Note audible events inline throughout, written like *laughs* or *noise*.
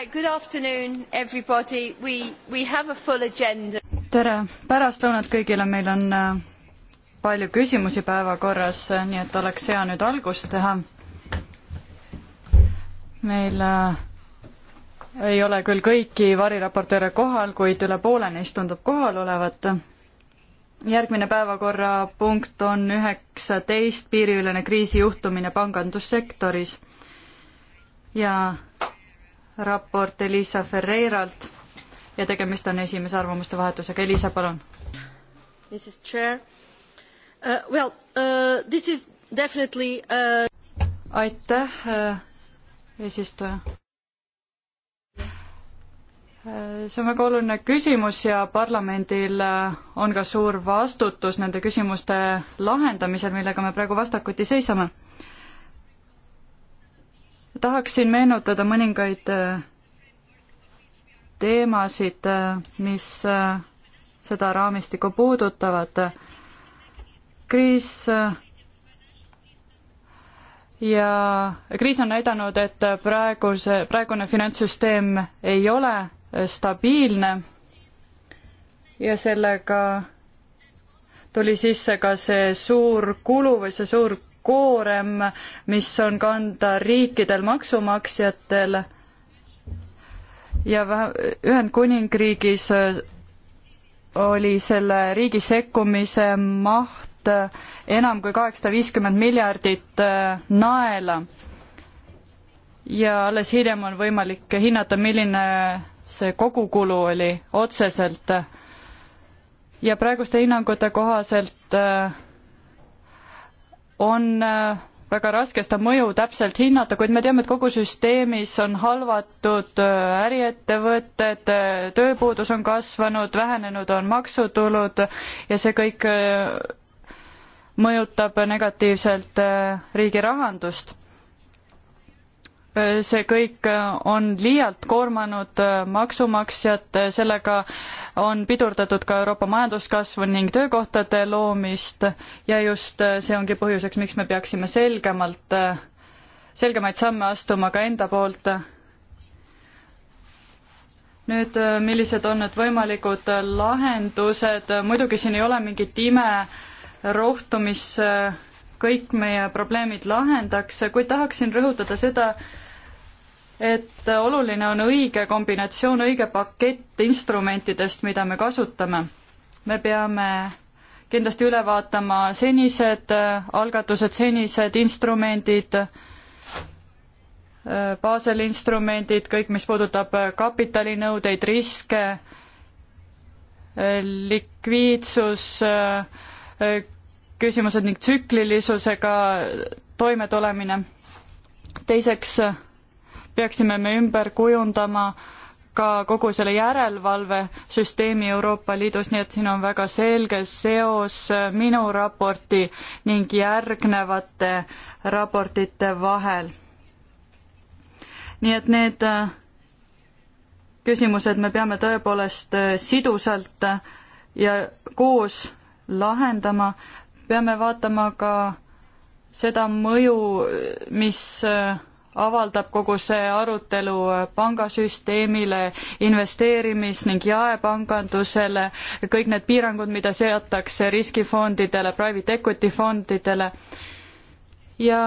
Right, good afternoon everybody, we, we have a full agenda. tere pärastlõunat kõigile, meil on äh, palju küsimusi päevakorras, äh, nii et oleks hea nüüd algust teha. meil äh, ei ole küll kõiki variraportööre kohal, kuid üle poole neist tundub kohal olevat. järgmine päevakorrapunkt on üheksateist piiriülene kriisijuhtumine pangandussektoris ja raport Elisa Ferreiralt ja tegemist on esimese arvamuste vahetusega. Elisa, palun. Mrs Chair uh,, well uh, this is definitely uh... aitäh uh,, eesistuja uh, see on väga oluline küsimus ja parlamendil uh, on ka suur vastutus nende küsimuste lahendamisel, millega me praegu vastakuti seisame tahaksin meenutada mõningaid äh, teemasid, äh, mis äh, seda raamistikku puudutavad. kriis ja kriis on näidanud, et praeguse, praegune finantssüsteem ei ole stabiilne ja sellega tuli sisse ka see suur kulu või see suur koorem, mis on kanda riikidel maksumaksjatel ja Ühendkuningriigis äh, oli selle riigi sekkumise maht äh, enam kui kaheksasada viiskümmend miljardit äh, naela. ja alles hiljem on võimalik hinnata, milline see kogukulu oli otseselt. ja praeguste hinnangute kohaselt äh, on äh, väga raske seda mõju täpselt hinnata, kuid me teame, et kogu süsteemis on halvatud äh, äriettevõtted, äh, tööpuudus on kasvanud, vähenenud on maksutulud ja see kõik mõjutab negatiivselt riigi rahandust see kõik on liialt koormanud äh, maksumaksjat, äh, sellega on pidurdatud ka Euroopa majanduskasvu ning töökohtade loomist ja just äh, see ongi põhjuseks, miks me peaksime selgemalt, selgemaid samme astuma ka enda poolt. nüüd, millised on need võimalikud lahendused, muidugi siin ei ole mingit imerohtu, mis kõik meie probleemid lahendaks, kuid tahaksin rõhutada seda, et oluline on õige kombinatsioon, õige pakett instrumentidest, mida me kasutame. me peame kindlasti üle vaatama senised äh, algatused, senised instrumendid, äh, baasel instrumendid, kõik, mis puudutab äh, kapitalinõudeid, riske, likviidsus, küsimused ning tsüklilisusega toimetulemine. teiseks peaksime me ümber kujundama ka kogu selle järelevalvesüsteemi Euroopa Liidus, nii et siin on väga selge seos minu raporti ning järgnevate raportite vahel. nii et need äh, küsimused me peame tõepoolest äh, sidusalt äh, ja koos lahendama, peame vaatama ka seda mõju, mis äh, avaldab kogu see arutelu pangasüsteemile, investeerimis- ning jaepangandusele, kõik need piirangud, mida seatakse riskifondidele, private equity fondidele ja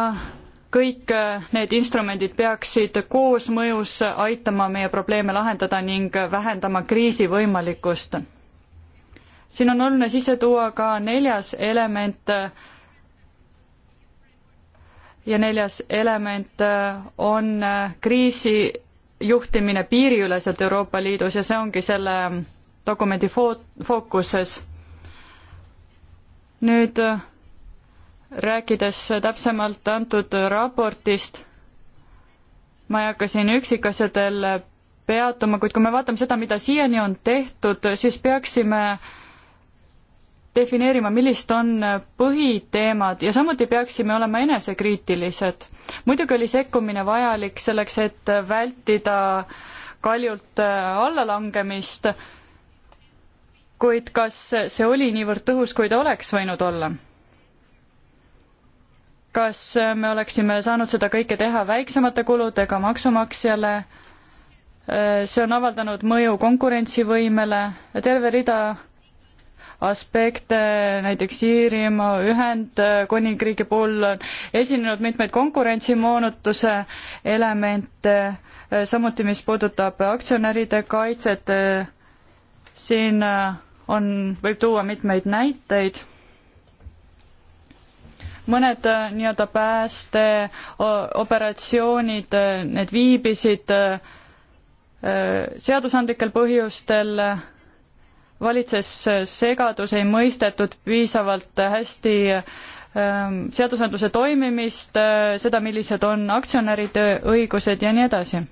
kõik äh, need instrumendid peaksid koosmõjus aitama meie probleeme lahendada ning vähendama kriisi võimalikkust. siin on oluline sisse tuua ka neljas element, äh, ja neljas element äh, on äh, kriisi juhtimine piiriüleselt Euroopa Liidus ja see ongi selle ähm, dokumendi fo-, fookuses. nüüd äh, rääkides täpsemalt antud raportist, ma ei hakka siin üksikasjadel peatuma, kuid kui me vaatame seda, mida siiani on tehtud, siis peaksime äh, defineerima, millised on põhiteemad ja samuti peaksime olema enesekriitilised. muidugi oli sekkumine vajalik selleks, et vältida kaljult äh, allalangemist, kuid kas see oli niivõrd tõhus, kui ta oleks võinud olla? kas me oleksime saanud seda kõike teha väiksemate kuludega maksumaksjale, äh, see on avaldanud mõju konkurentsivõimele ja terve rida aspekte, näiteks Iirimaa, Ühendkuningriigi puhul on esinenud mitmeid konkurentsimoonutuse elemente, samuti mis puudutab aktsionäride kaitset, siin äh, on, võib tuua mitmeid näiteid mõned äh, nii-öelda päästeoperatsioonid, äh, need viibisid seadusandlikel põhjustel valitses segadus, ei mõistetud piisavalt hästi ähm, seadusandluse toimimist, äh, seda, millised on aktsionäride õigused ja nii edasi.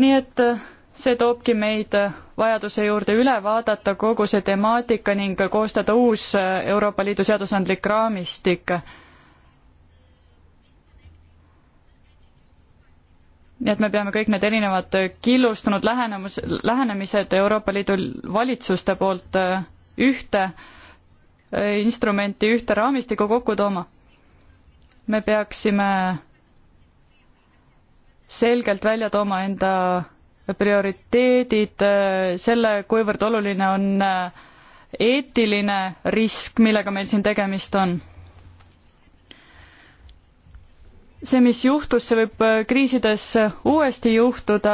nii et äh, see toobki meid äh, vajaduse juurde üle vaadata kogu see temaatika ning koostada uus Euroopa Liidu seadusandlik raamistik nii et me peame kõik need erinevad killustunud lähenemus, lähenemised Euroopa Liidu valitsuste poolt äh, ühte äh, instrumenti, ühte raamistikku kokku tooma. me peaksime selgelt välja tooma enda prioriteedid, äh, selle, kuivõrd oluline on eetiline risk, millega meil siin tegemist on see, mis juhtus, see võib äh, kriisides äh, uuesti juhtuda.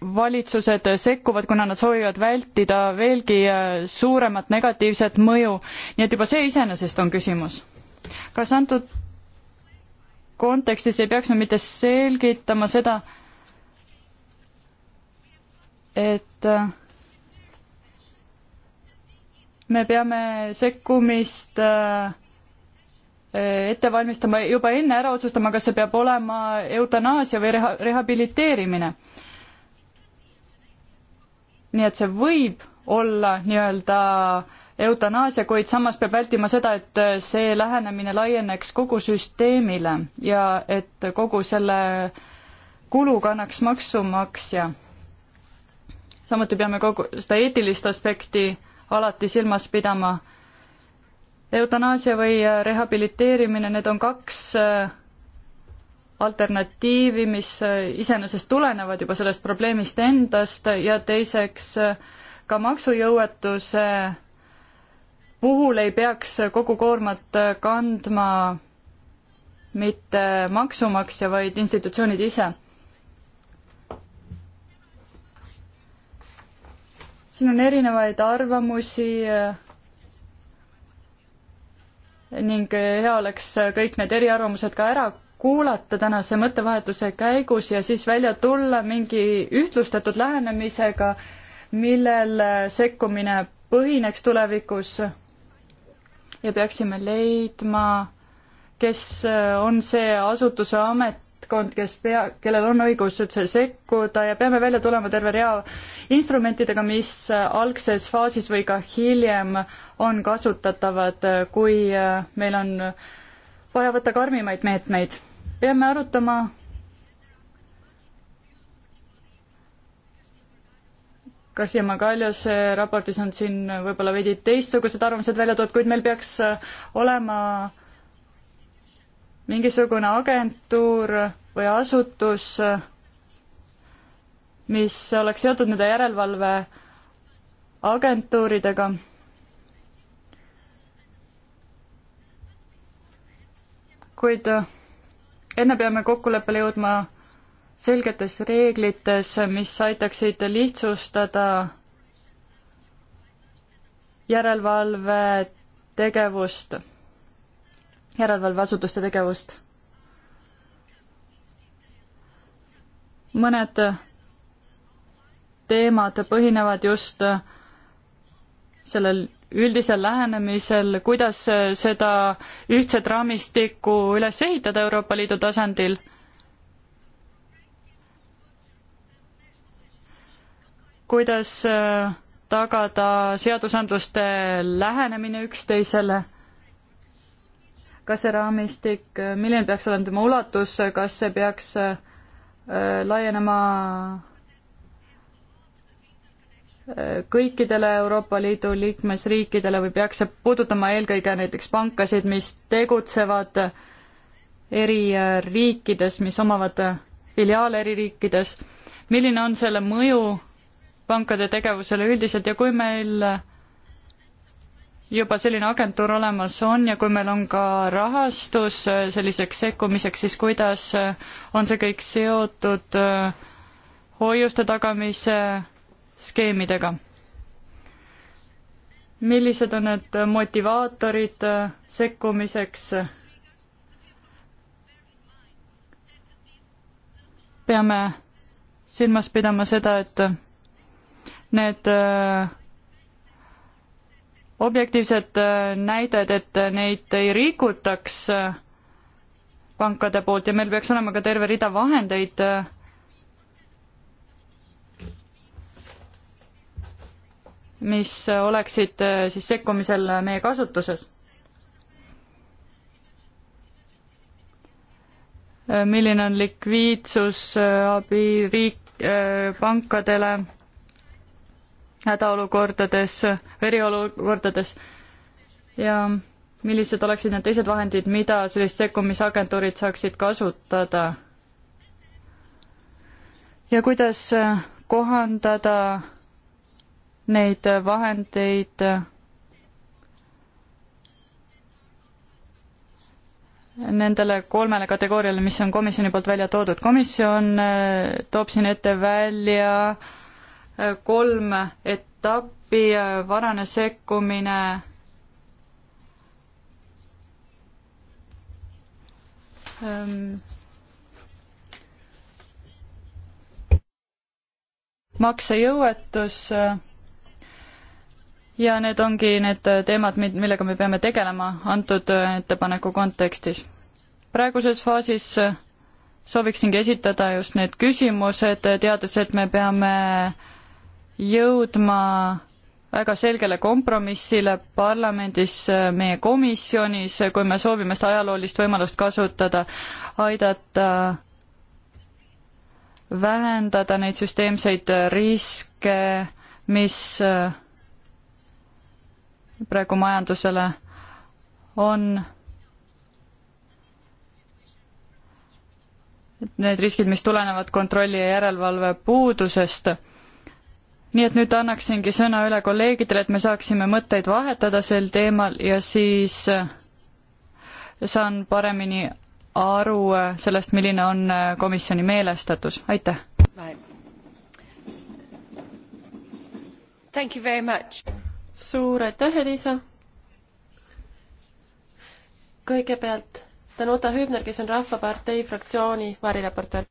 valitsused äh, sekkuvad, kuna nad soovivad vältida veelgi suuremat negatiivset mõju, nii et juba see iseenesest on küsimus. kas antud kontekstis ei peaks me mitte selgitama seda, et me peame sekkumist äh, ette valmistama, juba enne ära otsustama, kas see peab olema eutanaasia või reha-, rehabiliteerimine. nii et see võib olla nii-öelda eutanaasia, kuid samas peab vältima seda, et see lähenemine laieneks kogu süsteemile ja et kogu selle kulu kannaks maksumaksja. samuti peame kogu seda eetilist aspekti alati silmas pidama eutanaasia või äh, rehabiliteerimine, need on kaks äh, alternatiivi, mis äh, iseenesest tulenevad juba sellest probleemist endast ja teiseks ka maksujõuetuse puhul ei peaks kogu koormat kandma mitte maksumaksja, vaid institutsioonid ise. siin on erinevaid arvamusi ning hea oleks kõik need eriarvamused ka ära kuulata tänase mõttevahetuse käigus ja siis välja tulla mingi ühtlustatud lähenemisega, millel sekkumine põhineks tulevikus ja peaksime leidma, kes on see asutuse ametkond, kes pea, kellel on õigus üldse sekkuda ja peame välja tulema terve rea instrumentidega, mis algses faasis või ka hiljem on kasutatavad, äh, kui äh, meil on vaja võtta karmimaid meetmeid. peame arutama Garcia Magalhas äh, raportis on siin võib-olla veidi teistsugused arvamused välja toodud, kuid meil peaks olema mingisugune agentuur või asutus, mis oleks seotud nende järelevalveagentuuridega kuid äh, enne peame kokkuleppele jõudma selgetes reeglites, mis aitaksid lihtsustada järelevalve tegevust, järelevalveasutuste tegevust. mõned teemad põhinevad just sellel üldisel lähenemisel, kuidas seda ühtset raamistikku üles ehitada Euroopa Liidu tasandil. kuidas äh, tagada seadusandluste lähenemine üksteisele kas see raamistik, äh, milline peaks olema tema ulatus, äh, kas see peaks laienema kõikidele Euroopa Liidu liikmesriikidele või peaks see puudutama eelkõige näiteks pankasid, mis tegutsevad eri riikides, mis omavad filiaale eri riikides, milline on selle mõju pankade tegevusele üldiselt ja kui meil juba selline agentuur olemas on ja kui meil on ka rahastus selliseks sekkumiseks, siis kuidas on see kõik seotud hoiuste tagamise skeemidega. millised on need motivaatorid sekkumiseks? peame silmas pidama seda, et need äh, objektiivsed äh, näited, et neid ei rikutaks äh, pankade poolt ja meil peaks olema ka terve rida vahendeid äh, mis oleksid äh, siis sekkumisel meie kasutuses. Äh, milline on likviidsusabi äh, riik, pankadele hädaolukordades, eriolukordades ja millised oleksid need teised vahendid, mida sellist sekkumisagentuurid saaksid kasutada? ja kuidas kohandada neid vahendeid nendele kolmele kategooriale, mis on komisjoni poolt välja toodud. komisjon eh, toob siin ette välja eh, kolm etappi, eh, varane sekkumine, ehm, maksejõuetus ja need ongi need äh, teemad, millega me peame tegelema antud äh, ettepaneku kontekstis. praeguses faasis äh, sooviksingi esitada just need küsimused, teades, et me peame jõudma väga selgele kompromissile parlamendis, meie komisjonis, kui me soovime seda ajaloolist võimalust kasutada, aidata vähendada neid süsteemseid riske, mis praegu majandusele, on need riskid, mis tulenevad kontrolli ja järelevalve puudusest. nii et nüüd annaksingi sõna üle kolleegidele, et me saaksime mõtteid vahetada sel teemal ja siis saan paremini aru sellest, milline on komisjoni meelestatus, aitäh! Thank you very much! suur aitäh, Elisa! kõigepealt tänan Uta Hübner, kes on Rahvapartei fraktsiooni varireporter.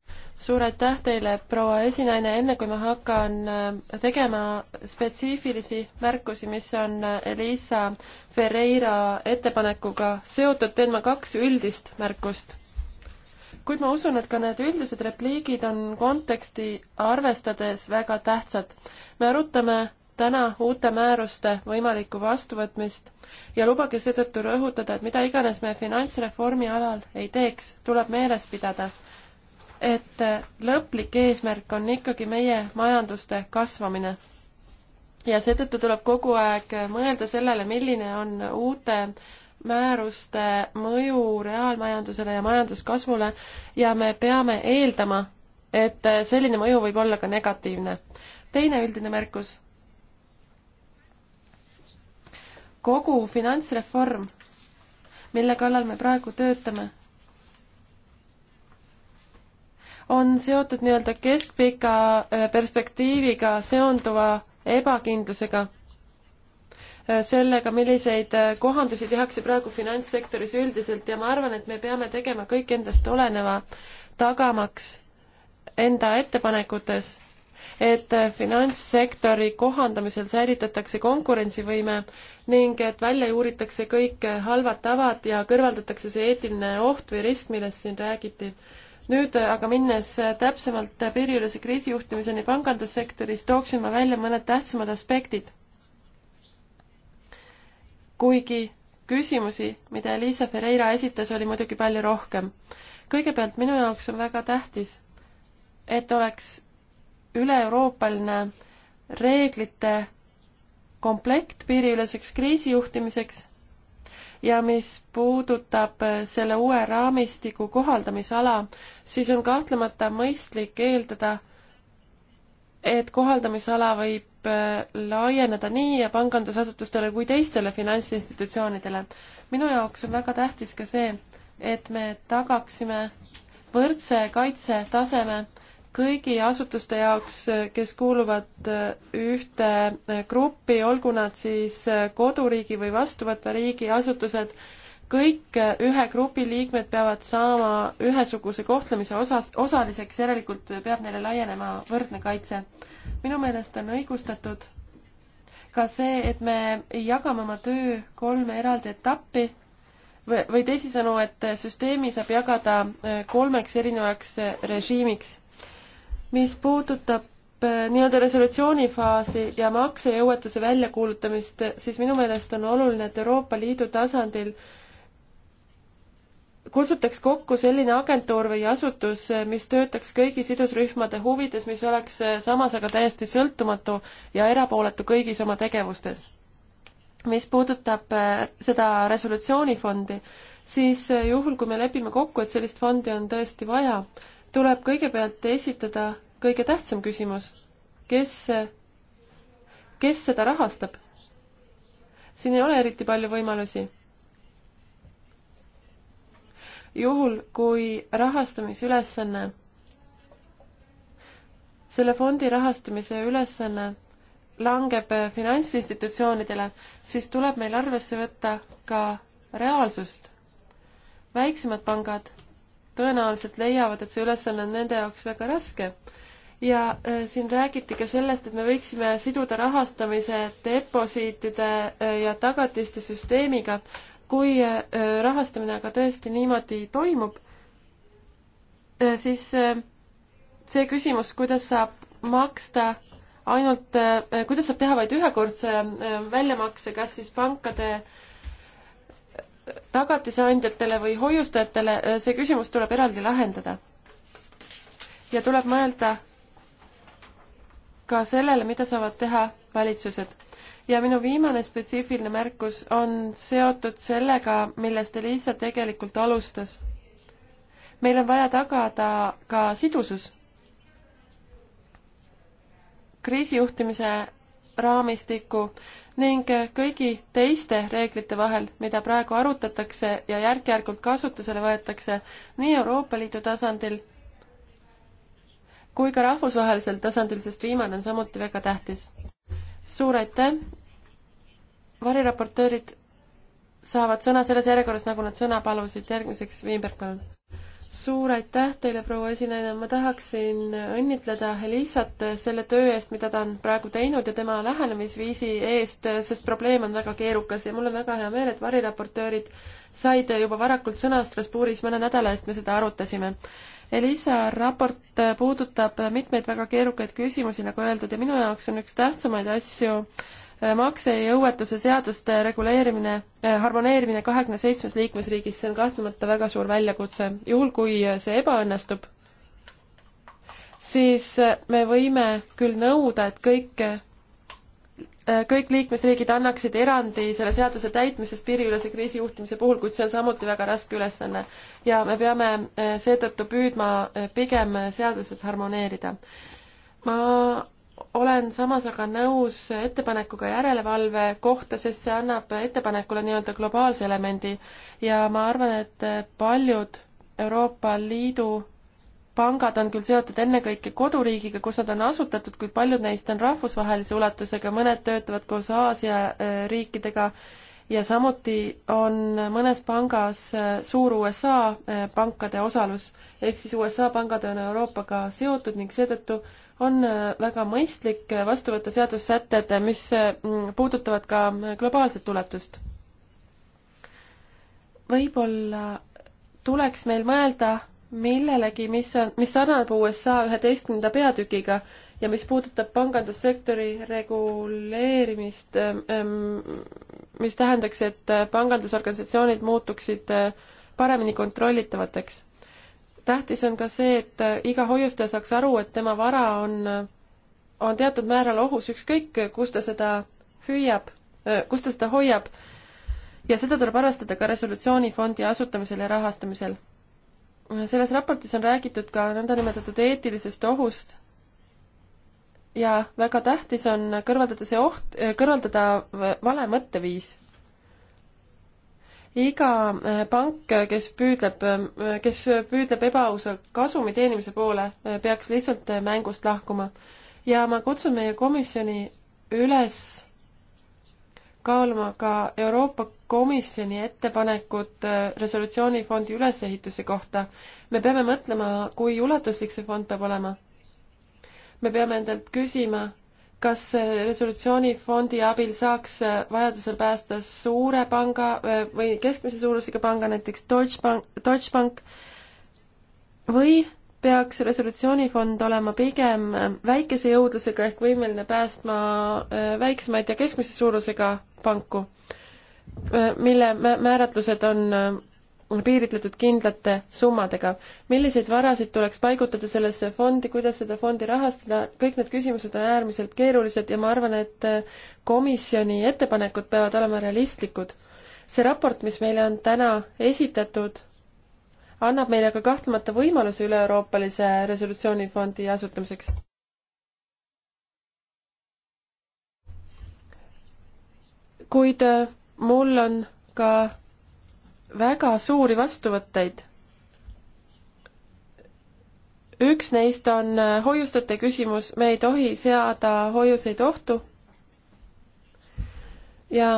suur aitäh teile, proua esinaine, enne kui ma hakkan äh, tegema spetsiifilisi märkusi, mis on äh, Elisa Ferreira ettepanekuga seotud, teen ma kaks üldist märkust. kuid ma usun, et ka need üldised repliigid on konteksti arvestades väga tähtsad. me arutame täna uute määruste võimalikku vastuvõtmist ja lubage seetõttu rõhutada, et mida iganes me finantsreformi alal ei teeks, tuleb meeles pidada, et lõplik eesmärk on ikkagi meie majanduste kasvamine. ja seetõttu tuleb kogu aeg mõelda sellele, milline on uute määruste mõju reaalmajandusele ja majanduskasvule ja me peame eeldama, et selline mõju võib olla ka negatiivne. teine üldine märkus kogu finantsreform, mille kallal me praegu töötame, on seotud nii-öelda keskpika äh, perspektiiviga seonduva ebakindlusega äh, sellega, milliseid äh, kohandusi tehakse praegu finantssektoris üldiselt ja ma arvan, et me peame tegema kõik endast oleneva, tagamaks enda ettepanekutes, et finantssektori kohandamisel säilitatakse konkurentsivõime ning et välja juuritakse kõik halvad tavad ja kõrvaldatakse see eetiline oht või risk, millest siin räägiti. nüüd aga minnes täpsemalt piiriülese kriisijuhtimiseni pangandussektoris, tooksin ma välja mõned tähtsamad aspektid. kuigi küsimusi, mida Liisa Ferreira esitas, oli muidugi palju rohkem. kõigepealt minu jaoks on väga tähtis, et oleks üle-euroopaline reeglite komplekt piiriüleseks kriisijuhtimiseks ja mis puudutab selle uue raamistiku kohaldamisala, siis on kahtlemata mõistlik eeldada, et kohaldamisala võib äh, laieneda nii pangandusasutustele kui teistele finantsinstitutsioonidele. minu jaoks on väga tähtis ka see, et me tagaksime võrdse kaitsetaseme kõigi asutuste jaoks, kes kuuluvad äh, ühte äh, gruppi, olgu nad siis äh, koduriigi või vastuvõtva riigi asutused, kõik ühe grupi liikmed peavad saama ühesuguse kohtlemise osas, osaliseks, järelikult peab neile laienema võrdne kaitse. minu meelest on õigustatud ka see, et me jagame oma töö kolme eraldi etappi või, või teisisõnu, et süsteemi saab jagada kolmeks erinevaks režiimiks mis puudutab äh, nii-öelda resolutsiooni faasi ja maksejõuetuse väljakuulutamist, siis minu meelest on oluline, et Euroopa Liidu tasandil kutsutaks kokku selline agentuur või asutus, äh, mis töötaks kõigi sidusrühmade huvides, mis oleks äh, samas aga täiesti sõltumatu ja erapooletu kõigis oma tegevustes. mis puudutab seda resolutsioonifondi, siis juhul, kui me lepime kokku, et sellist fondi on tõesti vaja, tuleb kõigepealt esitada kõige tähtsam küsimus, kes, kes seda rahastab? siin ei ole eriti palju võimalusi. juhul, kui rahastamisülesanne, selle fondi rahastamise ülesanne langeb finantsinstitutsioonidele, siis tuleb meil arvesse võtta ka reaalsust. väiksemad pangad tõenäoliselt leiavad, et see ülesanne on nende jaoks väga raske. ja äh, siin räägiti ka sellest, et me võiksime siduda rahastamise deposiitide äh, ja tagatiste süsteemiga. kui äh, rahastamine aga tõesti niimoodi toimub äh,, siis äh, see küsimus, kuidas saab maksta ainult äh,, kuidas saab teha vaid ühekordse äh, väljamakse, kas siis pankade äh, tagatisandjatele või hoiustajatele, äh, see küsimus tuleb eraldi lahendada. ja tuleb mõelda ka sellele, mida saavad teha valitsused. ja minu viimane spetsiifiline märkus on seotud sellega, millest Elisa tegelikult alustas. meil on vaja tagada ka sidusus. kriisijuhtimise raamistiku ning kõigi teiste reeglite vahel, mida praegu arutatakse ja järk-järgult kasutusele võetakse nii Euroopa Liidu tasandil kui ka rahvusvahelisel tasandil, sest viimane on samuti väga tähtis. suur aitäh! variraportöörid saavad sõna selles järjekorras, nagu nad sõna palusid, järgmiseks Viimberg, palun! suur aitäh teile, proua esinaine, ma tahaksin õnnitleda Elisat selle töö eest, mida ta on praegu teinud ja tema lähenemisviisi eest, sest probleem on väga keerukas ja mul on väga hea meel, et variraportöörid said juba varakult sõna Strasbourgis, mõne nädala eest me seda arutasime. Elisa raport puudutab mitmeid väga keerukaid küsimusi, nagu öeldud, ja minu jaoks on üks tähtsamaid asju äh, Äh, maksejõuetuse seaduste reguleerimine, äh, harmoneerimine kahekümne seitsmes liikmesriigis, see on kahtlemata väga suur väljakutse. juhul, kui äh, see ebaõnnestub, siis me võime küll nõuda, et kõik, kõik liikmesriigid annaksid erandi selle seaduse täitmisest piiriülese kriisi juhtimise puhul, kuid see on samuti väga raske ülesanne. ja me peame seetõttu püüdma pigem seadused harmoneerida. ma olen samas aga nõus ettepanekuga järelevalve kohta, sest see annab ettepanekule nii-öelda globaalse elemendi ja ma arvan, et paljud Euroopa Liidu pangad on küll seotud ennekõike koduriigiga, kus nad on asutatud, kuid paljud neist on rahvusvahelise ulatusega, mõned töötavad koos Aasia äh, riikidega ja samuti on mõnes pangas äh, suur USA äh, pankade osalus, ehk siis USA pangad on Euroopaga seotud ning seetõttu on äh, väga mõistlik äh, vastu võtta seadussätted, äh, mis mm, puudutavad ka globaalset ulatust. võib-olla tuleks meil mõelda millelegi, mis on, mis sarnaneb USA üheteistkümnenda peatükiga ja mis puudutab pangandussektori reguleerimist, ähm, mis tähendaks, et pangandusorganisatsioonid muutuksid paremini kontrollitavateks tähtis on ka see, et äh, iga hoiustaja saaks aru, et tema vara on, äh, on teatud määral ohus, ükskõik äh, kus ta seda hüüab, kus ta seda hoiab. ja seda tuleb arvestada ka resolutsioonifondi asutamisel ja rahastamisel. selles raportis on räägitud ka nõndanimetatud eetilisest ohust ja väga tähtis on kõrvaldada see oht, kõrvaldada vale mõtteviis iga äh, pank, kes püüdleb, äh, kes püüdleb ebaausa kasumi teenimise poole, äh, peaks lihtsalt mängust lahkuma. ja ma kutsun meie komisjoni üles kaaluma ka Euroopa Komisjoni ettepanekut resolutsioonifondi ülesehituse kohta. me peame mõtlema, kui ulatuslik see fond peab olema. me peame endalt küsima, kas äh, resolutsioonifondi abil saaks äh, vajadusel päästa suure panga äh, või keskmise suurusega panga, näiteks Deutsche Bank, Deutsche Bank või peaks resolutsioonifond olema pigem väikese jõudlusega ehk võimeline päästma väiksemaid ja keskmise suurusega panku, mille määratlused on on piiritletud kindlate summadega. milliseid varasid tuleks paigutada sellesse fondi, kuidas seda fondi rahastada, kõik need küsimused on äärmiselt keerulised ja ma arvan, et äh, komisjoni ettepanekud peavad olema realistlikud. see raport, mis meile on täna esitatud, annab meile ka kahtlemata võimaluse üle-euroopalise resolutsioonifondi asutamiseks. kuid äh, mul on ka väga suuri vastuvõtteid. üks neist on äh, hoiustajate küsimus, me ei tohi seada hoiuseid ohtu. ja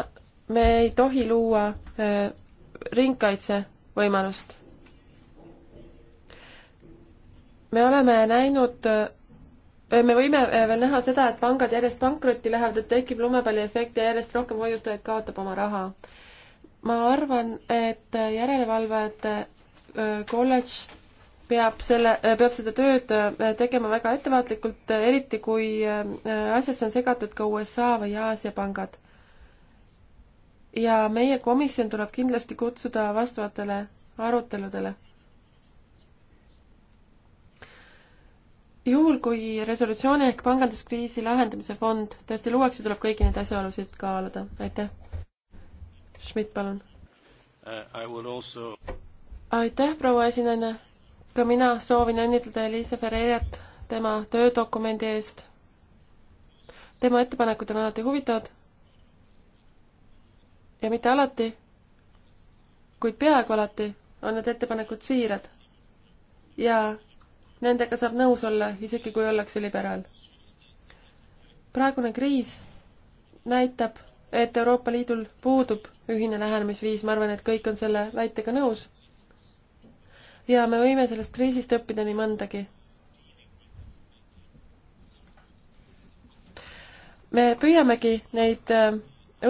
me ei tohi luua äh, ringkaitse võimalust. me oleme näinud, äh, me võime veel näha seda, et pangad järjest pankrotti lähevad, et tekib lumepalliefekt ja järjest rohkem hoiustajaid kaotab oma raha ma arvan, et järelevalvet kolledž peab selle, peab seda tööd tegema väga ettevaatlikult, eriti kui asjasse on segatud ka USA või Aasia pangad. ja meie komisjon tuleb kindlasti kutsuda vastavatele aruteludele. juhul, kui resolutsiooni ehk panganduskriisi lahendamise fond tõesti luuakse, tuleb kõiki neid asjaolusid kaaluda. aitäh! Schmidt, palun uh,. Also... aitäh, proua esinaine. ka mina soovin õnnitleda Elisa Ferreirat tema töödokumendi eest. tema ettepanekud on alati huvitavad. ja mitte alati, kuid peaaegu alati on need ettepanekud siirad. ja nendega saab nõus olla, isegi kui ollakse liberaal. praegune kriis näitab et Euroopa Liidul puudub ühine lähenemisviis, ma arvan, et kõik on selle väitega nõus. ja me võime sellest kriisist õppida nii mõndagi. me püüamegi neid äh,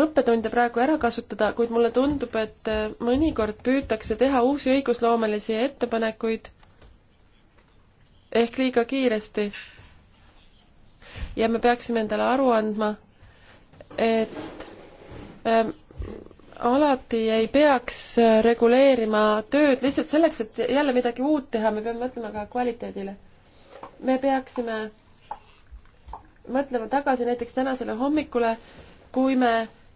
õppetunde praegu ära kasutada, kuid mulle tundub, et äh, mõnikord püütakse teha uusi õigusloomelisi ettepanekuid ehk liiga kiiresti. ja me peaksime endale aru andma, et Ehm, alati ei peaks äh, reguleerima tööd lihtsalt selleks, et jälle midagi uut teha, me peame mõtlema ka kvaliteedile. me peaksime mõtlema tagasi näiteks tänasele hommikule, kui me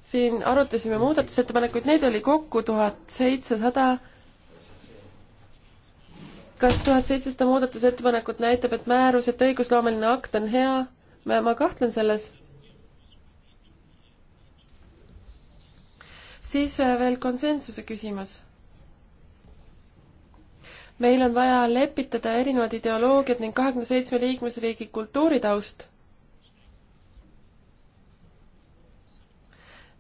siin arutasime muudatusettepanekuid, neid oli kokku tuhat seitsesada. kas tuhat seitsesada muudatusettepanekut näitab, et määrus, et õigusloomeline akt on hea? ma kahtlen selles siis äh, veel konsensuse küsimus. meil on vaja lepitada erinevad ideoloogiad ning kahekümne seitsme liikmesriigi kultuuritaust.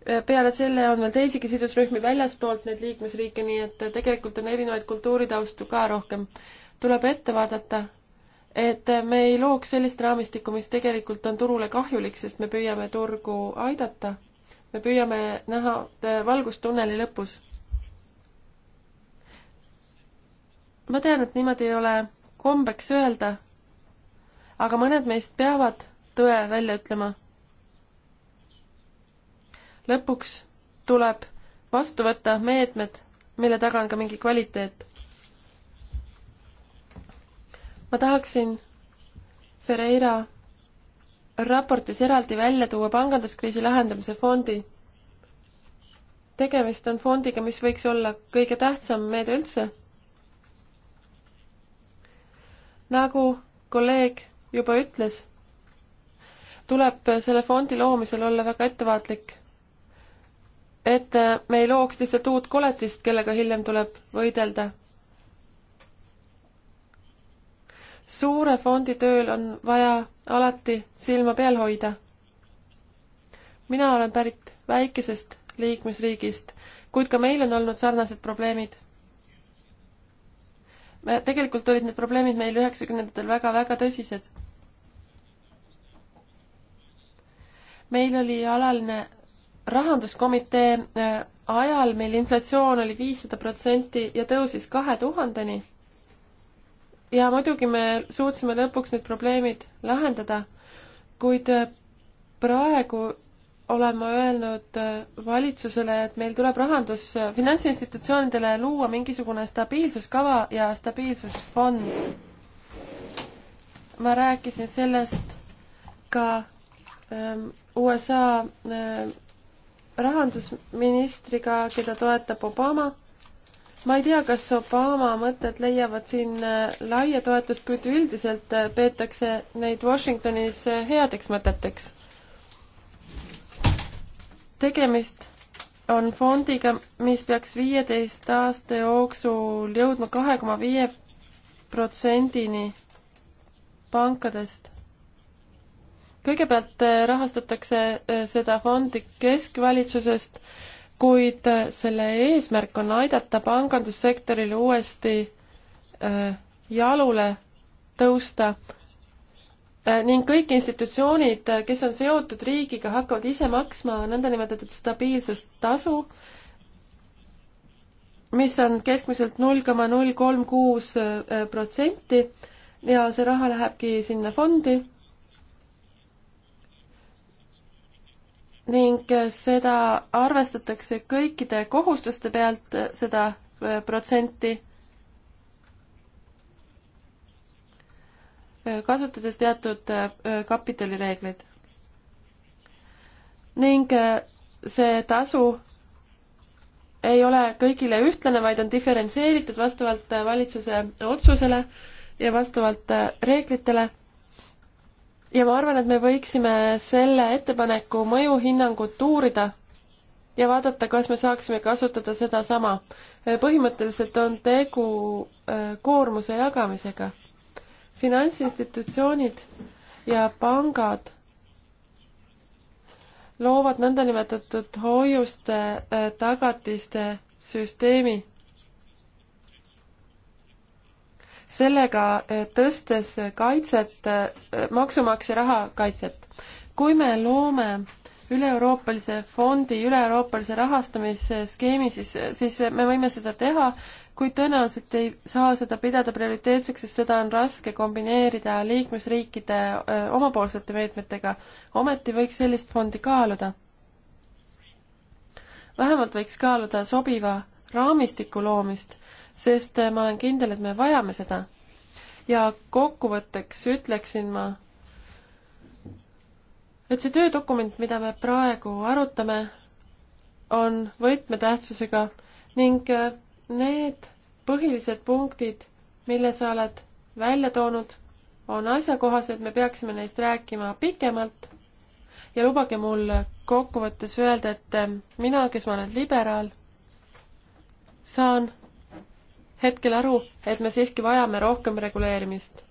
Äh, peale selle on veel teisigi sidusrühmi väljaspoolt neid liikmesriike, nii et äh, tegelikult on erinevaid kultuuritaustu ka rohkem. tuleb ette vaadata, et me ei looks sellist raamistikku, mis tegelikult on turule kahjulik, sest me püüame turgu aidata me püüame näha valgust tunneli lõpus. ma tean, et niimoodi ei ole kombeks öelda, aga mõned meist peavad tõe välja ütlema. lõpuks tuleb vastu võtta meetmed, mille taga on ka mingi kvaliteet. ma tahaksin Ferreira raportis eraldi välja tuua panganduskriisi lahendamise fondi. tegemist on fondiga, mis võiks olla kõige tähtsam meede üldse. nagu kolleeg juba ütles, tuleb selle fondi loomisel olla väga ettevaatlik, et me ei looks lihtsalt uut koletist, kellega hiljem tuleb võidelda suure fondi tööl on vaja alati silma peal hoida. mina olen pärit väikesest liikmesriigist, kuid ka meil on olnud sarnased probleemid. me, tegelikult olid need probleemid meil üheksakümnendatel väga-väga tõsised. meil oli alaline rahanduskomitee äh, ajal, mil inflatsioon oli viissada protsenti ja tõusis kahe tuhandeni ja muidugi me suutsime lõpuks need probleemid lahendada, kuid äh, praegu olen ma öelnud äh, valitsusele, et meil tuleb rahandus, äh, finantsinstitutsioonidele luua mingisugune stabiilsuskava ja stabiilsusfond. ma rääkisin sellest ka ähm, USA äh, rahandusministriga, keda toetab Obama ma ei tea, kas Obama mõtted leiavad siin äh, laia toetust, kuid üldiselt äh, peetakse neid Washingtonis äh, headeks mõteteks. tegemist on fondiga, mis peaks viieteist aasta jooksul jõudma kahe koma viie protsendini pankadest. kõigepealt rahastatakse seda fondi keskvalitsusest kuid äh, selle eesmärk on aidata pangandussektoril uuesti äh, jalule tõusta äh, ning kõik institutsioonid, kes on seotud riigiga, hakkavad ise maksma nõndanimetatud stabiilsustasu, mis on keskmiselt null koma null kolm kuus protsenti ja see raha lähebki sinna fondi ning äh, seda arvestatakse kõikide kohustuste pealt, äh, seda äh, protsenti, kasutades teatud kapitalireegleid. ning see tasu ei ole kõigile ühtlane, vaid on diferentseeritud vastavalt valitsuse otsusele ja vastavalt reeglitele ja ma arvan, et me võiksime selle ettepaneku mõjuhinnangut uurida ja vaadata, kas me saaksime kasutada sedasama. põhimõtteliselt on tegu äh, koormuse jagamisega. finantsinstitutsioonid ja pangad loovad nõndanimetatud hoiuste äh, tagatiste süsteemi sellega äh, tõstes kaitset, äh, maksumaksja raha kaitset. kui me loome üle-euroopalise fondi, üle-euroopalise rahastamisskeemi, siis, siis me võime seda teha, kuid tõenäoliselt ei saa seda pidada prioriteetseks, sest seda on raske kombineerida liikmesriikide äh, omapoolsete meetmetega. ometi võiks sellist fondi kaaluda. vähemalt võiks kaaluda sobiva raamistiku loomist sest äh, ma olen kindel, et me vajame seda. ja kokkuvõtteks ütleksin ma, et see töödokument, mida me praegu arutame, on võtmetähtsusega ning äh, need põhilised punktid, mille sa oled välja toonud, on asjakohased, me peaksime neist rääkima pikemalt ja lubage mul kokkuvõttes öelda, et äh, mina, kes ma olen liberaal, saan hetkel aru, et me siiski vajame rohkem reguleerimist.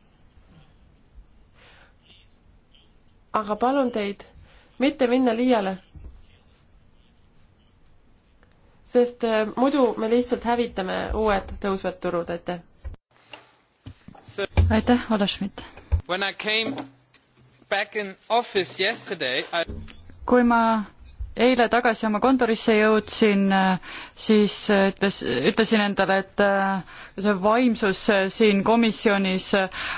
aga palun teid, mitte minna liiale. sest äh, muidu me lihtsalt hävitame uued tõusvad turud, aitäh. aitäh, Olle Schmidt. kui ma eile tagasi oma kontorisse jõudsin, siis äh, ütles, ütlesin endale, et äh, see vaimsus äh, siin komisjonis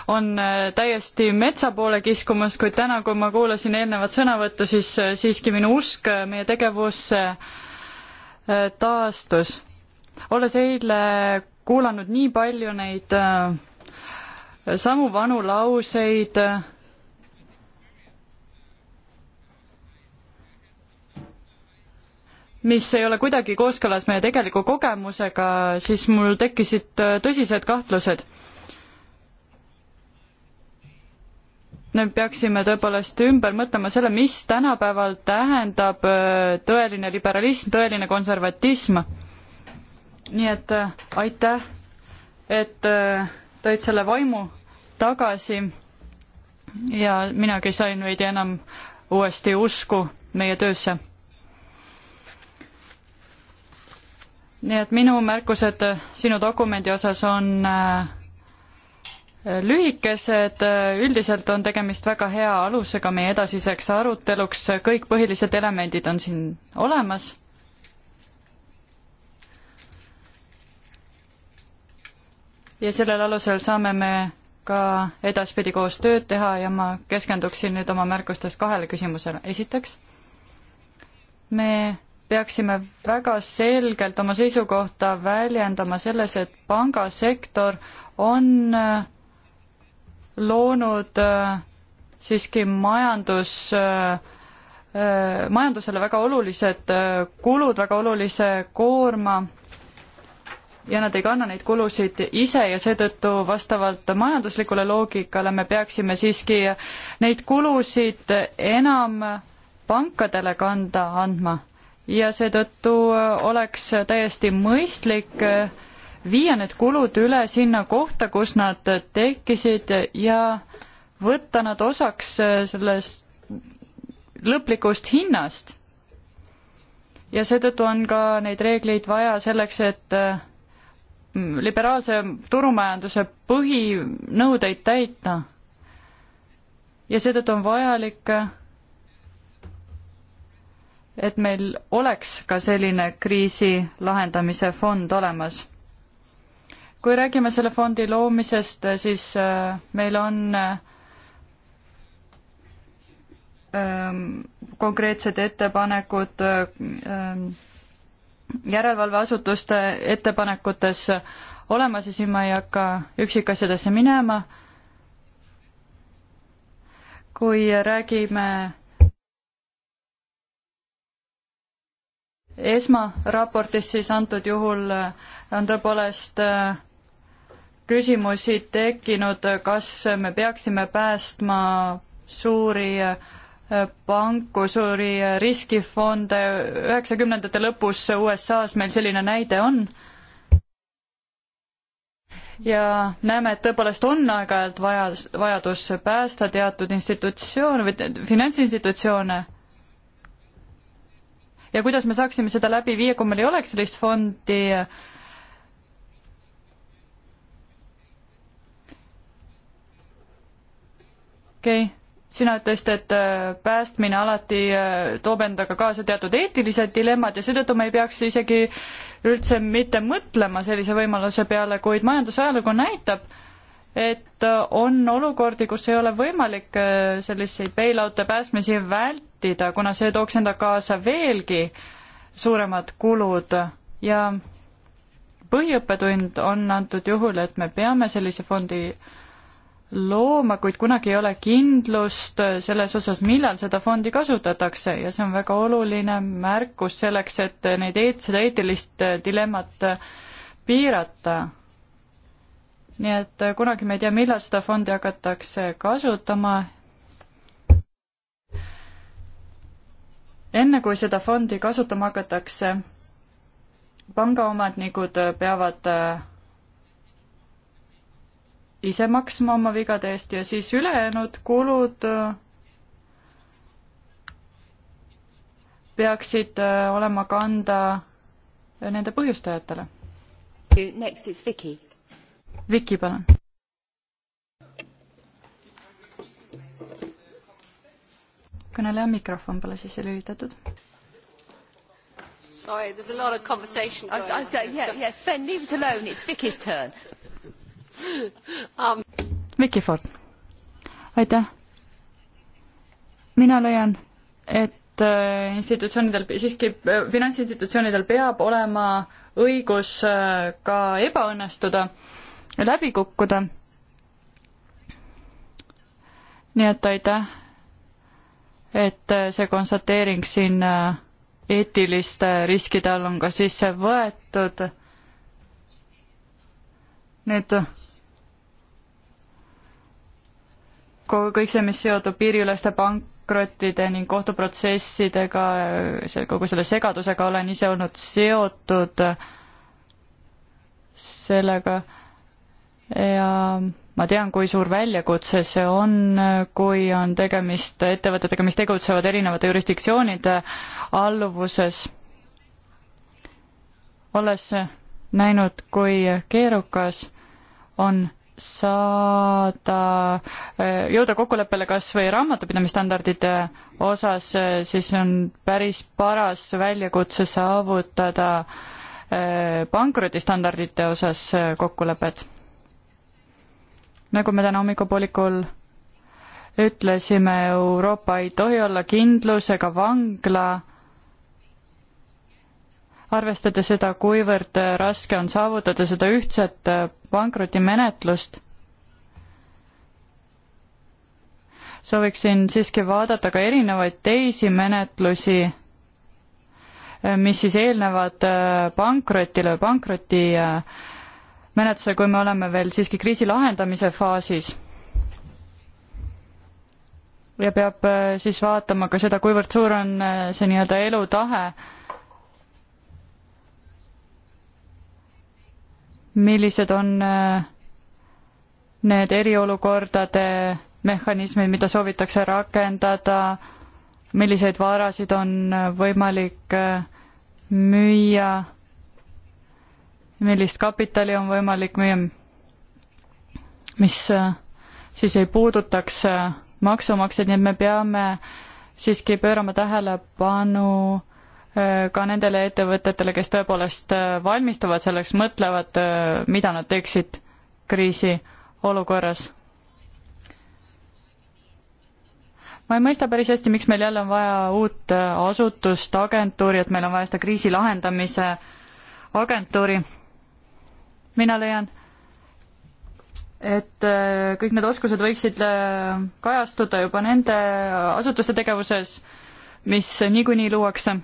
on täiesti metsa poole kiskumas, kuid täna, kui ma kuulasin eelnevat sõnavõttu, siis siiski minu usk meie tegevusse taastus. olles eile kuulanud nii palju neid samu vanu lauseid, mis ei ole kuidagi kooskõlas meie tegeliku kogemusega, siis mul tekkisid äh, tõsised kahtlused. me peaksime tõepoolest ümber mõtlema selle, mis tänapäeval tähendab äh, tõeline liberalism, tõeline konservatism. nii et äh, aitäh, et tõid selle vaimu tagasi ja minagi sain veidi enam uuesti usku meie töösse nii et minu märkused sinu dokumendi osas on äh, lühikesed, üldiselt on tegemist väga hea alusega meie edasiseks aruteluks, kõik põhilised elemendid on siin olemas. ja sellel alusel saame me ka edaspidi koos tööd teha ja ma keskenduksin nüüd oma märkustes kahele küsimusele. esiteks, me peaksime väga selgelt oma seisukohta väljendama selles, et pangasektor on äh, loonud äh, siiski majandus, äh, majandusele väga olulised kulud, väga olulise koorma ja nad ei kanna neid kulusid ise ja seetõttu vastavalt majanduslikule loogikale me peaksime siiski neid kulusid enam pankadele kanda andma ja seetõttu äh, oleks täiesti mõistlik äh, viia need kulud üle sinna kohta, kus nad tekkisid ja võtta nad osaks äh, sellest lõplikust hinnast. ja seetõttu on ka neid reegleid vaja selleks, et liberaalse turumajanduse põhinõudeid täita. ja seetõttu on vajalik et meil oleks ka selline kriisi lahendamise fond olemas. kui räägime selle fondi loomisest, siis äh, meil on äh, ähm, konkreetsed ettepanekud ähm, järelevalveasutuste ettepanekutes olemas ja siin ma ei hakka üksikasjadesse minema. kui räägime esmaraportis siis antud juhul äh, on tõepoolest äh, küsimusi tekkinud, kas me peaksime päästma suuri äh, panku, suuri riskifonde, üheksakümnendate lõpus USA-s meil selline näide on ja näeme, et tõepoolest on aeg-ajalt vaja, vajadus päästa teatud institutsioone või finantsinstitutsioone ja kuidas me saaksime seda läbi viia, kui meil ei oleks sellist fondi okei okay., sina ütlesid, et äh, päästmine alati äh, toob endaga kaasa teatud eetilised dilemmad ja seetõttu me ei peaks isegi üldse mitte mõtlema sellise võimaluse peale, kuid majandusajalugu näitab, et äh, on olukordi, kus ei ole võimalik äh, selliseid bailout'e päästmisi vältida, kuna see tooks enda kaasa veelgi suuremad kulud ja põhiõppetund on antud juhul, et me peame sellise fondi looma, kuid kunagi ei ole kindlust äh, selles osas, millal seda fondi kasutatakse ja see on väga oluline märkus selleks, et neid eet-, seda eetilist dilemmat piirata nii et äh, kunagi me ei tea, millal seda fondi hakatakse kasutama. enne kui seda fondi kasutama hakatakse, pangaomanikud äh, peavad äh, ise maksma oma vigade eest ja siis ülejäänud kulud peaksid olema kanda nende põhjustajatele. Next is Vicky Viki, palun. kõneleja mikrofon pole sisse lülitatud. Sorry, there's a lot of conversation going on. Yeah, yeah, Sven, leave it alone, it's Vicky's turn *laughs* um.. Vicky Ford, aitäh. mina leian, et äh, institutsioonidel siiski, äh, finantsinstitutsioonidel peab olema õigus äh, ka ebaõnnestuda läbi kukkuda. nii et aitäh, et see konstateering siin äh, eetiliste riskide all on ka sisse võetud. nüüd kõik see, mis seondub piiriüleste pankrottide ning kohtuprotsessidega, see kogu selle segadusega olen ise olnud seotud sellega ja ma tean, kui suur väljakutse see on, kui on tegemist ettevõtetega, mis tegutsevad erinevate jurisdiktsioonide alluvuses. olles näinud, kui keerukas on saada, eh, jõuda kokkuleppele kas või raamatupidamisstandardite osas, siis on päris paras väljakutse saavutada eh, pankrotistandardite osas eh, kokkulepet nagu me täna hommikupoolikul ütlesime, Euroopa ei tohi olla kindlus ega vangla, arvestades seda, kuivõrd raske on saavutada seda ühtset pankrotimenetlust, sooviksin siiski vaadata ka erinevaid teisi menetlusi, mis siis eelnevad pankrotile või pankroti, pankroti äh, menetluse, kui me oleme veel siiski kriisi lahendamise faasis. ja peab äh, siis vaatama ka seda, kuivõrd suur on äh, see nii-öelda elutahe, millised on äh, need eriolukordade mehhanismid, mida soovitakse rakendada, milliseid varasid on võimalik müüa millist kapitali on võimalik müüa, mis äh, siis ei puudutaks äh, maksumaksjaid, nii et me peame siiski pöörama tähelepanu äh, ka nendele ettevõtetele, kes tõepoolest valmistuvad selleks, mõtlevad, mida nad teeksid kriisiolukorras. ma ei mõista päris hästi, miks meil jälle on vaja uut asutust, agentuuri, et meil on vaja seda kriisi lahendamise agentuuri mina leian, et äh, kõik need oskused võiksid äh, kajastuda juba nende asutuste tegevuses, mis niikuinii luuakse.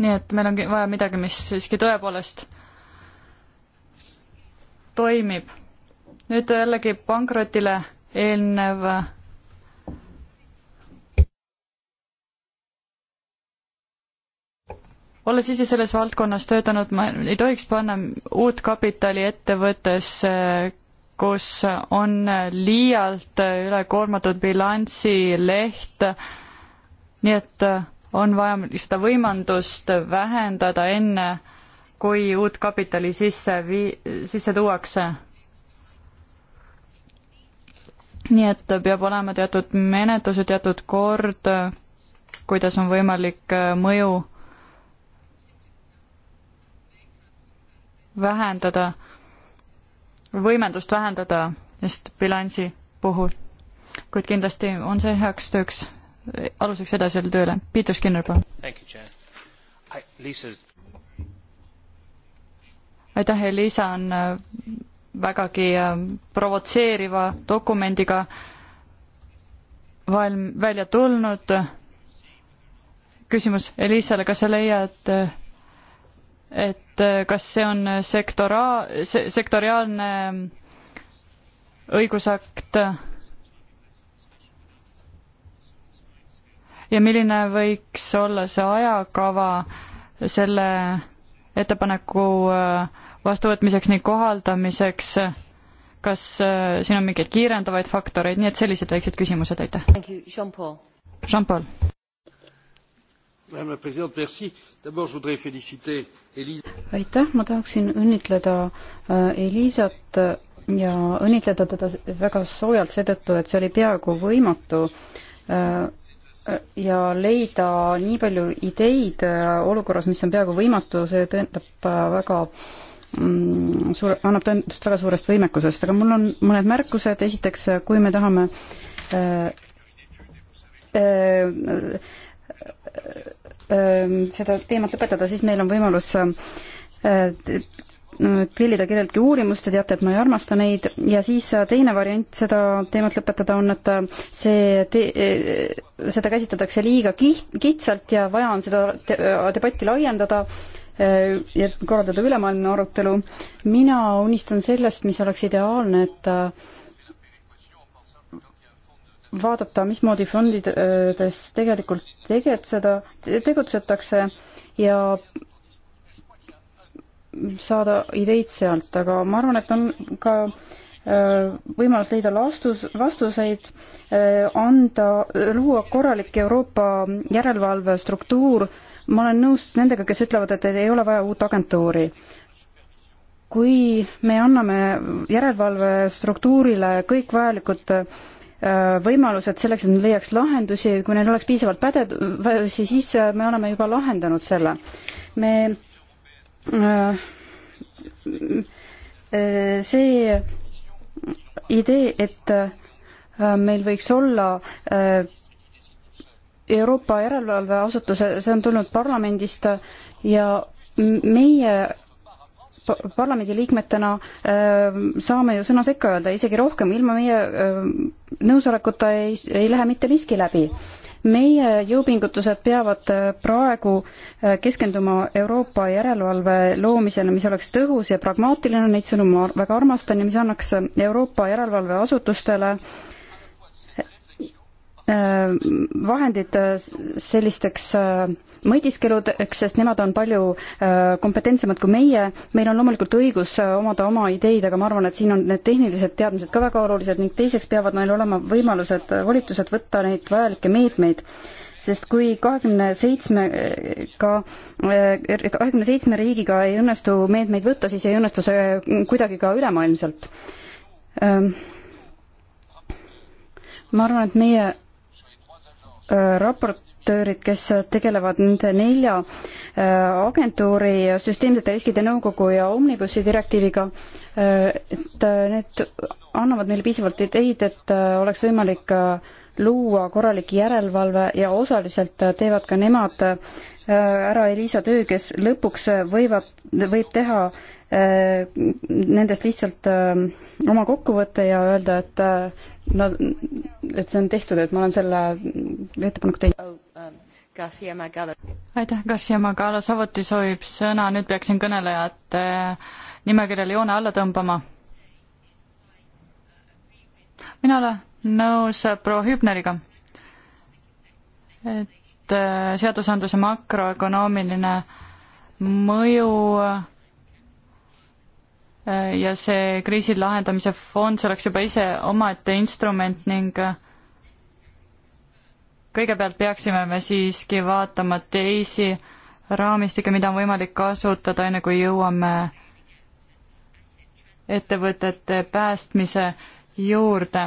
nii et meil on vaja midagi, mis siiski tõepoolest toimib. nüüd jällegi pankrotile eelnev olles ise selles valdkonnas töötanud, ma ei tohiks panna uut kapitali ettevõttesse, kus on liialt ülekoormatud bilansileht, nii et on vaja seda võimendust vähendada enne, kui uut kapitali sisse vii-, sisse tuuakse. nii et peab olema teatud menetlused, teatud kord, kuidas on võimalik mõju vähendada, võimendust vähendada just bilansi puhul. kuid kindlasti on see heaks tööks, aluseks edasisele tööle. Peter Skinner, palun. aitäh, Elisa on äh, vägagi ähm, provotseeriva dokumendiga valm-, välja tulnud. küsimus Elisale, kas sa leiad, äh, et äh, kas see on sektora-, se-, sektoriaalne õigusakt ja milline võiks olla see ajakava selle ettepaneku äh, vastuvõtmiseks ning kohaldamiseks, kas äh, siin on mingeid kiirendavaid faktoreid, nii et sellised väiksed küsimused, aitäh. Jean-Paul. Madame la Présidente, merci. D'abord, je voudrais féliciter euh, aitäh, ma tahaksin õnnitleda äh, Elisat ja õnnitleda teda väga soojalt seetõttu, et see oli peaaegu võimatu äh, ja leida nii palju ideid äh, olukorras, mis on peaaegu võimatu, see tõendab väga mm, suur, annab tõendust väga suurest võimekusest, aga mul on mõned märkused, esiteks, kui me tahame äh, äh, Ähm, seda teemat lõpetada, siis meil on võimalus grillida äh, äh, kelleltki uurimust, te teate, et ma ei armasta neid, ja siis äh, teine variant seda teemat lõpetada on, et see te-, seda käsitletakse liiga kiht-, kitsalt ja vaja on seda te-, debatti laiendada ja korraldada ülemaailmne arutelu. mina unistan sellest, mis oleks ideaalne, et vaadata, mismoodi fondides tegelikult tegutseda, tegutsetakse ja saada ideid sealt, aga ma arvan, et on ka äh, võimalus leida vastus, vastuseid, äh, anda, luua korralik Euroopa järelevalvestruktuur. ma olen nõus nendega, kes ütlevad, et ei ole vaja uut agentuuri kui me anname järelevalvestruktuurile kõik vajalikud äh, Äh, võimalused selleks, et nad leiaks lahendusi, kui neil oleks piisavalt pädevusi, siis äh, me oleme juba lahendanud selle. me äh, see idee, et meil võiks olla Euroopa järelevalveasutuse, see on tulnud parlamendist ja meie parlamendiliikmetena ähm, saame ju sõna sekka öelda, isegi rohkem, ilma meie ähm, nõusolekuta ei, ei lähe mitte miski läbi. meie jõupingutused peavad äh, praegu äh, keskenduma Euroopa järelevalve loomisele, mis oleks tõhus ja pragmaatiline, neid sõnu ma väga armastan ja mis annaks äh, Euroopa järelevalveasutustele vahendid sellisteks mõtiskeludeks, sest nemad on palju äh, kompetentsemad kui meie. meil on loomulikult õigus äh, omada oma ideid, aga ma arvan, et siin on need tehnilised teadmised ka väga olulised ning teiseks peavad neil olema võimalused, äh, volitused võtta neid vajalikke meetmeid sest kui kahekümne seitsmega, er, kahekümne seitsme riigiga ei õnnestu meetmeid võtta, siis ei õnnestu see kuidagi ka ülemaailmselt. Ähm, ma arvan, et meie raport raportöörid, kes tegelevad nende nelja äh, agentuuri süsteemsete riskide nõukogu ja Omnibussi direktiiviga, äh, et äh, need annavad meile piisavalt ideid, et oleks võimalik luua korralik järelevalve ja osaliselt teevad ka nemad ära Elisa töö, kes lõpuks võivad, võib teha nendest lihtsalt oma kokkuvõtte ja öelda, et no, et see on tehtud, et ma olen selle ettepaneku teinud aitäh, Garcia Magalo, samuti soovib sõna, nüüd peaksin kõnelejate eh, nimekirjale joone alla tõmbama. mina olen nõus eh, proua Hübneriga, et eh, seadusandluse makroökonoomiline mõju ja see kriisi lahendamise fond, see oleks juba ise omaette instrument ning äh, kõigepealt peaksime me siiski vaatama teisi raamistikke, mida on võimalik kasutada, enne kui jõuame ettevõtete päästmise juurde.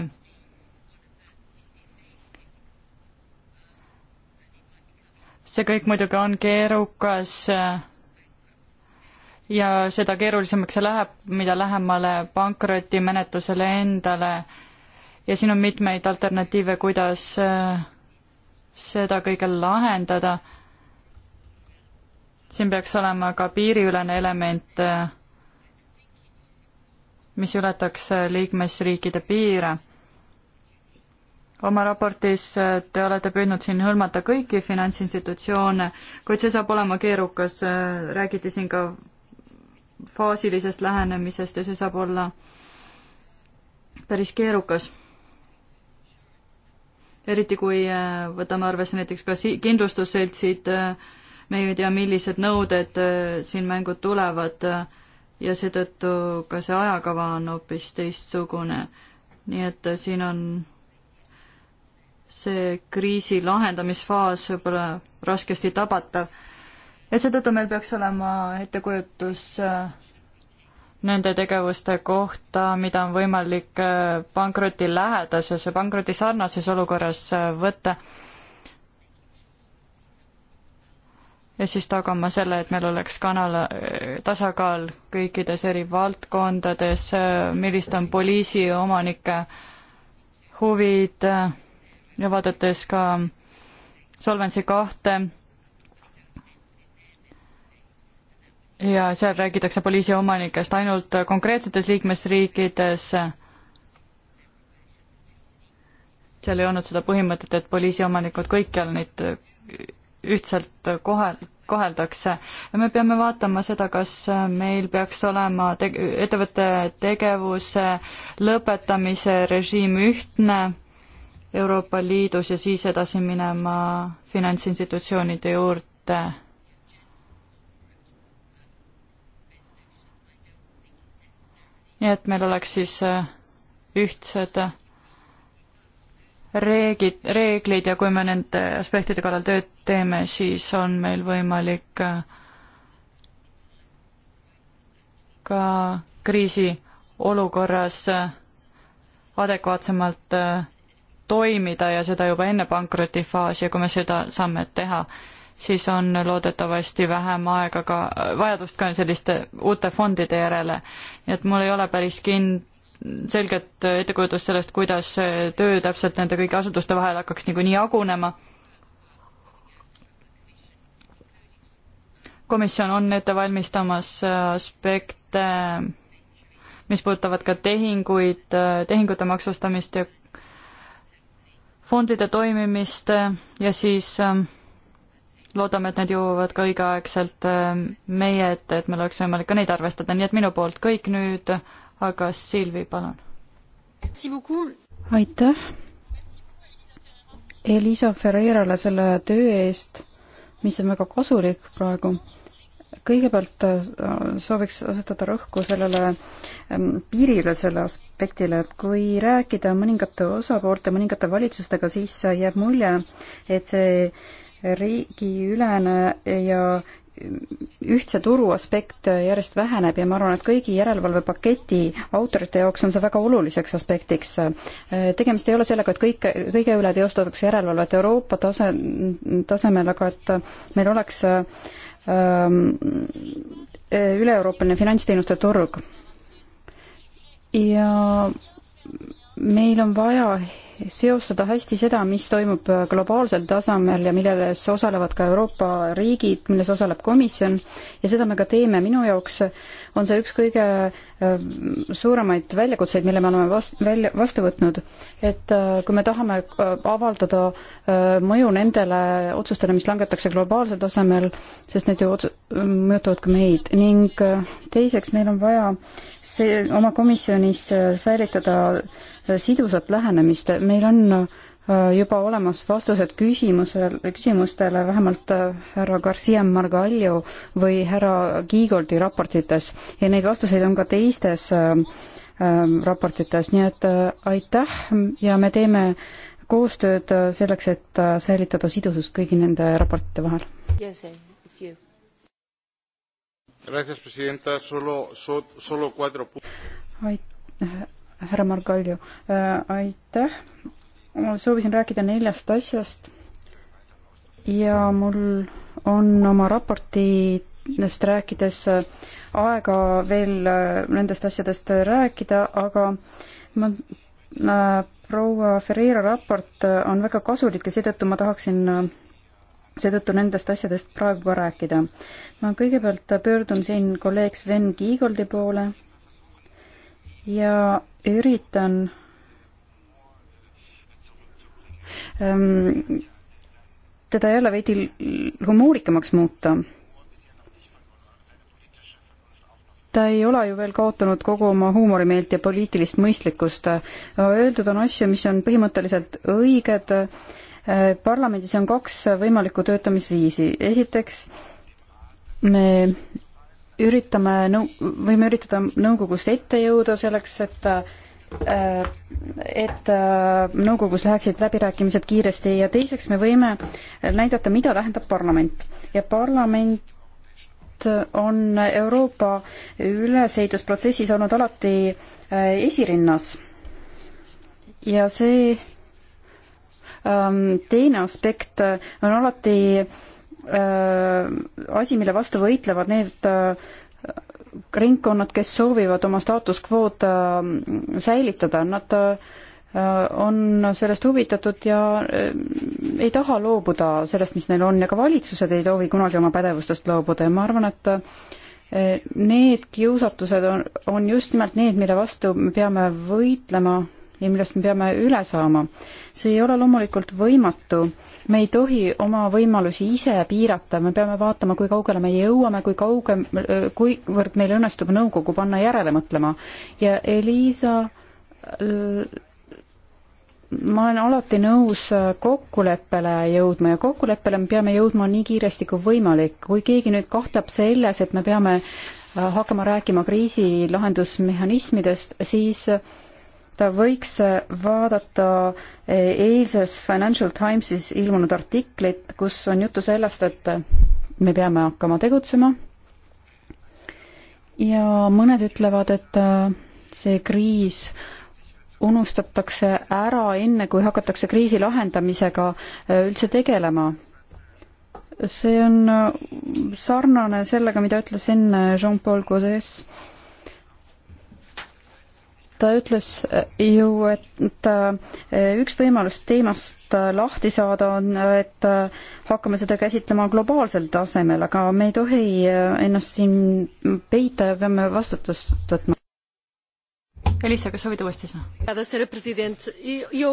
see kõik muidugi on keerukas ja seda keerulisemaks see läheb, mida lähemale pankrotimenetlusele endale ja siin on mitmeid alternatiive, kuidas äh, seda kõige lahendada. siin peaks olema ka piiriülene element, mis ületaks liikmesriikide piire. oma raportis te olete püüdnud siin hõlmata kõiki finantsinstitutsioone, kuid see saab olema keerukas, räägiti siin ka faasilisest lähenemisest ja see saab olla päris keerukas eriti kui äh, võtame arvesse näiteks ka si-, kindlustusseltsid, äh, me ju ei tea, millised nõuded äh, siin mängud tulevad ja seetõttu ka see ajakava on hoopis teistsugune. nii et siin on see kriisi lahendamisfaas võib-olla raskesti tabatav ja seetõttu meil peaks olema ettekujutus äh, nende tegevuste kohta, mida on võimalik äh, pankroti lähedases ja pankroti sarnases olukorras äh, võtta. ja siis tagama selle, et meil oleks kanal, äh, tasakaal kõikides eri valdkondades, millised on poliisi omanike huvid ja vaadates ka Solvency kahte ja seal räägitakse poliisiomanikest ainult konkreetsetes liikmesriikides. seal ei olnud seda põhimõtet, et poliisiomanikud kõikjal neid ühtselt kohel, koheldakse ja me peame vaatama seda, kas meil peaks olema teg-, ettevõtte tegevuse lõpetamise režiim ühtne Euroopa Liidus ja siis edasi minema finantsinstitutsioonide juurde nii et meil oleks siis äh, ühtsed äh, reeglid, reeglid ja kui me nende aspektide kallal tööd teeme, siis on meil võimalik äh, ka kriisiolukorras adekvaatsemalt toimida ja seda juba enne pankrotifaasi ja kui me seda saame teha, siis on loodetavasti vähem aega ka, vajadust ka selliste uute fondide järele. nii et mul ei ole päris kind-, selget ettekujutust sellest, kuidas töö täpselt nende kõigi asutuste vahel hakkaks niikuinii jagunema. komisjon on ette valmistamas aspekte, mis puudutavad ka tehinguid, tehingute maksustamist ja fondide toimimist ja siis äh, loodame, et need jõuavad ka õigeaegselt ähm, meie ette, et meil oleks võimalik ka neid arvestada, nii et minu poolt kõik nüüd, aga Silvi, palun. aitäh Elisa Ferreirale selle töö eest, mis on väga kasulik praegu kõigepealt äh, sooviks asetada rõhku sellele ähm, piirile, selle aspektile, et kui rääkida mõningate osapoolte, mõningate valitsustega, siis jääb mulje, et see riigiülene ja ühtse turu aspekt järjest väheneb ja ma arvan, et kõigi järelevalvepaketi autorite jaoks on see väga oluliseks aspektiks. tegemist ei ole sellega, et kõik, kõige üle teostatakse järelevalvet Euroopa tase, tasemel, aga et meil oleks ähm, üle-euroopaline finantsteenuste turg. ja meil on vaja seostada hästi seda, mis toimub globaalsel tasemel ja milles osalevad ka Euroopa riigid, milles osaleb komisjon ja seda me ka teeme. minu jaoks äh, on see üks kõige äh, suuremaid väljakutseid, mille me oleme vast-, välja, vastu võtnud, et äh, kui me tahame äh, avaldada mõju nendele otsustele, mis langetakse globaalsel tasemel, sest need ju ots-, mõjutavad ka meid ning teiseks, meil on vaja see, oma komisjonis säilitada sidusat lähenemist, meil on Äh, juba olemas vastused küsimusel, küsimustele vähemalt äh, härra Garcia Margallo või härra Kiigoldi raportites ja neid vastuseid on ka teistes ähm, ähm, raportites, nii et äh, aitäh ja me teeme koostööd selleks, et säilitada sidusust kõigi nende raportite vahel. aitäh, härra Margallo, aitäh ma soovisin rääkida neljast asjast ja mul on oma raporti nendest rääkides aega veel äh, nendest asjadest rääkida, aga ma äh,, proua Ferreira raport äh, on väga kasulik ja seetõttu ma tahaksin äh, seetõttu nendest asjadest praegu ka rääkida. ma kõigepealt pöördun siin kolleeg Sven Kiigoldi poole ja üritan Ehm, teda jälle veidi humoorikamaks muuta. ta ei ole ju veel kaotanud kogu oma huumorimeelt ja poliitilist mõistlikkust. Öeldud on asju, mis on põhimõtteliselt õiged. Ehm, parlamendis on kaks võimalikku töötamisviisi. esiteks me üritame nõu-, võime üritada nõukogust ette jõuda selleks, et Äh, et äh, nõukogus läheksid läbirääkimised kiiresti ja teiseks me võime näidata, mida tähendab parlament ja parlament on Euroopa ülesehitusprotsessis olnud alati äh, esirinnas. ja see ähm, teine aspekt on alati asi, mille vastu võitlevad need äh, ringkonnad, kes soovivad oma staatus quo'd äh, säilitada, nad äh, on sellest huvitatud ja äh, ei taha loobuda sellest, mis neil on ja ka valitsused ei tohi kunagi oma pädevustest loobuda ja ma arvan, et need kiusatused on, on just nimelt need, mille vastu me peame võitlema ja millest me peame üle saama. see ei ole loomulikult võimatu, me ei tohi oma võimalusi ise piirata, me peame vaatama, kui kaugele me jõuame, kui kauge, kuivõrd meil õnnestub nõukogu panna järele mõtlema. ja Elisa, ma olen alati nõus kokkuleppele jõudma ja kokkuleppele me peame jõudma nii kiiresti kui võimalik. kui keegi nüüd kahtleb selles, et me peame hakkama rääkima kriisi lahendusmehhanismidest, siis võiks vaadata eh, eilses Financial Timesis ilmunud artiklit, kus on juttu sellest, et me peame hakkama tegutsema. ja mõned ütlevad, et eh, see kriis unustatakse ära enne, kui hakatakse kriisi lahendamisega eh, üldse tegelema. see on sarnane sellega, mida ütles enne Jean-Paul Gauzes ta ütles äh, ju, et äh, üks võimalus teemast äh, lahti saada on, et hakkame seda käsitlema globaalsel tasemel, aga me ei tohi ennast siin peita ja peame vastutust võtma. Elisa, kas soovid uuesti sõna? E eh,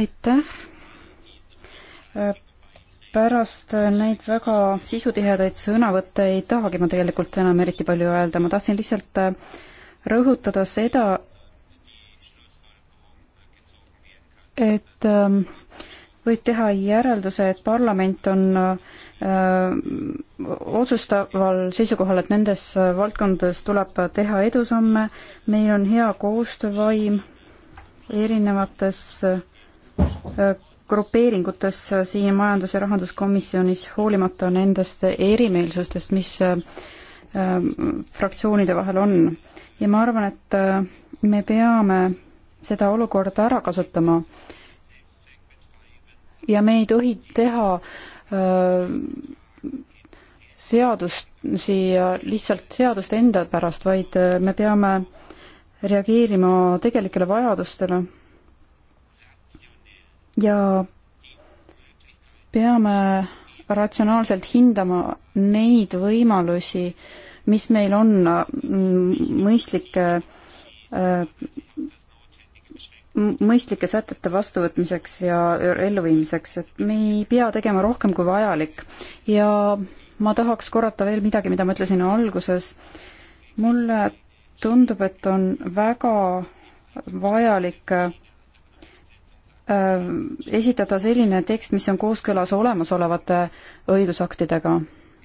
aitäh pärast neid väga sisutihedaid sõnavõtte ei tahagi ma tegelikult enam eriti palju öelda, ma tahtsin lihtsalt rõhutada seda, et ähm, võib teha järelduse, et parlament on äh, otsustaval seisukohal, et nendes äh, valdkondades tuleb teha edusamme, meil on hea koostöövaim erinevates äh, grupeeringutes siin Majandus- ja Rahanduskomisjonis, hoolimata nendest erimeelsustest, mis fraktsioonide vahel on ja ma arvan, et äh, me peame seda olukorda ära kasutama. ja me ei tohi teha äh, seadusi lihtsalt seaduste enda pärast, vaid äh, me peame reageerima tegelikele vajadustele. ja peame ratsionaalselt hindama neid võimalusi, mis meil on mm, mõistlike äh, mõistlike sätete vastuvõtmiseks ja elluviimiseks, et me ei pea tegema rohkem kui vajalik. ja ma tahaks korrata veel midagi, mida ma ütlesin alguses. mulle tundub, et on väga vajalik äh, esitada selline tekst, mis on kooskõlas olemasolevate õigusaktidega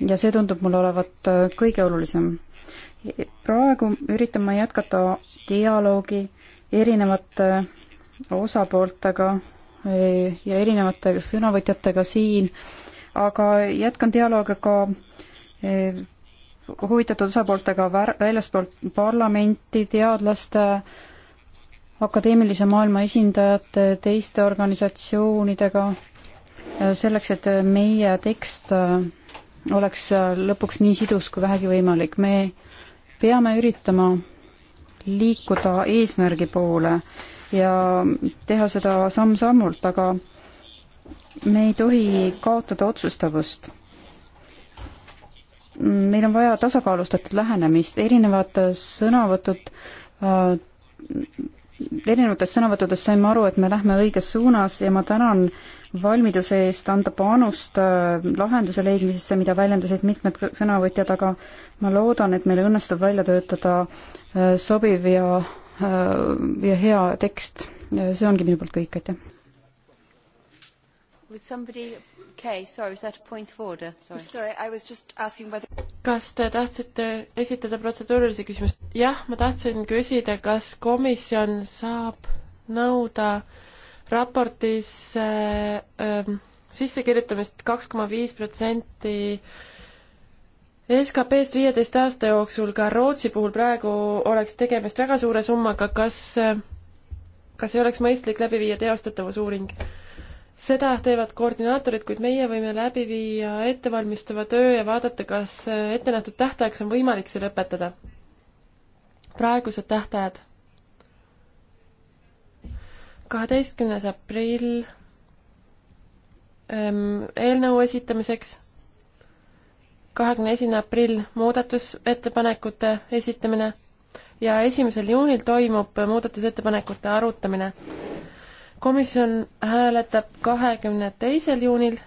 ja see tundub mulle olevat äh, kõige olulisem. praegu üritan ma jätkata dialoogi erinevate äh, osapooltega äh, ja erinevate sõnavõtjatega siin, aga jätkan dialoogi ka huvitatud osapooltega väljaspoolt parlamenti, teadlaste, akadeemilise maailma esindajate, teiste organisatsioonidega, selleks, et meie tekst oleks äh, lõpuks nii sidus kui vähegi võimalik. me peame üritama liikuda eesmärgi poole ja teha seda samm-sammult, aga me ei tohi kaotada otsustavust. meil on vaja tasakaalustatud lähenemist, erinevad sõnavõtud äh, erinevatest sõnavõttudest sain ma aru, et me lähme õiges suunas ja ma tänan valmiduse eest anda panust äh, lahenduse leidmisesse, mida väljendasid mitmed sõnavõtjad, aga ma loodan, et meil õnnestub välja töötada äh, sobiv ja, äh, ja hea tekst. see ongi minu poolt kõik, aitäh. kas te tahtsite esitada protseduurilise küsimuse? jah, ma tahtsin küsida, kas komisjon saab nõuda no, raportisse äh, ähm, sissekirjutamist kaks koma viis protsenti SKP-st viieteist aasta jooksul, ka Rootsi puhul praegu oleks tegemist väga suure summaga, kas, äh, kas ei oleks mõistlik läbi viia teostatavusuuring? seda teevad koordinaatorid, kuid meie võime läbi viia ettevalmistava töö ja vaadata, kas äh, ettenähtud tähtajaks on võimalik see lõpetada. praegused tähtajad kaheteistkümnes aprill ähm, eelnõu esitamiseks, kahekümne esimene aprill muudatusettepanekute esitamine ja esimesel juunil toimub muudatusettepanekute arutamine. komisjon hääletab kahekümne teisel juunil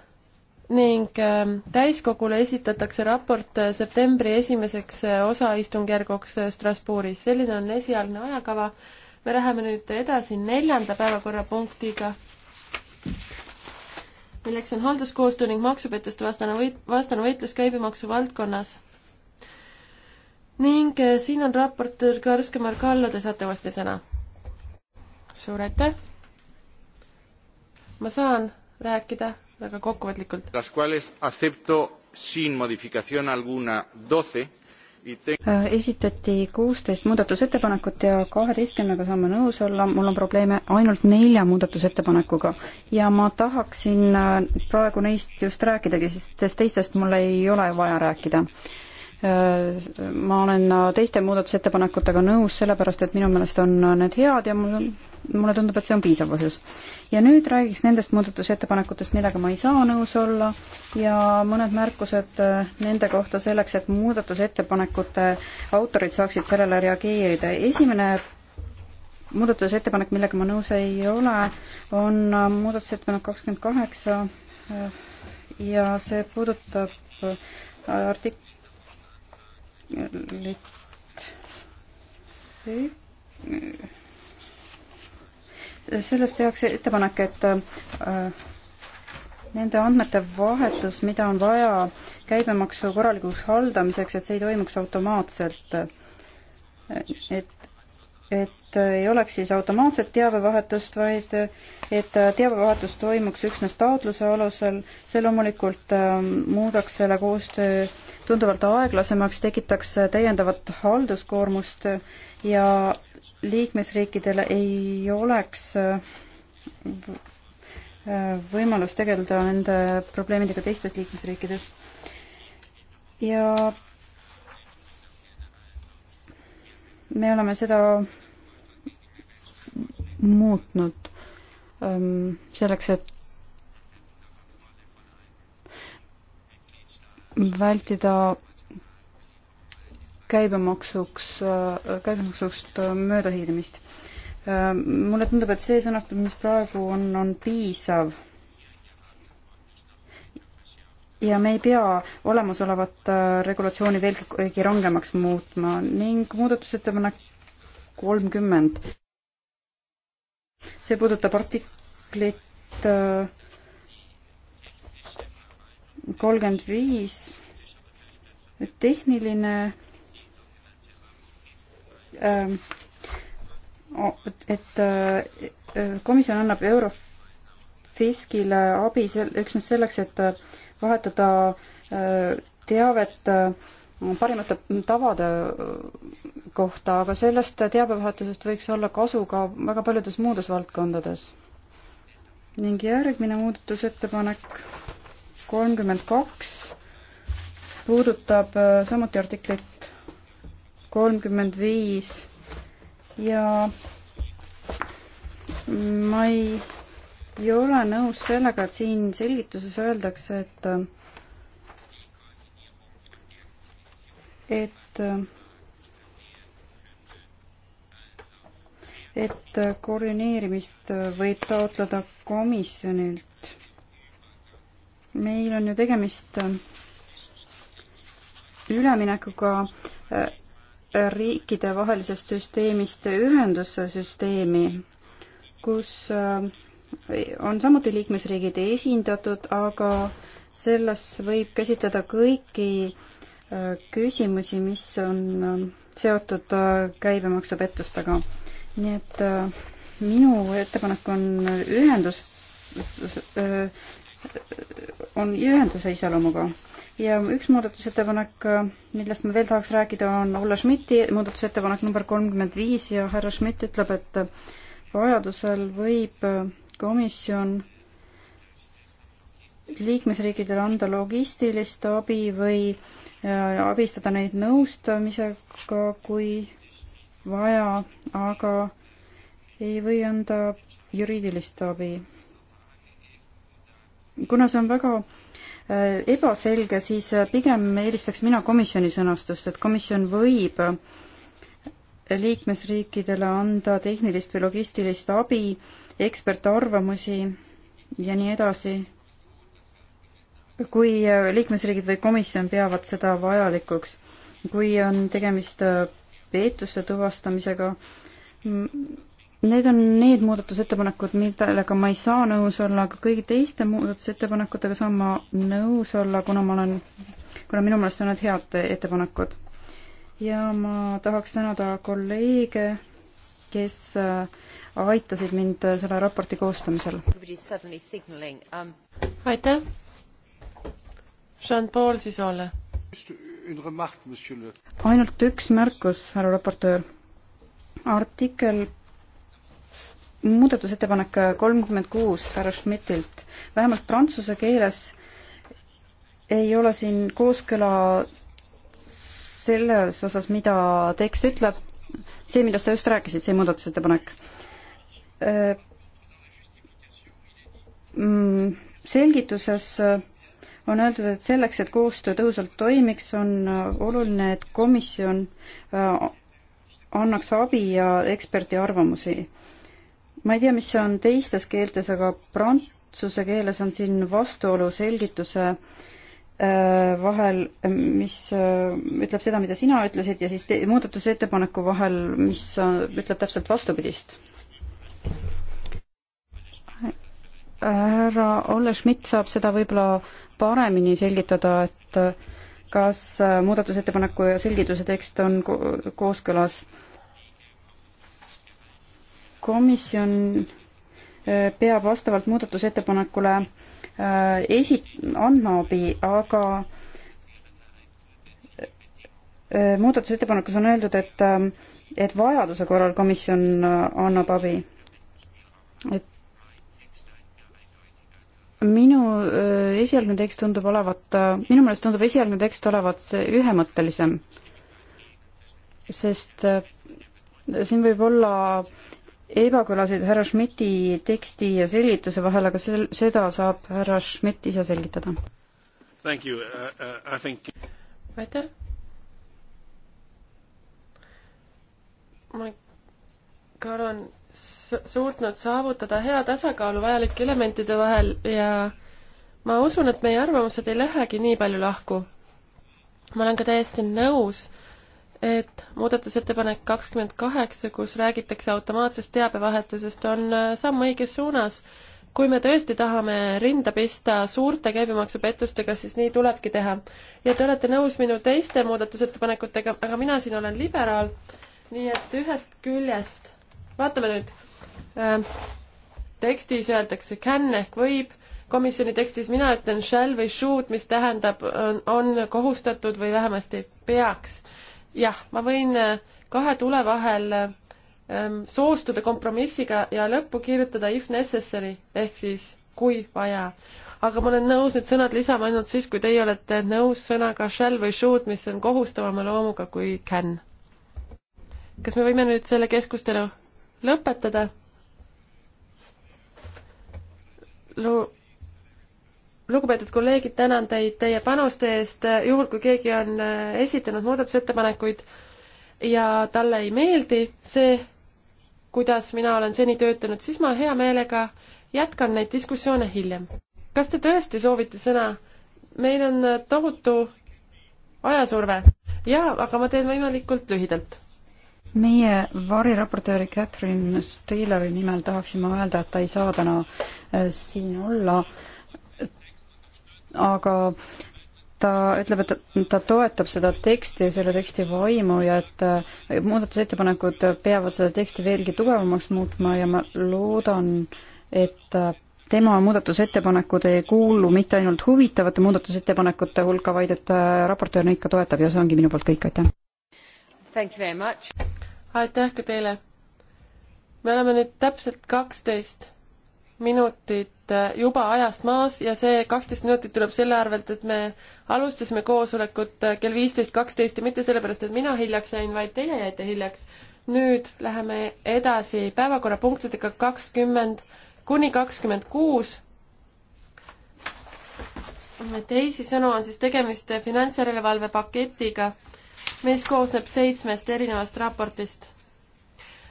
ning ähm, täiskogule esitatakse raport äh, septembri esimeseks äh, osaistungjärguks äh, Strasbourgis. selline on esialgne ajakava me läheme nüüd edasi neljanda päevakorrapunktiga, milleks on halduskoostöö ning maksupettuste vastane võit-, vastane võitlus käibemaksu valdkonnas. ning eh, siin on raportöör Karskemar Kallo, te saate uuesti sõna. suur aitäh! ma saan rääkida väga kokkuvõtlikult. Las cuales acepto sin modificación alguna doce 12 esitati kuusteist muudatusettepanekut ja kaheteistkümnega saame nõus olla, mul on probleeme ainult nelja muudatusettepanekuga. ja ma tahaksin äh, praegu neist just rääkidagi, sest teistest mul ei ole vaja rääkida. Äh, ma olen äh, teiste muudatusettepanekutega nõus, sellepärast et minu meelest on need head ja mul on mulle tundub, et see on piisav põhjus. ja nüüd räägiks nendest muudatusettepanekutest, millega ma ei saa nõus olla ja mõned märkused äh, nende kohta selleks, et muudatusettepanekute autorid saaksid sellele reageerida. esimene muudatusettepanek, millega ma nõus ei ole, on äh, muudatusettepanek kakskümmend kaheksa äh, ja see puudutab artiklit selles tehakse ettepanek, et äh, nende andmete vahetus, mida on vaja käibemaksu korralikuks haldamiseks, et see ei toimuks automaatselt. et, et ei oleks siis automaatset teabevahetust, vaid et teabevahetus toimuks üksnes taotluse alusel, see loomulikult äh, muudaks selle koostöö tunduvalt aeglasemaks, tekitaks täiendavat halduskoormust ja liikmesriikidel ei oleks äh, võimalus tegeleda nende probleemidega teistes liikmesriikides. ja me oleme seda muutnud ähm, selleks, et vältida käibemaksuks, käibemaksust möödahiilimist. mulle tundub, et see sõnastus, mis praegu on, on piisav. ja me ei pea olemasolevat äh, regulatsiooni veelgi rangemaks muutma ning muudatusettepanek kolmkümmend. see puudutab artiklit äh, kolmkümmend viis, et tehniline Ähm, et äh, äh, komisjon annab Eurofiskile abi sel-, üksnes selleks, et äh, vahetada teavet parimate tavade kohta, aga sellest teabevahetusest võiks olla kasu ka väga paljudes muudes valdkondades. ning järgmine muudatusettepanek kolmkümmend kaks puudutab samuti artiklit kolmkümmend viis ja ma ei, ei ole nõus sellega, et siin selgituses öeldakse, et et et koordineerimist võib taotleda komisjonilt. meil on ju tegemist üleminekuga riikidevahelisest süsteemist ühendusse süsteemi, kus äh, on samuti liikmesriigid esindatud, aga selles võib käsitleda kõiki äh, küsimusi, mis on äh, seotud käibemaksupettustega. nii et minu ettepanek on ühendus, on ühenduse iseloomuga. ja üks muudatusettepanek, millest ma veel tahaks rääkida, on Olle Schmidti muudatusettepanek number kolmkümmend viis ja härra Schmidt ütleb, et vajadusel võib komisjon liikmesriikidele anda logistilist abi või äh, abistada neid nõustamisega, kui vaja, aga ei või anda juriidilist abi kuna see on väga äh, ebaselge, siis äh, pigem eelistaks mina komisjoni sõnastust, et komisjon võib äh, liikmesriikidele anda tehnilist või logistilist abi, ekspertarvamusi ja nii edasi kui liikmesriigid või komisjon peavad seda vajalikuks, kui on tegemist peetuste tuvastamisega, Need on need muudatusettepanekud, millega ma ei saa nõus olla, aga kõigi teiste muudatusettepanekutega saan ma nõus olla, kuna ma olen, kuna minu meelest on need head ettepanekud. ja ma tahaks tänada kolleege, kes äh, aitasid mind selle raporti koostamisel. Um, aitäh. Jean-Paul Sisole. ainult üks märkus, härra raportöör. artikkel muudatusettepanek kolmkümmend kuus härra Schmidtilt. vähemalt prantsuse keeles ei ole siin kooskõla selles osas, mida tekst ütleb, see, mida sa just rääkisid, see muudatusettepanek. Mm, selgituses on öeldud, et selleks, et koostöö tõhusalt toimiks, on oluline, et komisjon äh, annaks abi ja eksperdi arvamusi ma ei tea, mis on teistes keeltes, aga prantsuse keeles on siin vastuolu selgituse äh, vahel, mis äh, ütleb seda, mida sina ütlesid, ja siis muudatusettepaneku vahel, mis äh, ütleb täpselt vastupidist. härra Olle Schmidt saab seda võib-olla paremini selgitada, et kas muudatusettepaneku ja selgituse tekst on kooskõlas komisjon äh, peab vastavalt muudatusettepanekule äh, esi-, andma abi, aga äh, muudatusettepanekus on öeldud, et, ähm, et vajaduse korral komisjon annab abi. et minu esialgne tekst tundub olevat, minu meelest tundub esialgne tekst olevat ühemõttelisem, sest siin võib olla ebakõlasid härra Schmidti teksti ja selgituse vahel, aga sel-, seda saab härra Schmidt ise selgitada. Uh, uh think... aitäh. ma ikka olen suutnud saavutada hea tasakaalu vajalike elementide vahel ja ma usun, et meie arvamused ei lähegi nii palju lahku. ma olen ka täiesti nõus et muudatusettepanek kakskümmend kaheksa, kus räägitakse automaatsest teabevahetusest, on äh, samm õiges suunas. kui me tõesti tahame rinda pista suurte käibemaksupettustega, siis nii tulebki teha. ja te olete nõus minu teiste muudatusettepanekutega, aga mina siin olen liberaal, nii et ühest küljest, vaatame nüüd äh,, tekstis öeldakse can ehk võib, komisjoni tekstis mina ütlen shall või should, mis tähendab, on kohustatud või vähemasti peaks jah, ma võin äh, kahe tule vahel ähm, soostuda kompromissiga ja lõppu kirjutada if necessary ehk siis kui vaja. aga ma olen nõus need sõnad lisama ainult siis, kui teie olete nõus sõnaga shall või should, mis on kohustavama loomuga kui can. kas me võime nüüd selle keskustelu lõpetada? Lu-, lugupeetud kolleegid, tänan teid teie panuste eest, juhul kui keegi on äh, esitanud muudatusettepanekuid ja talle ei meeldi see, kuidas mina olen seni töötanud, siis ma hea meelega jätkan neid diskussioone hiljem. kas te tõesti soovite sõna? meil on äh, tohutu ajasurve. jaa, aga ma teen võimalikult lühidalt meie variraportööri Catherine Steeleri nimel tahaksin ma öelda, et ta ei saa täna äh, siin olla aga ta ütleb, et ta toetab seda teksti ja selle teksti vaimu ja et äh, muudatusettepanekud peavad seda teksti veelgi tugevamaks muutma ja ma loodan, et äh, tema muudatusettepanekud ei kuulu mitte ainult huvitavate muudatusettepanekute hulka, vaid et äh, raportöör neid ka toetab ja see ongi minu poolt kõik, aitäh! aitäh ka teile! me oleme nüüd täpselt kaksteist minutit äh, juba ajast maas ja see kaksteist minutit tuleb selle arvelt, et me alustasime koosolekut äh, kell viisteist kaksteist ja mitte sellepärast, et mina hiljaks jäin, vaid teie jäite hiljaks. nüüd läheme edasi päevakorrapunktidega kakskümmend kuni kakskümmend kuus. teisisõnu on siis tegemist finantsjärelevalve paketiga, mis koosneb seitsmest erinevast raportist.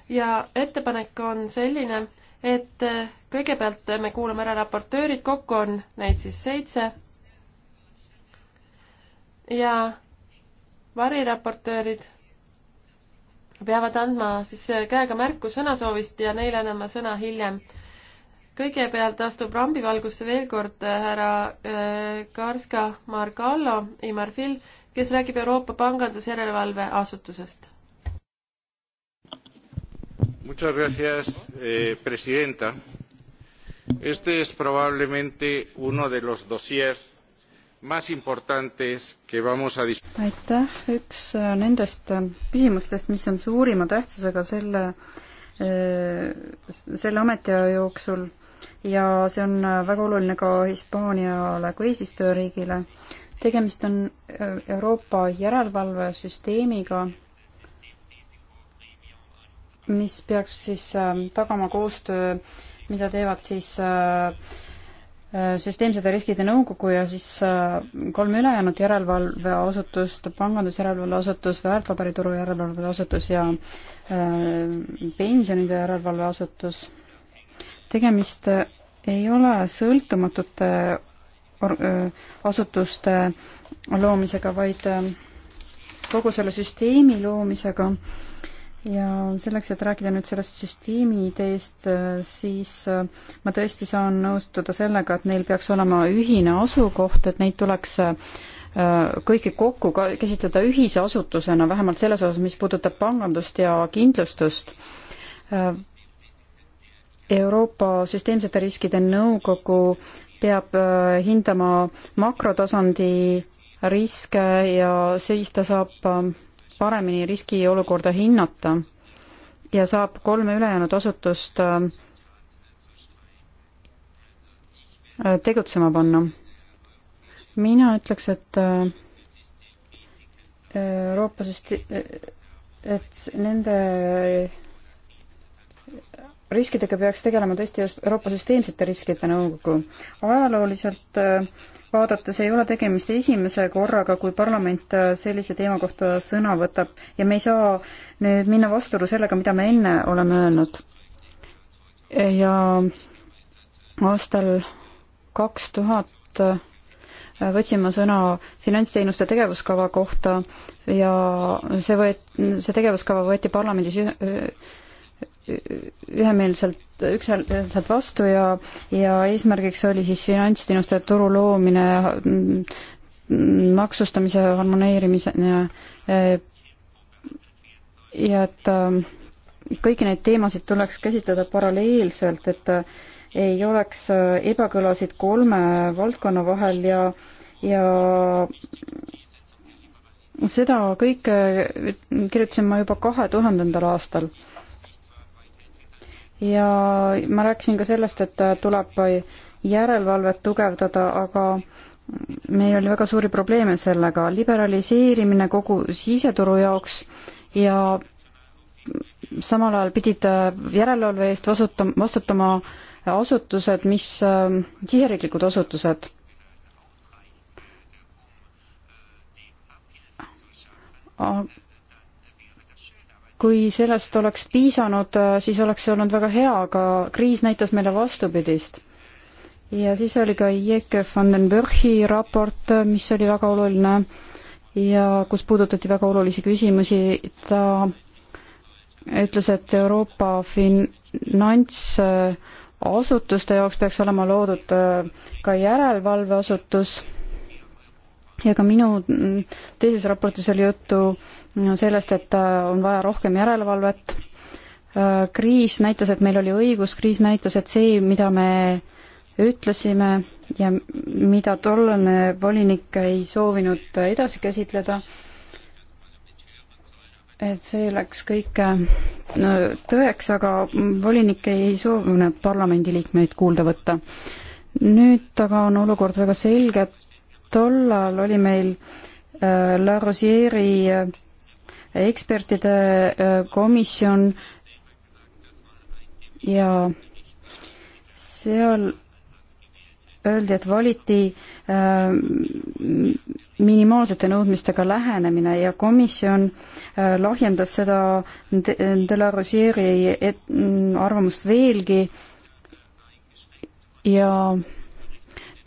ja ettepanek on selline, et äh, kõigepealt eh, me kuulame ära raportöörid, kokku on neid siis seitse. ja variraportöörid peavad andma siis eh, käega märku sõnasoovist ja neile annan ma sõna hiljem. kõigepealt astub rambivalgusse veel kord eh, härra Karska Margallo, Imar Fil, kes räägib Euroopa Pangandusjärelevalve Asutusest. Muchas gracias, eh, presidenta. Este es probablemente uno de los dosieres aitäh, üks äh, nendest äh, küsimustest, mis on suurima tähtsusega selle, äh, selle ametiaja jooksul ja see on väga oluline ka Hispaaniale kui eesistujariigile. tegemist on Euroopa järelevalvesüsteemiga, mis peaks siis tagama koostöö mida teevad siis äh, äh, süsteemsete riskide nõukogu ja siis äh, kolm ülejäänud järelevalveasutust, pangandusjärelevalveasutus, väärtpaberituru järelevalveasutus ja pensionide järelevalveasutus. tegemist ei ole sõltumatute asutuste loomisega, vaid kogu selle süsteemi loomisega äh, ja selleks, et rääkida nüüd sellest süsteemi ideest, äh, siis äh, ma tõesti saan nõustuda sellega, et neil peaks olema ühine asukoht, et neid tuleks äh, kõiki kokku ka käsitleda ühise asutusena, vähemalt selles osas, mis puudutab pangandust ja kindlustust. Euroopa Süsteemsete Riskide Nõukogu peab hindama makrotasandi riske ja siis ta saab paremini riskiolukorda hinnata ja saab kolme ülejäänud asutust äh, tegutsema panna. mina ütleks, et äh, Euroopa süsti-, äh, et nende riskidega peaks tegelema tõesti just Euroopa Süsteemsete Riskide Nõukogu. ajalooliselt äh, vaadates ei ole tegemist esimese korraga, kui parlament äh, sellise teema kohta sõna võtab ja me ei saa nüüd minna vastuolu sellega, mida me enne oleme öelnud. ja aastal kaks tuhat äh, võtsin ma sõna finantsteenuste tegevuskava kohta ja see võet-, see tegevuskava võeti parlamendis ühe ühemeelselt, üksmeelselt vastu ja, ja eesmärgiks oli siis finantsteenuste turu loomine, maksustamise harmoneerimise ja, ja et äh, kõiki neid teemasid tuleks käsitleda paralleelselt, et äh, ei oleks äh, ebakõlasid kolme valdkonna vahel ja, ja seda kõike kirjutasin ma juba kahe tuhandendal aastal ja ma rääkisin ka sellest, et äh, tuleb järelevalvet tugevdada, aga meil oli väga suuri probleeme sellega, liberaliseerimine kogu siseturu jaoks ja samal ajal pidid äh, järelevalve eest vastutama, vastutama asutused, mis, ähm, siseriiklikud asutused. aga kui sellest oleks piisanud, siis oleks see olnud väga hea, aga kriis näitas meile vastupidist. ja siis oli ka Jeke van den Berchi raport, mis oli väga oluline ja kus puudutati väga olulisi küsimusi, ta ütles, et Euroopa finantsasutuste jaoks peaks olema loodud äh, ka järelevalveasutus ja ka minu teises raportis oli juttu äh, sellest, et äh, on vaja rohkem järelevalvet. Äh, kriis näitas, et meil oli õigus, kriis näitas, et see, mida me ütlesime ja mida tollane volinik ei soovinud edasi käsitleda, et see läks kõik äh, no, tõeks, aga volinik ei soovinud parlamendiliikmeid kuulda võtta. nüüd aga on olukord väga selge, tollal oli meil äh, La Rosieri äh, ekspertide komisjon ja seal öeldi, et valiti äh, minimaalsete nõudmistega lähenemine ja komisjon äh, lahjendas seda De, de la Rosieri et, arvamust veelgi ja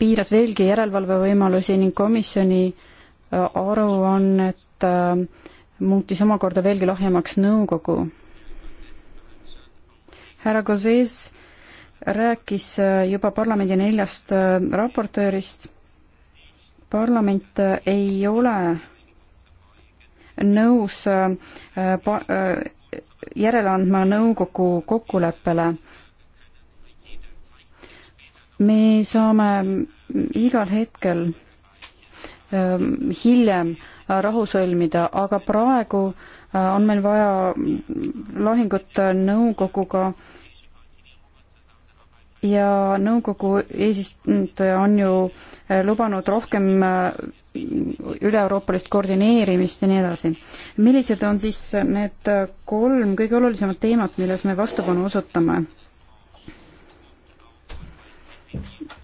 piiras veelgi järelevalvevõimalusi ning komisjoni äh, aruannet äh, muutis omakorda veelgi lahjemaks nõukogu. härra Gozes rääkis äh, juba parlamendi neljast äh, raportöörist. parlament äh, ei ole nõus järele andma nõukogu kokkuleppele. me saame igal hetkel hiljem rahu sõlmida, aga praegu äh, on meil vaja lahingut äh, nõukoguga ja nõukogu eesistuja on ju äh, lubanud rohkem üle-euroopalist koordineerimist ja nii edasi. millised on siis need kolm kõige olulisemat teemat, milles me vastupanu osutame?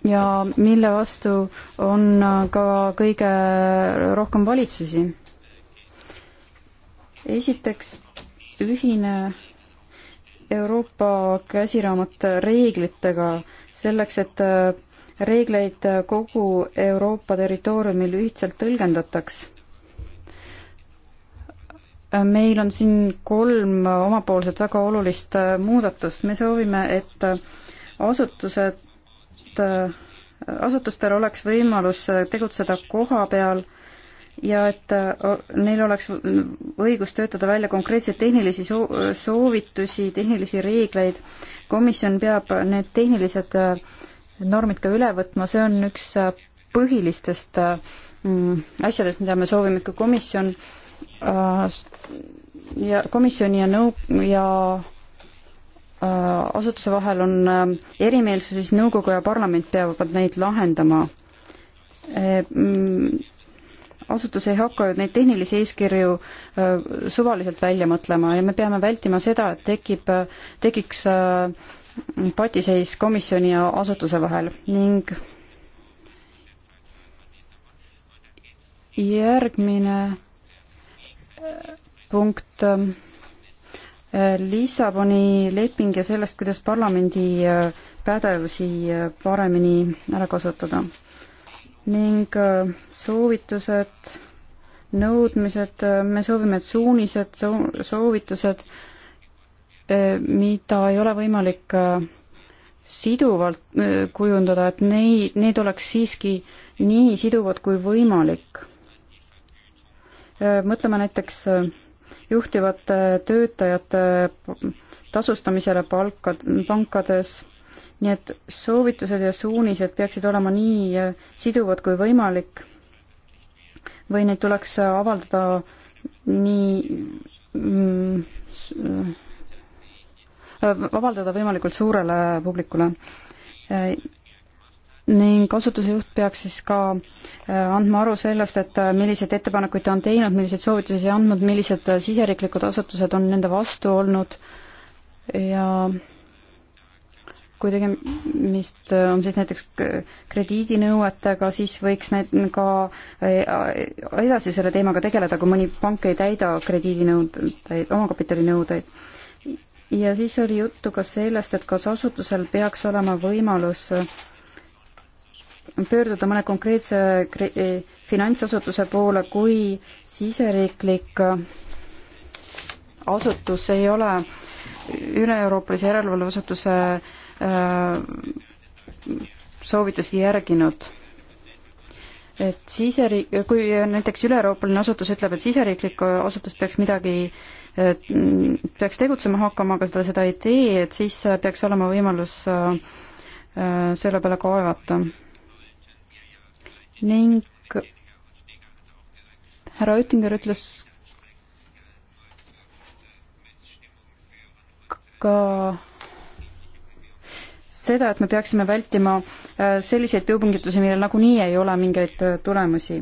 ja mille vastu on ka kõige rohkem valitsusi. esiteks ühine Euroopa käsiraamat reeglitega selleks, et äh, reegleid kogu Euroopa territooriumil ühtselt tõlgendataks. meil on siin kolm omapoolset väga olulist äh, muudatust, me soovime, et äh, asutused et äh, asutustel oleks võimalus äh, tegutseda koha peal ja et äh, neil oleks õigus töötada välja konkreetseid tehnilisi soovitusi, tehnilisi reegleid. komisjon peab need tehnilised normid ka üle võtma, see on üks põhilistest mm, asjadest, mida me soovime, et kui komisjon ja komisjoni ja nõu- ja Äh, asutuse vahel on äh, erimeelsusi, siis nõukogu ja parlament peavad neid lahendama. Äh, mm, asutus ei hakka ju neid tehnilisi eeskirju suvaliselt välja mõtlema ja me peame vältima seda, et tekib, tekiks patiseis komisjoni ja asutuse vahel ning järgmine punkt Lissaboni leping ja sellest, kuidas parlamendi äh, pädevusi äh, paremini ära kasutada. ning äh, soovitused, nõudmised, me soovime, et suunised, soovitused, mida ei ole võimalik siduvalt kujundada, et neid, need oleks siiski nii siduvad kui võimalik. mõtleme näiteks juhtivate töötajate tasustamisele palka, pankades. nii et soovitused ja suunised peaksid olema nii äh, siduvad kui võimalik või neid tuleks äh, avaldada nii mm, äh, avaldada võimalikult suurele publikule ning asutuse juht peaks siis ka äh, andma aru sellest, et äh, milliseid ettepanekuid ta on teinud, milliseid soovitusi andnud, millised äh, siseriiklikud asutused on nende vastu olnud ja kui tegemist on siis näiteks krediidinõuetega, siis võiks need ka edasi selle teemaga tegeleda, kui mõni pank ei täida krediidinõudeid, omakapitalinõudeid ja siis oli juttu ka sellest, et kas asutusel peaks olema võimalus pöörduda mõne konkreetse eh, finantsasutuse poole, kui siseriiklik eh, asutus ei ole üle-euroopalise järelevalveasutuse eh, soovitusi järginud. et siseriik-, kui näiteks üle-euroopaline asutus ütleb, et siseriiklik asutus peaks midagi, mm, peaks tegutsema hakkama, aga ta seda ei tee, et siis peaks olema võimalus selle peale kaevata ning härra Oettinger ütles ka seda, et me peaksime vältima äh, selliseid peupingutusi, millel nagunii ei ole mingeid äh, tulemusi.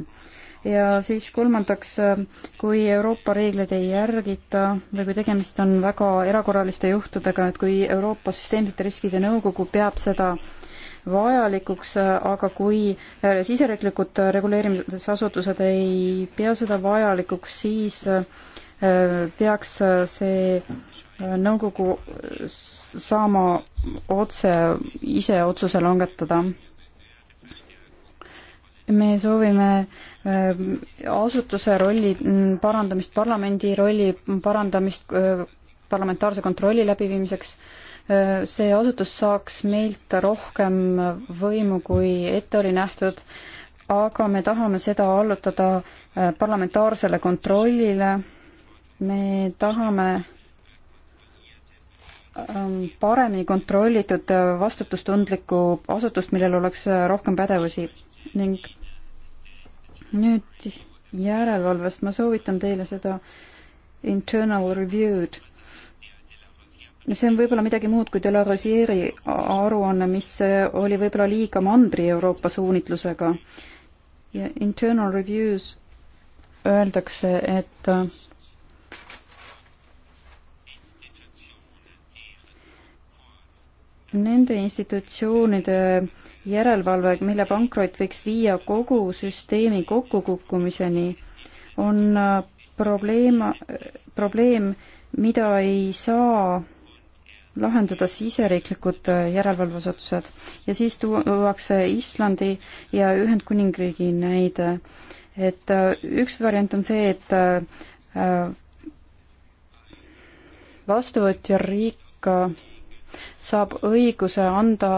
ja siis kolmandaks, äh, kui Euroopa reegleid ei järgita või kui tegemist on väga erakorraliste juhtudega, et kui Euroopa Süsteemsete Riskide Nõukogu peab seda äh, vajalikuks, aga kui äh, siseriiklikud äh, reguleerimisasutused ei pea seda vajalikuks, siis äh, peaks see nõukogu saama otse, ise otsuse langetada. me soovime asutuse rolli mm, parandamist, parlamendi rolli parandamist parlamentaarse kontrolli läbiviimiseks äh, see asutus saaks meilt rohkem võimu, kui ette oli nähtud, aga me tahame seda allutada äh, parlamentaarsele kontrollile. me tahame ähm, paremini kontrollitud äh, vastutustundlikku asutust, millel oleks äh, rohkem pädevusi ning nüüd järelevalvest ma soovitan teile seda internal review'd see on võib-olla midagi muud kui de la Rosieri aruanne, mis oli võib-olla liiga Mandri-Euroopa suunitlusega. ja internal reviews öeldakse, et äh, nende institutsioonide järelevalve, mille pankrot võiks viia kogu süsteemi kokkukukkumiseni, on äh, probleem, äh, probleem, mida ei saa lahendada siseriiklikud äh, järelevalveasutused ja siis tuuakse Islandi ja Ühendkuningriigi näide. et äh, üks variant on see, et äh, vastuvõtja riik saab õiguse anda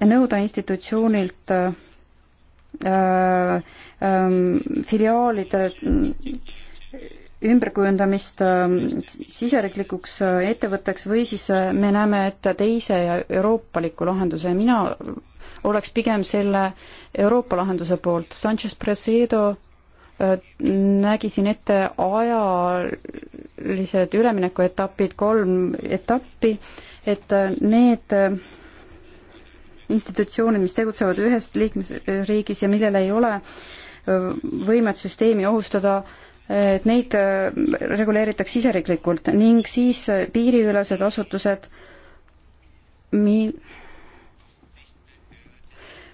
ja nõuda institutsioonilt äh, äh, ähm, filiaalide ümberkujundamist ähm, siseriiklikuks äh, ettevõtteks või siis äh, me näeme ette teise ja euroopaliku lahenduse. mina oleks pigem selle Euroopa lahenduse poolt. Sanchez Presedo äh, nägi siin ette ajalised üleminekuetapid, kolm etappi, et need institutsioonid, mis tegutsevad ühes liikmesriigis ja millel ei ole võimet süsteemi ohustada, et neid äh, reguleeritakse siseriiklikult ning siis piiriülesed asutused, mi-,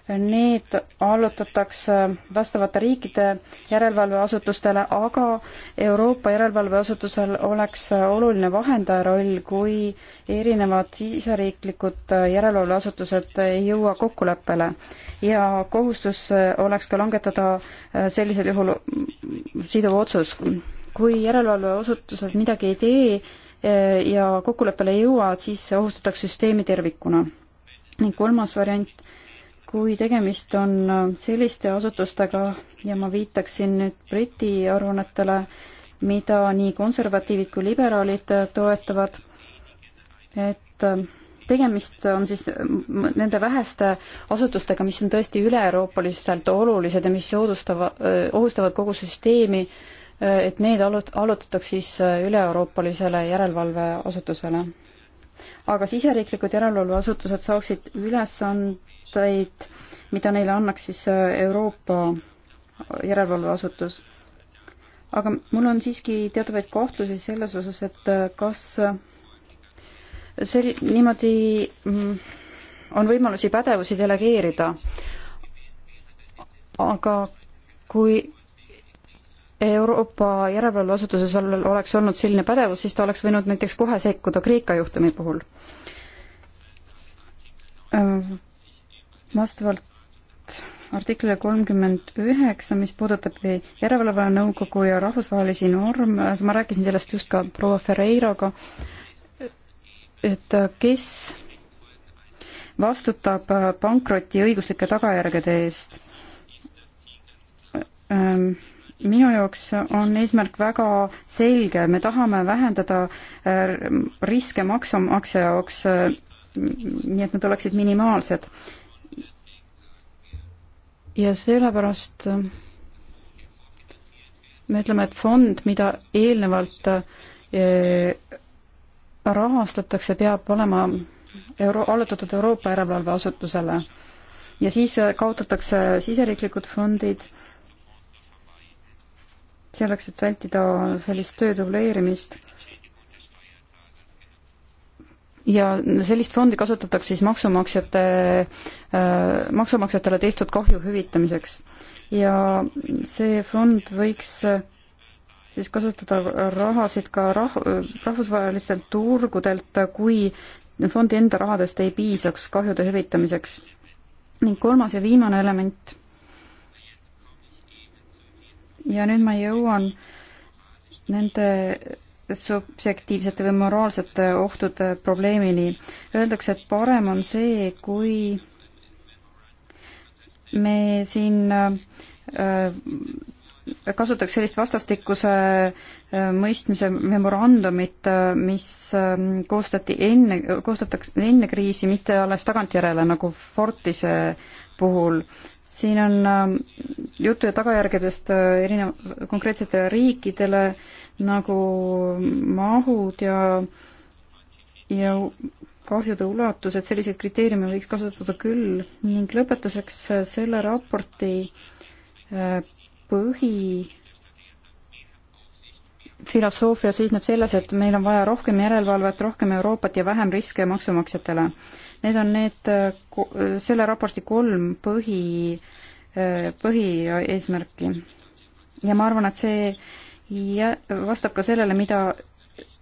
need allutatakse vastavate riikide järelevalveasutustele, aga Euroopa järelevalveasutusel oleks oluline vahendaja roll, kui erinevad siseriiklikud järelevalveasutused ei jõua kokkuleppele ja kohustus oleks ka langetada äh, sellisel juhul siduv otsus. kui järelevalveasutused midagi ei tee äh, ja kokkuleppele ei jõua, siis ohustatakse süsteemi tervikuna. ning kolmas variant kui tegemist on äh, selliste asutustega ja ma viitaksin nüüd Briti aruannetele, mida nii konservatiivid kui liberaalid äh, toetavad, et äh, tegemist on siis nende väheste asutustega, mis on tõesti üle-euroopaliselt olulised ja mis soodustava, ohustavad kogu süsteemi, et need allut-, allutatakse siis üle-euroopalisele järelevalveasutusele. aga siseriiklikud järelevalveasutused saaksid ülesand-, vastuseid, mida neile annaks siis äh, Euroopa järelevalveasutus. aga mul on siiski teatavaid kahtlusi selles osas, et äh, kas äh, sel-, niimoodi mm, on võimalusi pädevusi delegeerida, aga kui Euroopa järelevalveasutuses oleks olnud selline pädevus, siis ta oleks võinud näiteks kohe sekkuda Kreeka juhtumi puhul vastavalt artiklile kolmkümmend üheksa, mis puudutab Järelevalvenõukogu ja rahvusvahelisi norme, ma rääkisin sellest just ka proua Ferreiraga, et kes vastutab pankroti õiguslike tagajärgede eest. Ähm, minu jaoks on eesmärk väga selge, me tahame vähendada äh, riske maksumaksja jaoks, äh, nii et nad oleksid minimaalsed ja sellepärast me ütleme, et fond, mida eelnevalt e, rahastatakse, peab olema euro-, allutatud Euroopa järelevalveasutusele. ja siis kaotatakse siseriiklikud fondid selleks, et vältida sellist töö dubleerimist ja sellist fondi kasutatakse siis maksumaksjate, äh, maksumaksjatele tehtud kahju hüvitamiseks. ja see fond võiks äh, siis kasutada rahasid ka rah-, rahvusvahelistelt turgudelt, kui fondi enda rahadest ei piisaks kahjude hüvitamiseks. ning kolmas ja viimane element. ja nüüd ma jõuan nende subjektiivsete või moraalsete ohtude probleemini. Öeldakse, et parem on see, kui me siin äh, kasutaks sellist vastastikuse äh, mõistmise memorandumit, äh, mis koostati enne, koostatakse enne kriisi, mitte alles tagantjärele, nagu Fortise puhul. siin on juttu tagajärgedest erineva, konkreetsetele riikidele äh,, nagu mahud ja, ja kahjude ulatus, et selliseid kriteeriume võiks kasutada küll ning lõpetuseks selle raporti äh, põhi filosoofia seisneb selles, et meil on vaja rohkem järelevalvet, rohkem Euroopat ja vähem riske maksumaksjatele. Need on need, äh, selle raporti kolm põhi, äh, põhieesmärki. ja ma arvan, et see ja vastab ka sellele, mida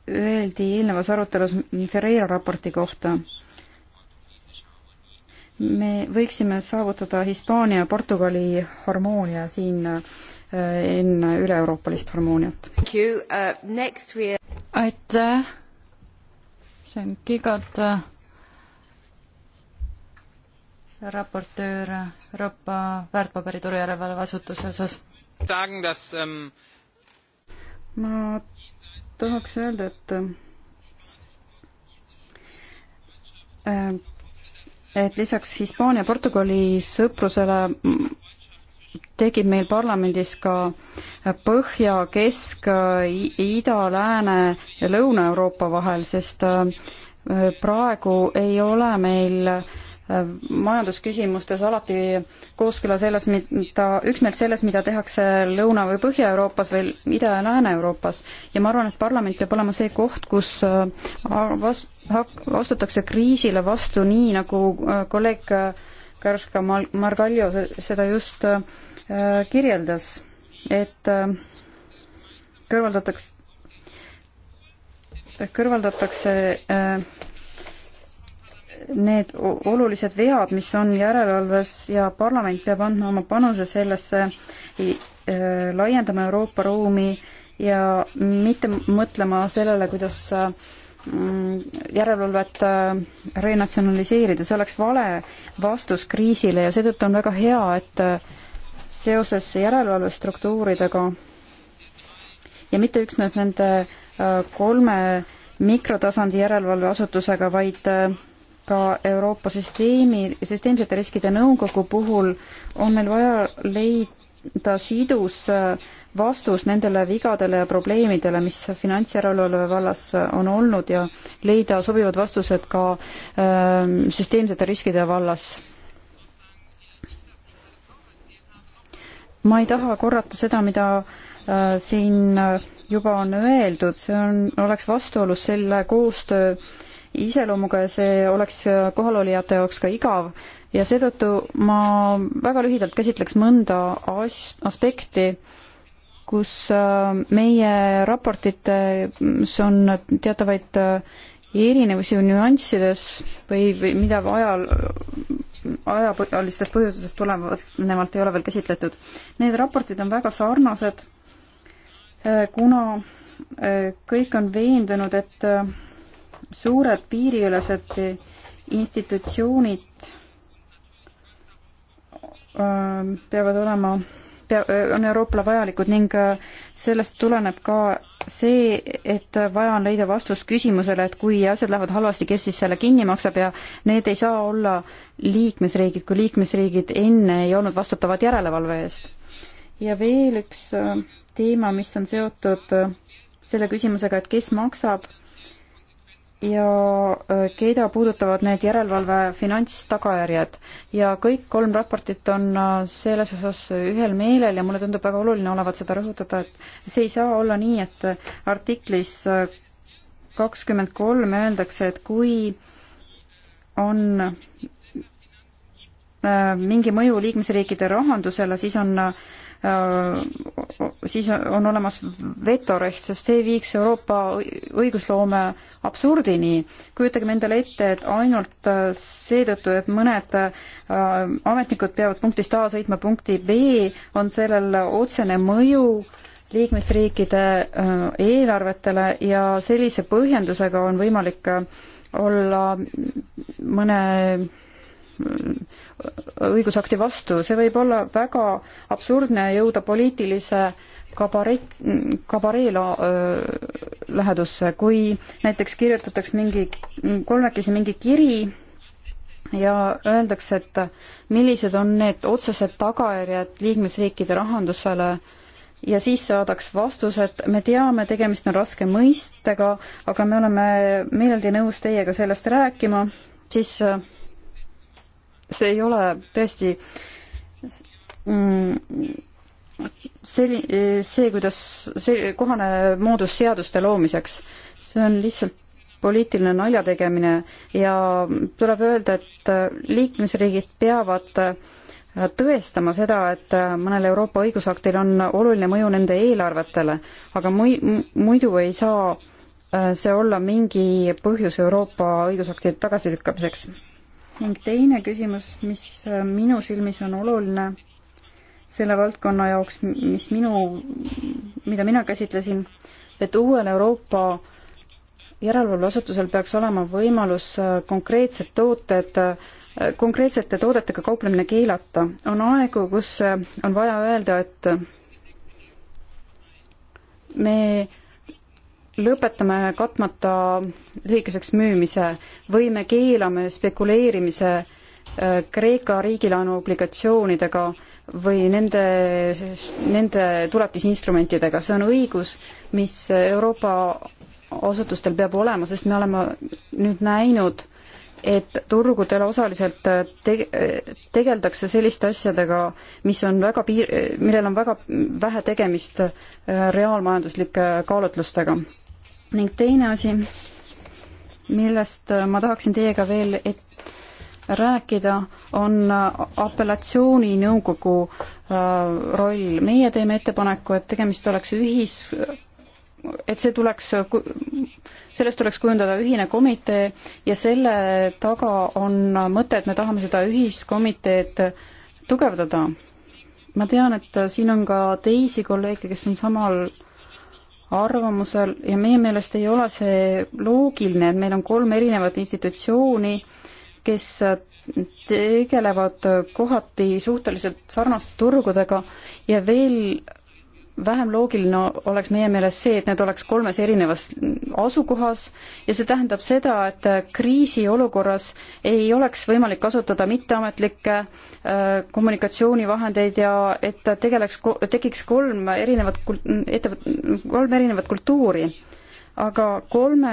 öeldi eelnevas arutelus Ferreira raporti kohta. me võiksime saavutada Hispaania ja Portugali harmoonia siin äh, enne üle-euroopalist harmooniat. Uh, aitäh, see on Gigot, äh, raportöör Euroopa väärtpaberituru järelevalve asutuse osas. Ähm, ma tahaks öelda, et äh, et lisaks Hispaania, Portugali sõprusele tekib meil parlamendis ka Põhja, Kesk, Ida, Lääne ja Lõuna-Euroopa vahel, sest äh, praegu ei ole meil äh, majandusküsimustes alati kooskõla selles, mida, üksmeelt selles, mida tehakse Lõuna- või Põhja-Euroopas või Ida- ja Lääne-Euroopas. ja ma arvan, et parlament peab olema see koht, kus äh, vas-, astutakse kriisile vastu, nii nagu äh, kolleeg Karska Margaljo seda just äh, kirjeldas, et kõrvaldataks, kõrvaldatakse, kõrvaldatakse need olulised vead, mis on järelevalves ja parlament peab andma oma panuse sellesse, äh, laiendama Euroopa ruumi ja mitte mõtlema sellele, kuidas mm, järelevalvet äh, renatsionaliseerida, see oleks vale vastus kriisile ja seetõttu on väga hea, et äh, seoses järelevalvestruktuuridega ja mitte üksnes nende kolme mikrotasandi järelevalveasutusega, vaid ka Euroopa süsteemi, süsteemsete riskide nõukogu puhul on meil vaja leida sidus äh, vastus nendele vigadele ja probleemidele, mis finantsjärelevalve vallas on olnud ja leida sobivad vastused ka öö, ähm, süsteemsete riskide vallas ma ei taha korrata seda, mida äh, siin juba on öeldud, see on, oleks vastuolus selle koostöö iseloomuga ja see oleks kohalolijate jaoks ka igav ja seetõttu ma väga lühidalt käsitleks mõnda as-, aspekti, kus äh, meie raportites on teatavaid äh, erinevusi nüanssides või, või mida ajal, ajalistest põhjustest tulenevalt ei ole veel käsitletud. Need raportid on väga sarnased, äh, kuna kõik on veendunud, et suured piiriülesed institutsioonid ähm, peavad olema, äh, on Euroopale vajalikud ning äh, sellest tuleneb ka see, et vaja on leida vastus küsimusele, et kui asjad lähevad halvasti, kes siis selle kinni maksab ja need ei saa olla liikmesriigid, kui liikmesriigid enne ei olnud vastutavad järelevalve eest. ja veel üks äh, teema, mis on seotud selle küsimusega, et kes maksab ja äh, keda puudutavad need järelevalve finantstagajärjed. ja kõik kolm raportit on äh, selles osas ühel meelel ja mulle tundub väga oluline olevat seda rõhutada, et see ei saa olla nii, et äh, artiklis kakskümmend kolm öeldakse, et kui on mingi mõju liikmesriikide rahandusele, siis on äh, Äh, siis on olemas vetoreht, sest see viiks Euroopa õigusloome absurdini. kujutagem endale ette, et ainult äh, seetõttu, et mõned äh, ametnikud peavad punktist A sõitma punkti B, on sellel otsene mõju liikmesriikide eelarvetele ja sellise põhjendusega on võimalik olla mõne õigusakti vastu, see võib olla väga absurdne jõuda poliitilise kabare-, kabaree lähedusse, kui näiteks kirjutatakse mingi, kolmekesi mingi kiri ja öeldakse, et millised on need otsesed tagajärjed liikmesriikide rahandusele ja siis saadaks vastus, et me teame, tegemist on raske mõistega, aga me oleme meeldi nõus teiega sellest rääkima, siis see ei ole tõesti mm, selli-, see, kuidas, see kohane moodus seaduste loomiseks, see on lihtsalt poliitiline naljategemine ja tuleb öelda, et liikmesriigid peavad tõestama seda, et mõnel Euroopa õigusaktil on oluline mõju nende eelarvetele, aga mui-, muidu ei saa see olla mingi põhjus Euroopa õigusaktide tagasilükkamiseks ning teine küsimus, mis äh, minu silmis on oluline selle valdkonna jaoks, mis minu, mida mina käsitlesin, et uuel Euroopa järelevalveasutusel peaks olema võimalus äh, konkreetsed tooted, äh, konkreetsete toodetega kauplemine keelata. on aegu, kus on vaja öelda, et me lõpetame katmata lühikeseks müümise või me keelame spekuleerimise äh, Kreeka riigilaenu obligatsioonidega või nende, nende tuletisinstrumentidega, see on õigus, mis Euroopa asutustel peab olema, sest me oleme nüüd näinud, et turgudel osaliselt te-, tegeldakse selliste asjadega, mis on väga piir-, millel on väga vähe tegemist äh, reaalmajanduslike kaalutlustega ning teine asi, millest ma tahaksin teiega veel rääkida, on apellatsiooninõukogu äh, roll. meie teeme ettepaneku, et tegemist oleks ühis, et see tuleks, sellest tuleks kujundada ühine komitee ja selle taga on mõte, et me tahame seda ühiskomiteed tugevdada. ma tean, et siin on ka teisi kolleege, kes on samal arvamusel ja meie meelest ei ole see loogiline, et meil on kolm erinevat institutsiooni, kes tegelevad kohati suhteliselt sarnaste turgudega ja veel vähem loogiline oleks meie meelest see, et need oleks kolmes erinevas asukohas ja see tähendab seda, et kriisiolukorras ei oleks võimalik kasutada mitteametlikke äh, kommunikatsioonivahendeid ja et tegeleks, tekiks kolm erinevat kult-, ettevõt-, kolm erinevat kultuuri. aga kolme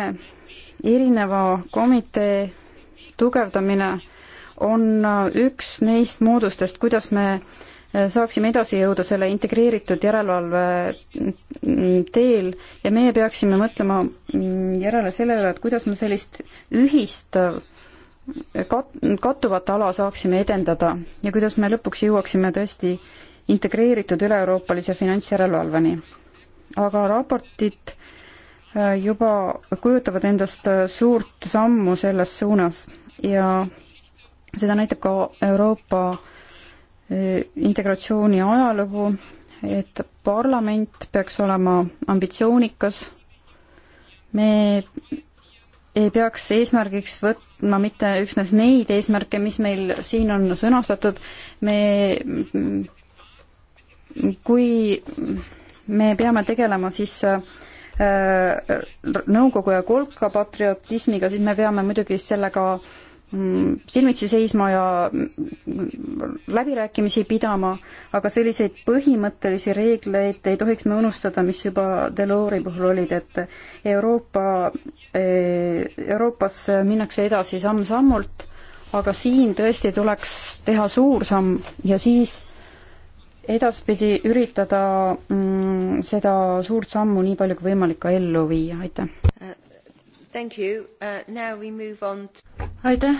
erineva komitee tugevdamine on äh, üks neist moodustest, kuidas me äh, saaksime edasi jõuda selle integreeritud järelevalve teel ja meie peaksime mõtlema järele sellele, et kuidas me sellist ühist kat-, kattuvat ala saaksime edendada ja kuidas me lõpuks jõuaksime tõesti integreeritud üle-euroopalise finantsjärelevalveni. aga raportid äh, juba kujutavad endast äh, suurt sammu selles suunas ja seda näitab ka Euroopa integratsiooni ajalugu, et parlament peaks olema ambitsioonikas, me ei peaks eesmärgiks võtma mitte üksnes neid eesmärke, mis meil siin on sõnastatud, me, kui me peame tegelema siis äh, nõukogu ja kolka patriotismiga, siis me peame muidugi sellega äh, Mm, silmitsi seisma ja mm, läbirääkimisi pidama, aga selliseid põhimõttelisi reegleid ei tohiks me unustada, mis juba Delori puhul olid, et Euroopa, eh, Euroopas minnakse edasi samm-sammult, aga siin tõesti tuleks teha suur samm ja siis edaspidi üritada mm, seda suurt sammu nii palju kui võimalik ka ellu viia, aitäh! Uh, aitäh!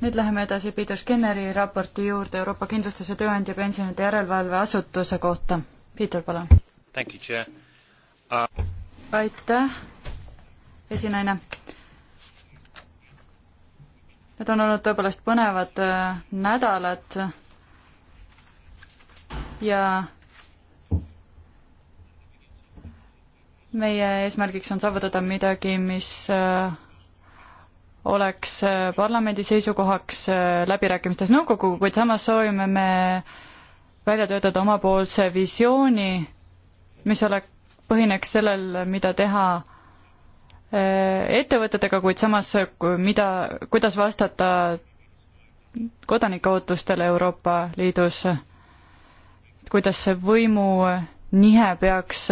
nüüd läheme edasi Peter Skinneri raporti juurde Euroopa Kindlustus- ja Tööandjapensionide Järelevalveasutuse kohta. Peter, palun! Uh... aitäh, esinaine! Need on olnud tõepoolest põnevad äh, nädalad ja meie eesmärgiks on saavutada midagi, mis äh, oleks äh, parlamendi seisukohaks äh, läbirääkimistes nõukoguga, kuid samas soovime me välja töötada omapoolse visiooni, mis ole-, põhineks sellel, mida teha ettevõtetega, kuid samas mida, kuidas vastata kodanike ootustele Euroopa Liidus, kuidas see võimu nihe peaks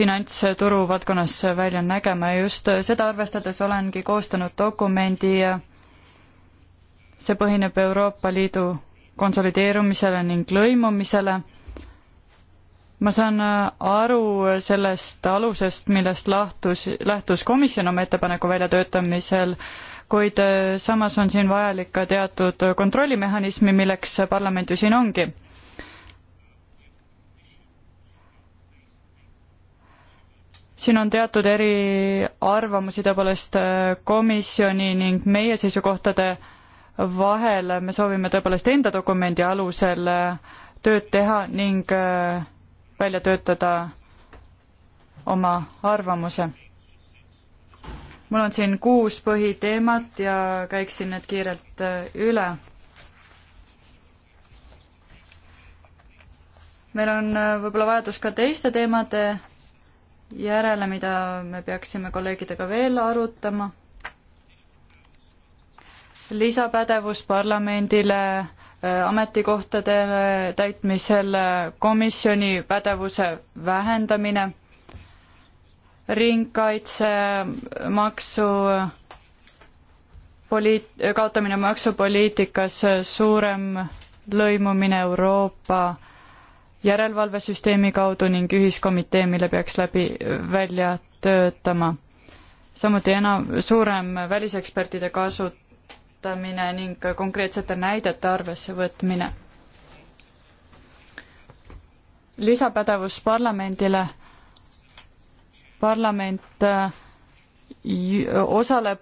finantsturu valdkonnas välja nägema ja just seda arvestades olengi koostanud dokumendi, see põhineb Euroopa Liidu konsolideerumisele ning lõimumisele. ma saan äh, aru sellest alusest, millest lahtus, lähtus komisjon oma ettepaneku väljatöötamisel, kuid äh, samas on siin vajalik ka teatud kontrollimehhanismi, milleks parlament ju siin ongi siin on teatud eriarvamusi tõepoolest äh, komisjoni ning meie seisukohtade vahel, me soovime tõepoolest enda dokumendi alusel äh, tööd teha ning äh, välja töötada oma arvamuse. mul on siin kuus põhiteemat ja käiksin need kiirelt üle meil on võib-olla vajadus ka teiste teemade järele, mida me peaksime kolleegidega veel arutama. lisapädevus parlamendile, äh, ametikohtade täitmisel, komisjoni pädevuse vähendamine, ringkaitsemaksu poliit-, kaotamine maksupoliitikas, suurem lõimumine Euroopa järelevalvesüsteemi kaudu ning ühiskomitee, mille peaks läbi välja töötama. samuti enam, suurem välisekspertide kasutamine ning konkreetsete näidete arvesse võtmine. lisapädevus parlamendile, parlament äh, osaleb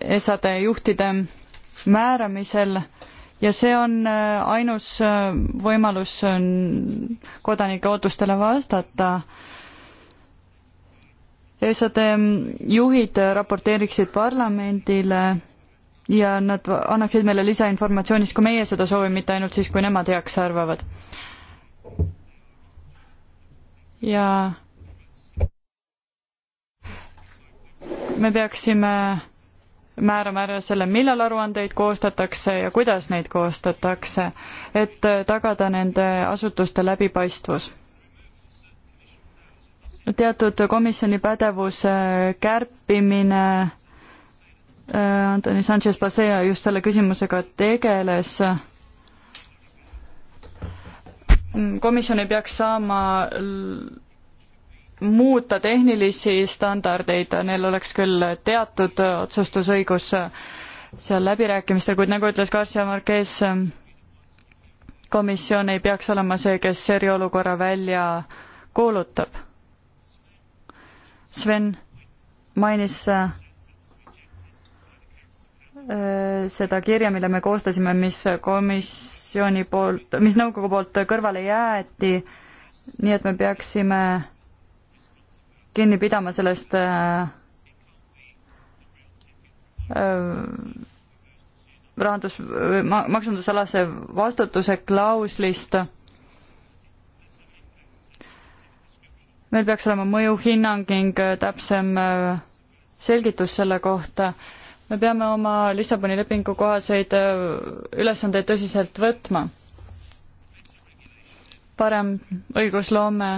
ESA-de äh, juhtide määramisel ja see on äh, ainus äh, võimalus äh, kodanike ootustele vastata. ESA-de juhid raporteeriksid parlamendile ja nad annaksid meile lisainformatsiooni siis, kui meie seda soovime, mitte ainult siis, kui nemad heaks arvavad. ja me peaksime määrame ära selle, millal aruandeid koostatakse ja kuidas neid koostatakse, et tagada nende asutuste läbipaistvus. teatud komisjoni pädevuse kärpimine, äh, Antoni Sanchez-Pasea just selle küsimusega tegeles, mm, komisjon ei peaks saama muuta tehnilisi standardeid, neil oleks küll teatud otsustusõigus seal läbirääkimistel, kuid nagu ütles Garcia Marquez, komisjon ei peaks olema see, kes eriolukorra välja kuulutab. Sven mainis äh, seda kirja, mille me koostasime, mis komisjoni poolt, mis nõukogu poolt kõrvale jäeti, nii et me peaksime kinni pidama sellest äh, äh, rahandus, maksundusalase vastutuse klauslist. meil peaks olema mõjuhinnang ning äh, täpsem selgitus selle kohta. me peame oma Lissaboni lepingu kohaseid ülesandeid tõsiselt võtma. parem õigusloome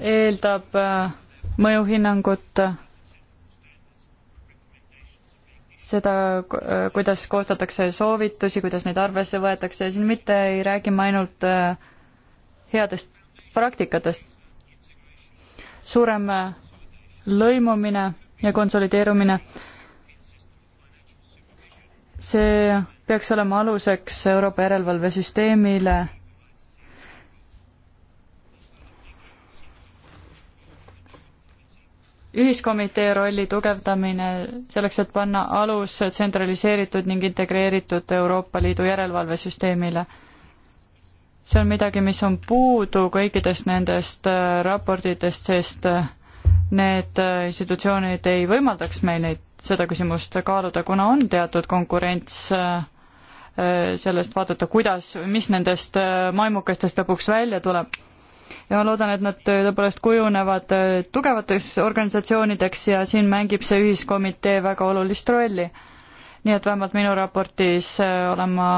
eeldab äh, mõjuhinnangut, äh, seda, äh, kuidas koostatakse soovitusi, kuidas neid arvesse võetakse ja siin mitte ei räägi me ainult headest praktikatest. suurem lõimumine ja konsolideerumine, see peaks olema aluseks Euroopa järelevalvesüsteemile ühiskomitee rolli tugevdamine selleks, et panna alus tsentraliseeritud ning integreeritud Euroopa Liidu järelevalvesüsteemile. see on midagi, mis on puudu kõikidest nendest äh, raportitest, sest äh, need äh, institutsioonid ei võimaldaks meil neid, seda küsimust kaaluda, kuna on teatud konkurents sellest vaadata, kuidas, mis nendest maimukestest lõpuks välja tuleb ja ma loodan, et nad äh, tõepoolest kujunevad äh, tugevateks organisatsioonideks ja siin mängib see ühiskomitee väga olulist rolli. nii et vähemalt minu raportis äh, olen ma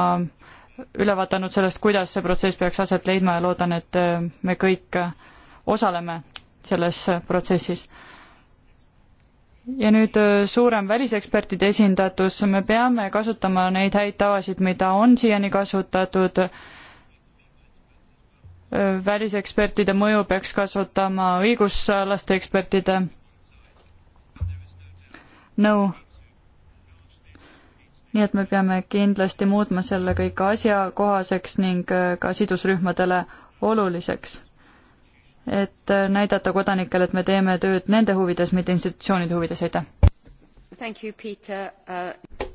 üle vaadanud sellest, kuidas see protsess peaks aset leidma ja loodan, et me kõik osaleme selles protsessis. ja nüüd suurem välisekspertide esindatus, me peame kasutama neid häid tavasid, mida on siiani kasutatud, välisekspertide mõju peaks kasvatama õigusalaste ekspertide nõu no.. nii et me peame kindlasti muutma selle kõik asjakohaseks ning ka sidusrühmadele oluliseks. et näidata kodanikele, et me teeme tööd nende huvides, mitte institutsioonide huvides, aitäh! Uh,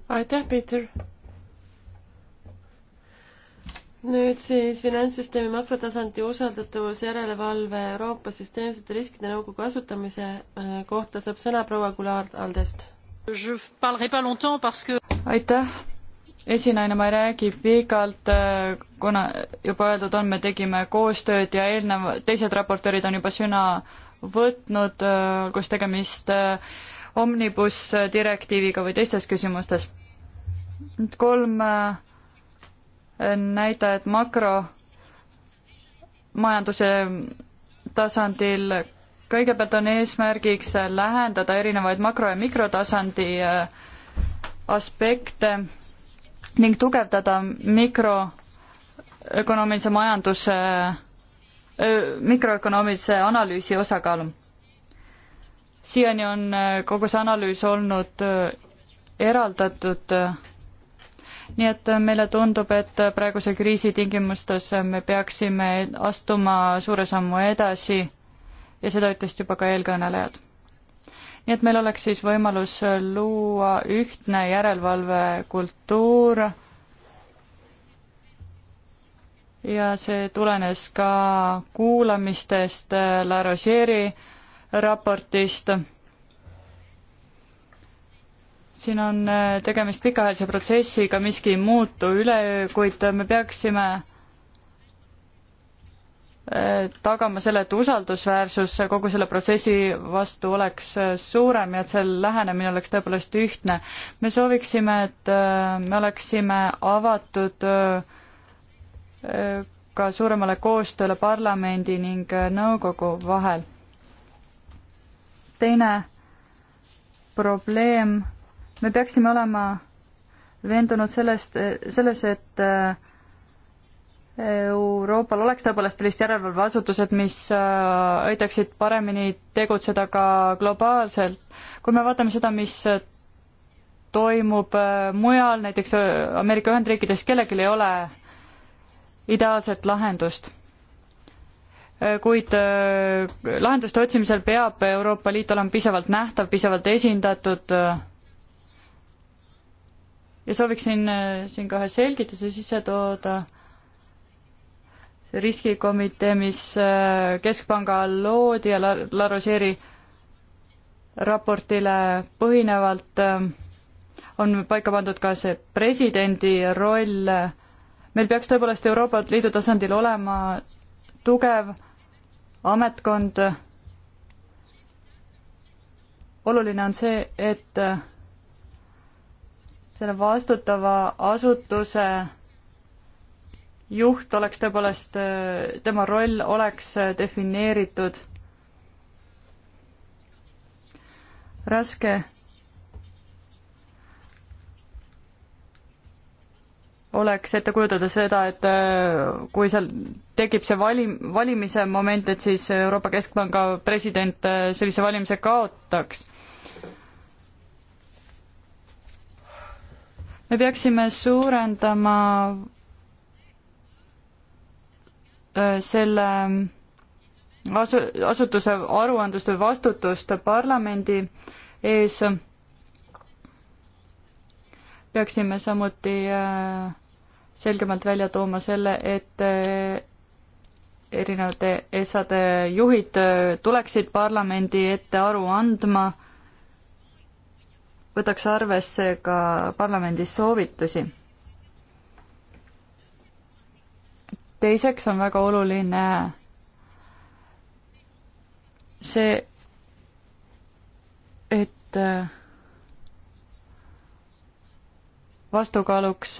aitäh, Peeter uh...! nüüd siis finantssüsteemi makrotasandi usaldatavus järelevalve Euroopa süsteemsete riskide nõukogu kasutamise äh, kohta saab sõna proua Goulard Aldest. aitäh, esinaine, ma ei räägi pikalt, äh, kuna juba öeldud on, me tegime koostööd ja eelnev, teised raportöörid on juba sõna võtnud, äh, olgu siis tegemist omnibus direktiiviga või teistes küsimustes. kolm näitajad makromajanduse tasandil. kõigepealt on eesmärgiks lähendada erinevaid makro- ja mikrotasandi äh, aspekte ning tugevdada mikroökonoomilise majanduse, äh, mikroökonoomilise analüüsi osakaalu. siiani on äh, kogu see analüüs olnud eraldatud nii et äh, meile tundub, et äh, praeguse kriisi tingimustes äh, me peaksime astuma suure sammu edasi ja seda ütlesid juba ka eelkõnelejad. nii et meil oleks siis võimalus luua ühtne järelevalvekultuur ja see tulenes ka kuulamistest La Rosieri raportist siin on äh, tegemist pikaajalise protsessiga, miski ei muutu üleöö, kuid me peaksime äh, tagama selle, et usaldusväärsus kogu selle protsessi vastu oleks äh, suurem ja et see lähenemine oleks tõepoolest ühtne. me sooviksime, et me oleksime avatud ka suuremale koostööle parlamendi ning nõukogu vahel. teine probleem me peaksime olema veendunud sellest, selles, et äh, Euroopal oleks tõepoolest sellist järelevalveasutused, mis äh, aitaksid paremini tegutseda ka globaalselt. kui me vaatame seda, mis äh, toimub mujal, näiteks Ameerika Ühendriikides, kellelgi ei ole ideaalset lahendust. kuid lahenduste otsimisel peab Euroopa Liit olema piisavalt nähtav, piisavalt esindatud ja sooviksin äh, siin ka ühe selgituse sisse tooda. see riskikomitee, mis äh, Keskpanga loodi ja La-, La Rosieri raportile põhinevalt äh, on paika pandud ka see presidendi roll. meil peaks tõepoolest Euroopa Liidu tasandil olema tugev ametkond. oluline on see, et selle vastutava asutuse juht oleks tõepoolest, tema roll oleks defineeritud. raske oleks ette kujutada seda, et äh, kui seal tekib see valim-, valimise moment, et siis Euroopa Keskpanga president äh, sellise valimise kaotaks me peaksime suurendama äh, selle äh, asu-, asutuse aruandlust või vastutust parlamendi ees. peaksime samuti äh, selgemalt välja tooma selle, et erinevate ESA-de juhid tuleksid parlamendi ette aru andma võtaks arvesse ka parlamendi soovitusi. teiseks on väga oluline see, et vastukaaluks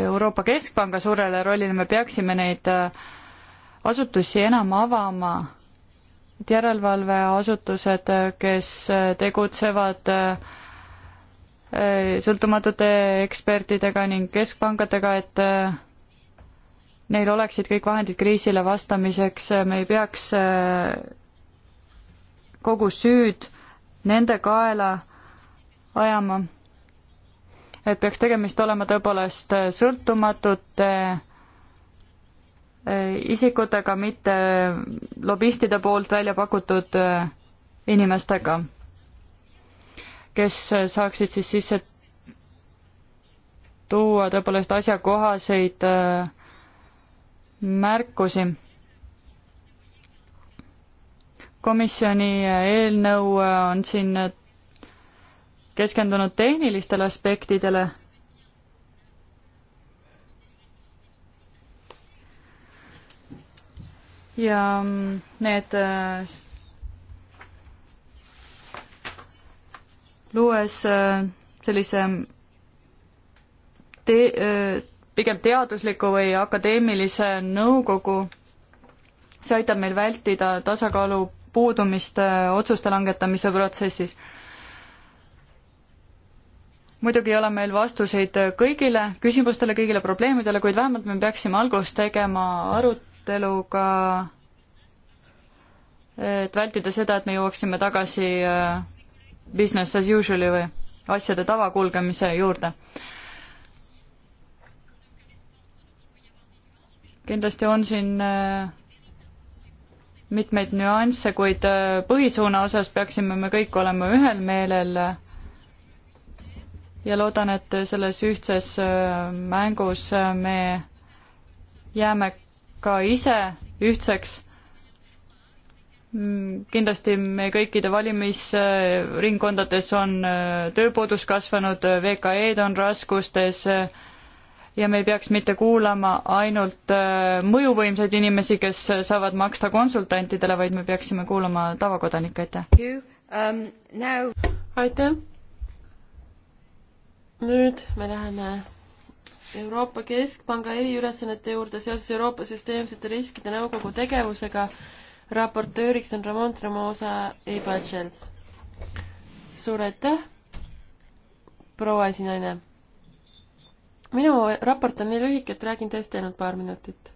Euroopa Keskpanga suurele rollile me peaksime neid asutusi enam avama et järelevalveasutused, kes tegutsevad eh, sõltumatute ekspertidega ning keskpangadega, et eh, neil oleksid kõik vahendid kriisile vastamiseks, me ei peaks eh, kogu süüd nende kaela ajama. et peaks tegemist olema tõepoolest sõltumatute Äh, isikutega, mitte lobistide poolt välja pakutud äh, inimestega, kes äh, saaksid siis sisse tuua tõepoolest asjakohaseid märkusi. komisjoni eelnõu on siin keskendunud tehnilistele aspektidele ja mm, need äh, luues äh, sellise te-, äh, pigem teadusliku või akadeemilise nõukogu, see aitab meil vältida tasakaalu puudumist otsuste langetamise protsessis. muidugi ei ole meil vastuseid kõigile küsimustele, kõigile probleemidele, kuid vähemalt me peaksime algust tegema arut-, aruteluga, et vältida seda, et me jõuaksime tagasi äh, business as usual'i või asjade tavakulgemise juurde. kindlasti on siin äh, mitmeid nüansse, kuid äh, põhisuuna osas peaksime me kõik olema ühel meelel ja loodan, et selles ühtses mängus me jääme ka ise ühtseks. Mm, kindlasti me kõikide valimisringkondades on äh, tööpuudus kasvanud, äh, VKE-d on raskustes äh, ja me ei peaks mitte kuulama ainult mõjuvõimsaid inimesi, kes saavad maksta konsultantidele, vaid me peaksime kuulama tavakodanikke, aitäh! Um, now... aitäh! nüüd me läheme Euroopa Keskpanga eriülesannete juurde seoses Euroopa Süsteemsete Riskide Nõukogu tegevusega. raportööriks on Ramon Tremosa Ebachels. suur aitäh, proua esinaine! minu raport on nii lühike, et räägin tõesti ainult paar minutit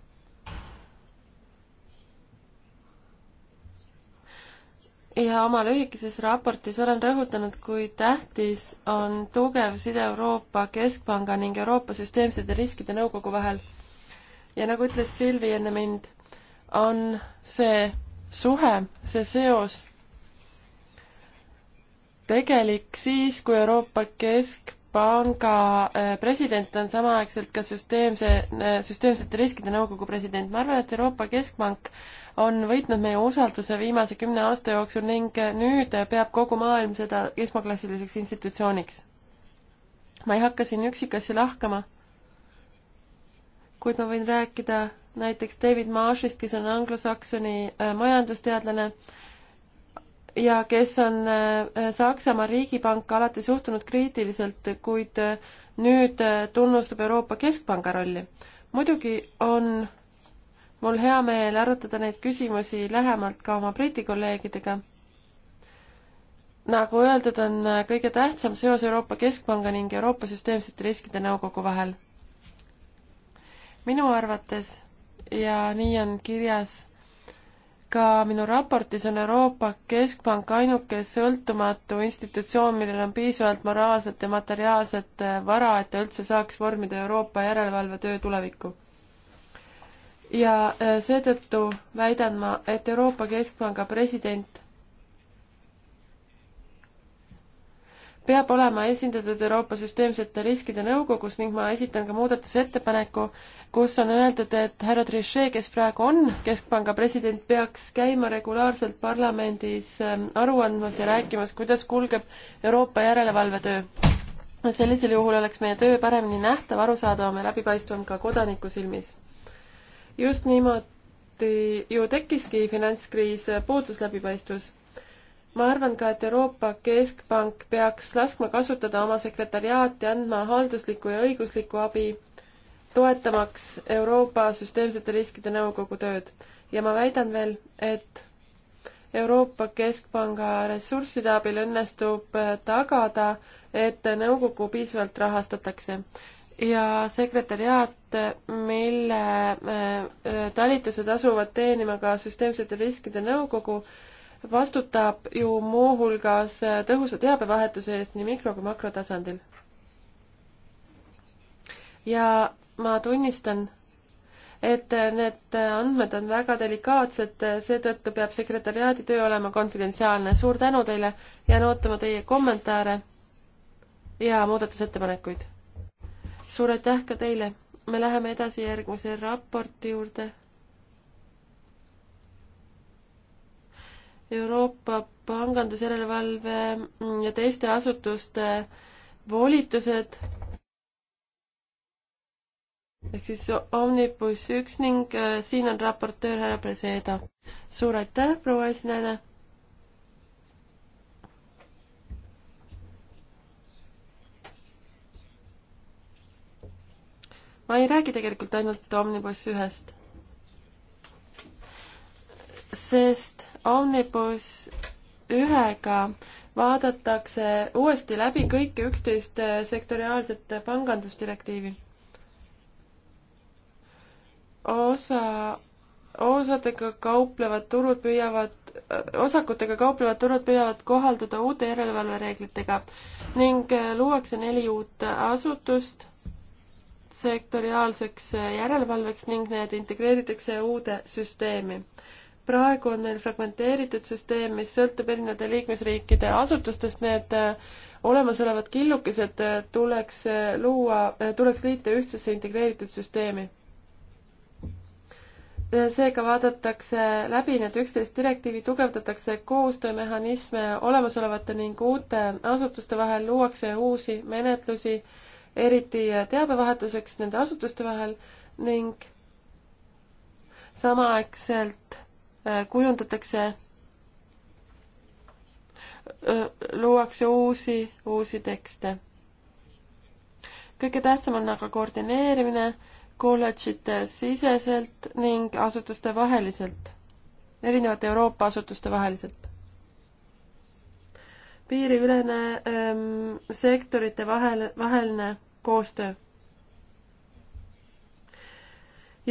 ja oma lühikeses raportis olen rõhutanud, kui tähtis on tugev side Euroopa Keskpanga ning Euroopa Süsteemsete Riskide Nõukogu vahel. ja nagu ütles Silvi enne mind, on see suhe, see seos tegelik siis, kui Euroopa Keskpanga eh, president on samaaegselt ka süsteemse, eh, süsteemsete riskide nõukogu president. ma arvan, et Euroopa Keskpank on võitnud meie usalduse viimase kümne aasta jooksul ning nüüd peab kogu maailm seda esmaklassiliseks institutsiooniks. ma ei hakka siin üksikasju lahkama, kuid ma võin rääkida näiteks David Marshist, kes on anglosaksoni äh, majandusteadlane ja kes on äh, Saksamaa riigipanka alati suhtunud kriitiliselt, kuid äh, nüüd tunnustab Euroopa Keskpanga rolli. muidugi on mul hea meel arutada neid küsimusi lähemalt ka oma Briti kolleegidega. nagu öeldud, on kõige tähtsam seos Euroopa Keskpanga ning Euroopa Süsteemsete Riskide Nõukogu vahel. minu arvates ja nii on kirjas ka minu raportis on Euroopa Keskpank ainuke sõltumatu institutsioon, millel on piisavalt moraalset ja materiaalset vara, et ta üldse saaks vormida Euroopa järelevalvetöö tulevikku ja äh, seetõttu väidan ma, et Euroopa Keskpanga president peab olema esindatud Euroopa Süsteemsete Riskide Nõukogus ning ma esitan ka muudatusettepaneku, kus on öeldud, et härra Trichet, kes praegu on Keskpanga president, peaks käima regulaarselt parlamendis ähm, aru andmas ja rääkimas, kuidas kulgeb Euroopa järelevalvetöö. sellisel juhul oleks meie töö paremini nähtav, arusaadavam ja läbipaistvam ka kodaniku silmis just niimoodi ju tekkiski finantskriis, puudus läbipaistvus. ma arvan ka, et Euroopa Keskpank peaks laskma kasutada oma sekretariaati, andma halduslikku ja õiguslikku abi, toetamaks Euroopa Süsteemsete Riskide Nõukogu tööd. ja ma väidan veel, et Euroopa Keskpanga ressursside abil õnnestub tagada, et nõukogu piisavalt rahastatakse ja sekretäriaat, mille äh, äh, talitused asuvad teenima ka süsteemsete riskide nõukogu, vastutab ju muuhulgas äh, tõhusa teabevahetuse eest nii mikro- kui makrotasandil. ja ma tunnistan, et need andmed on väga delikaatsed, seetõttu peab sekretäriaadi töö olema konfidentsiaalne. suur tänu teile, jään ootama teie kommentaare ja muudatusettepanekuid suur aitäh ka teile. me läheme edasi järgmise raporti juurde. Euroopa pangandusjärelevalve ja teiste asutuste volitused ehk siis Omnibus üks ning äh, siin on raportöör härra Preseda. suur aitäh, proua esinaine ma ei räägi tegelikult ainult Omnibus ühest, sest Omnibus ühega vaadatakse uuesti läbi kõiki üksteist sektoriaalset pangandusdirektiivi. osa, osadega kauplevad turud püüavad, osakutega kauplevad turud püüavad kohalduda uute järelevalvereeglitega ning luuakse neli uut asutust sektoriaalseks järelevalveks ning need integreeritakse uude süsteemi. praegu on meil fragmenteeritud süsteem, mis sõltub erinevate liikmesriikide asutustest, need äh, olemasolevad killukesed äh, tuleks äh, luua, tuleks liita ühtsesse integreeritud süsteemi. seega vaadatakse läbi need üksteist direktiivi, tugevdatakse koostöömehhanisme olemasolevate ning uute asutuste vahel, luuakse uusi menetlusi eriti teabevahetuseks nende asutuste vahel ning samaaegselt äh, kujundatakse, äh, luuakse uusi, uusi tekste. kõige tähtsam on aga koordineerimine kolledžite siseselt ning asutuste vaheliselt, erinevate Euroopa asutuste vaheliselt. piiriülene ähm, sektorite vahel, vaheline koostöö.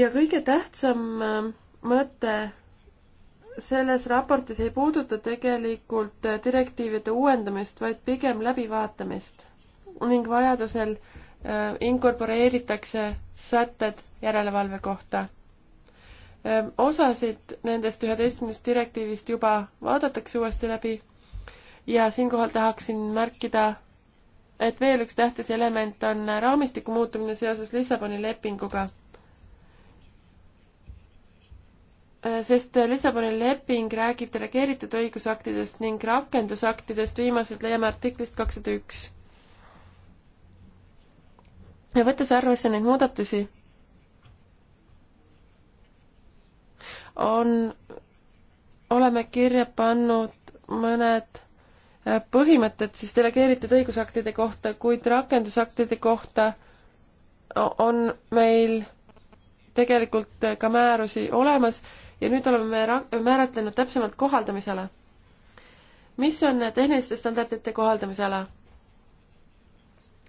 ja kõige tähtsam äh, mõte selles raportis ei puuduta tegelikult äh, direktiivide uuendamist, vaid pigem läbivaatamist ning vajadusel äh, inkorporeeritakse sätted järelevalve kohta. Ähm, osasid nendest üheteistkümnest direktiivist juba vaadatakse uuesti läbi ja siinkohal tahaksin märkida et veel üks tähtis element on raamistiku muutumine seoses Lissaboni lepinguga. sest Lissaboni leping räägib delegeeritud õigusaktidest ning rakendusaktidest, viimased leiame artiklist kakssada üks. ja võttes arvesse neid muudatusi, on, oleme kirja pannud mõned põhimõtted siis delegeeritud õigusaktide kohta, kuid rakendusaktide kohta on meil tegelikult ka määrusi olemas ja nüüd oleme me määratlenud täpsemalt kohaldamisala. mis on tehniliste standardite kohaldamisala?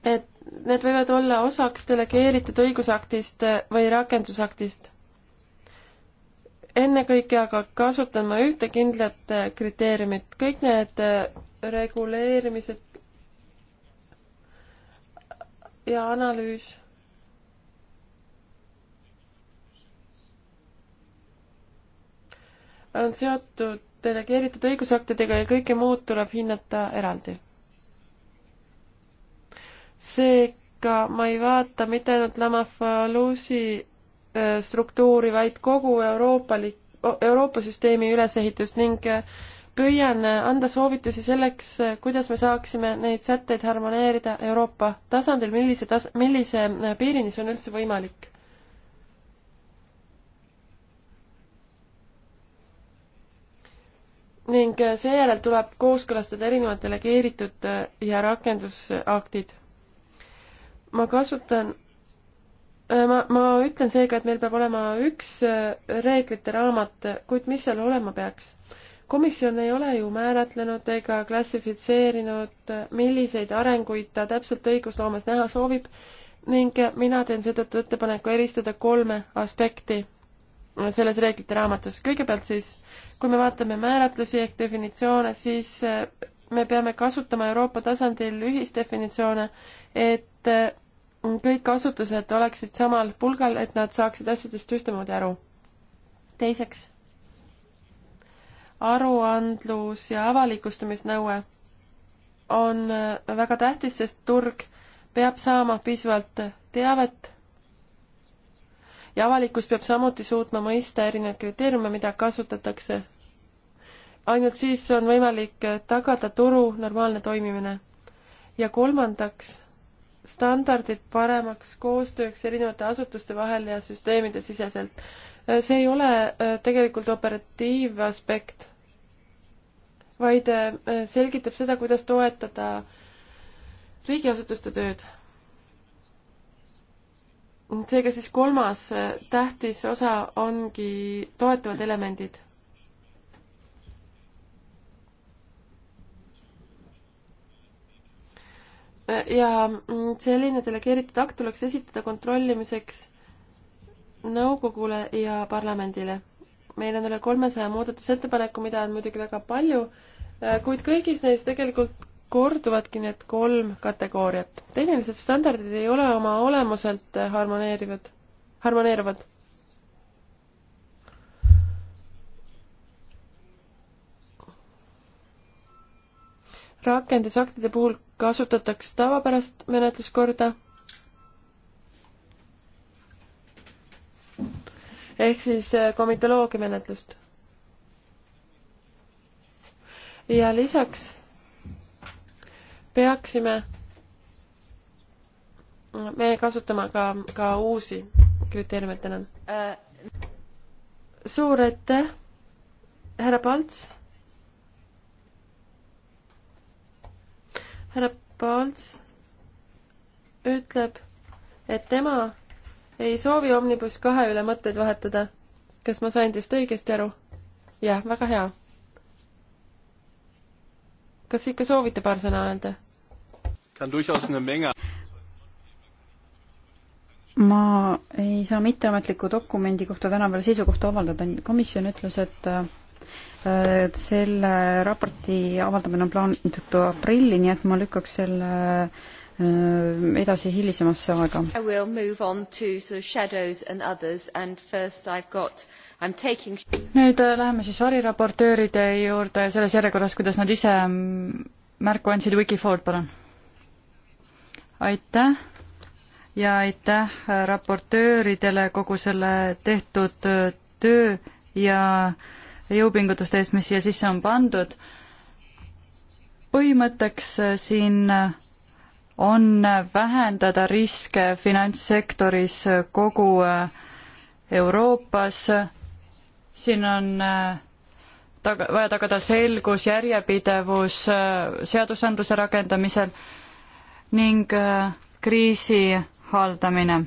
et need võivad olla osaks delegeeritud õigusaktist või rakendusaktist. ennekõike aga kasutan ma ühte kindlat kriteeriumit, kõik need reguleerimised ja analüüs. on seotud delegeeritud õigusaktidega ja kõike muud tuleb hinnata eraldi. seega ma ei vaata mitte ainult Lamafalusi äh, struktuuri, vaid kogu Euroopa, Euroopa süsteemi ülesehitust ning äh, püüan anda soovitusi selleks, kuidas me saaksime neid sätteid harmoneerida Euroopa tasandil, millise tas-, millise piirini see on üldse võimalik. ning seejärel tuleb kooskõlastada erinevad delegeeritud ja rakendusaktid. ma kasutan äh, ma, ma ütlen seega, et meil peab olema üks äh, reeglite raamat, kuid mis seal olema peaks? komisjon ei ole ju määratlenud ega klassifitseerinud, milliseid arenguid ta täpselt õigusloomes näha soovib ning mina teen seetõttu ettepaneku eristada kolme aspekti selles reeglite raamatus. kõigepealt siis, kui me vaatame määratlusi ehk definitsioone, siis eh, me peame kasutama Euroopa tasandil ühisdefinitsioone, et eh, kõik asutused oleksid samal pulgal, et nad saaksid asjadest ühtemoodi aru. teiseks aruandlus ja avalikustamisnõue on väga tähtis, sest turg peab saama piisavalt teavet ja avalikkus peab samuti suutma mõista erinevaid kriteeriume, mida kasutatakse. ainult siis on võimalik tagada turu normaalne toimimine. ja kolmandaks, standardid paremaks koostööks erinevate asutuste vahel ja süsteemide siseselt see ei ole äh, tegelikult operatiivaspekt, vaid äh, selgitab seda, kuidas toetada riigiasutuste tööd. seega siis kolmas äh, tähtis osa ongi toetavad elemendid. ja mm, selline delegeeritud akt tuleks esitada kontrollimiseks nõukogule ja parlamendile. meil on üle kolmesaja muudatusettepaneku, mida on muidugi väga palju, äh, kuid kõigis neis tegelikult korduvadki need kolm kategooriat. tehnilised standardid ei ole oma olemuselt äh, harmoneerivad, harmoneeruvad. rakendusaktide puhul kasutatakse tavapärast menetluskorda ehk siis äh, komitoloogia menetlust. ja lisaks peaksime me kasutama ka, ka uusi kriteeriumeid täna äh.. suur aitäh, härra Palts. härra Palts ütleb, et tema ei soovi Omnibus kahe üle mõtteid vahetada. kas ma sain teist õigesti aru? jah, väga hea. kas ikka soovite paar sõna öelda? ma ei saa mitteametliku dokumendi kohta täna veel seisukohta avaldada, komisjon ütles, et äh, et selle raporti avaldamine on plaanitud aprillini, et ma lükkaks selle äh, Äh, edasi hilisemasse aega. I will move on to sort of shadows and others and first I have got I am taking nüüd äh, läheme siis variraportööride juurde selles järjekorras, kuidas nad ise mm, märku andsid, Vicky Ford, palun. aitäh ja aitäh äh, raportööridele kogu selle tehtud töö ja jõupingutuste eest, mis siia sisse on pandud. põhimõtteks siin äh, on vähendada riske finantssektoris kogu äh, Euroopas. siin on äh, taga, vaja tagada selgus, järjepidevus äh, seadusandluse rakendamisel ning kriisi haldamine.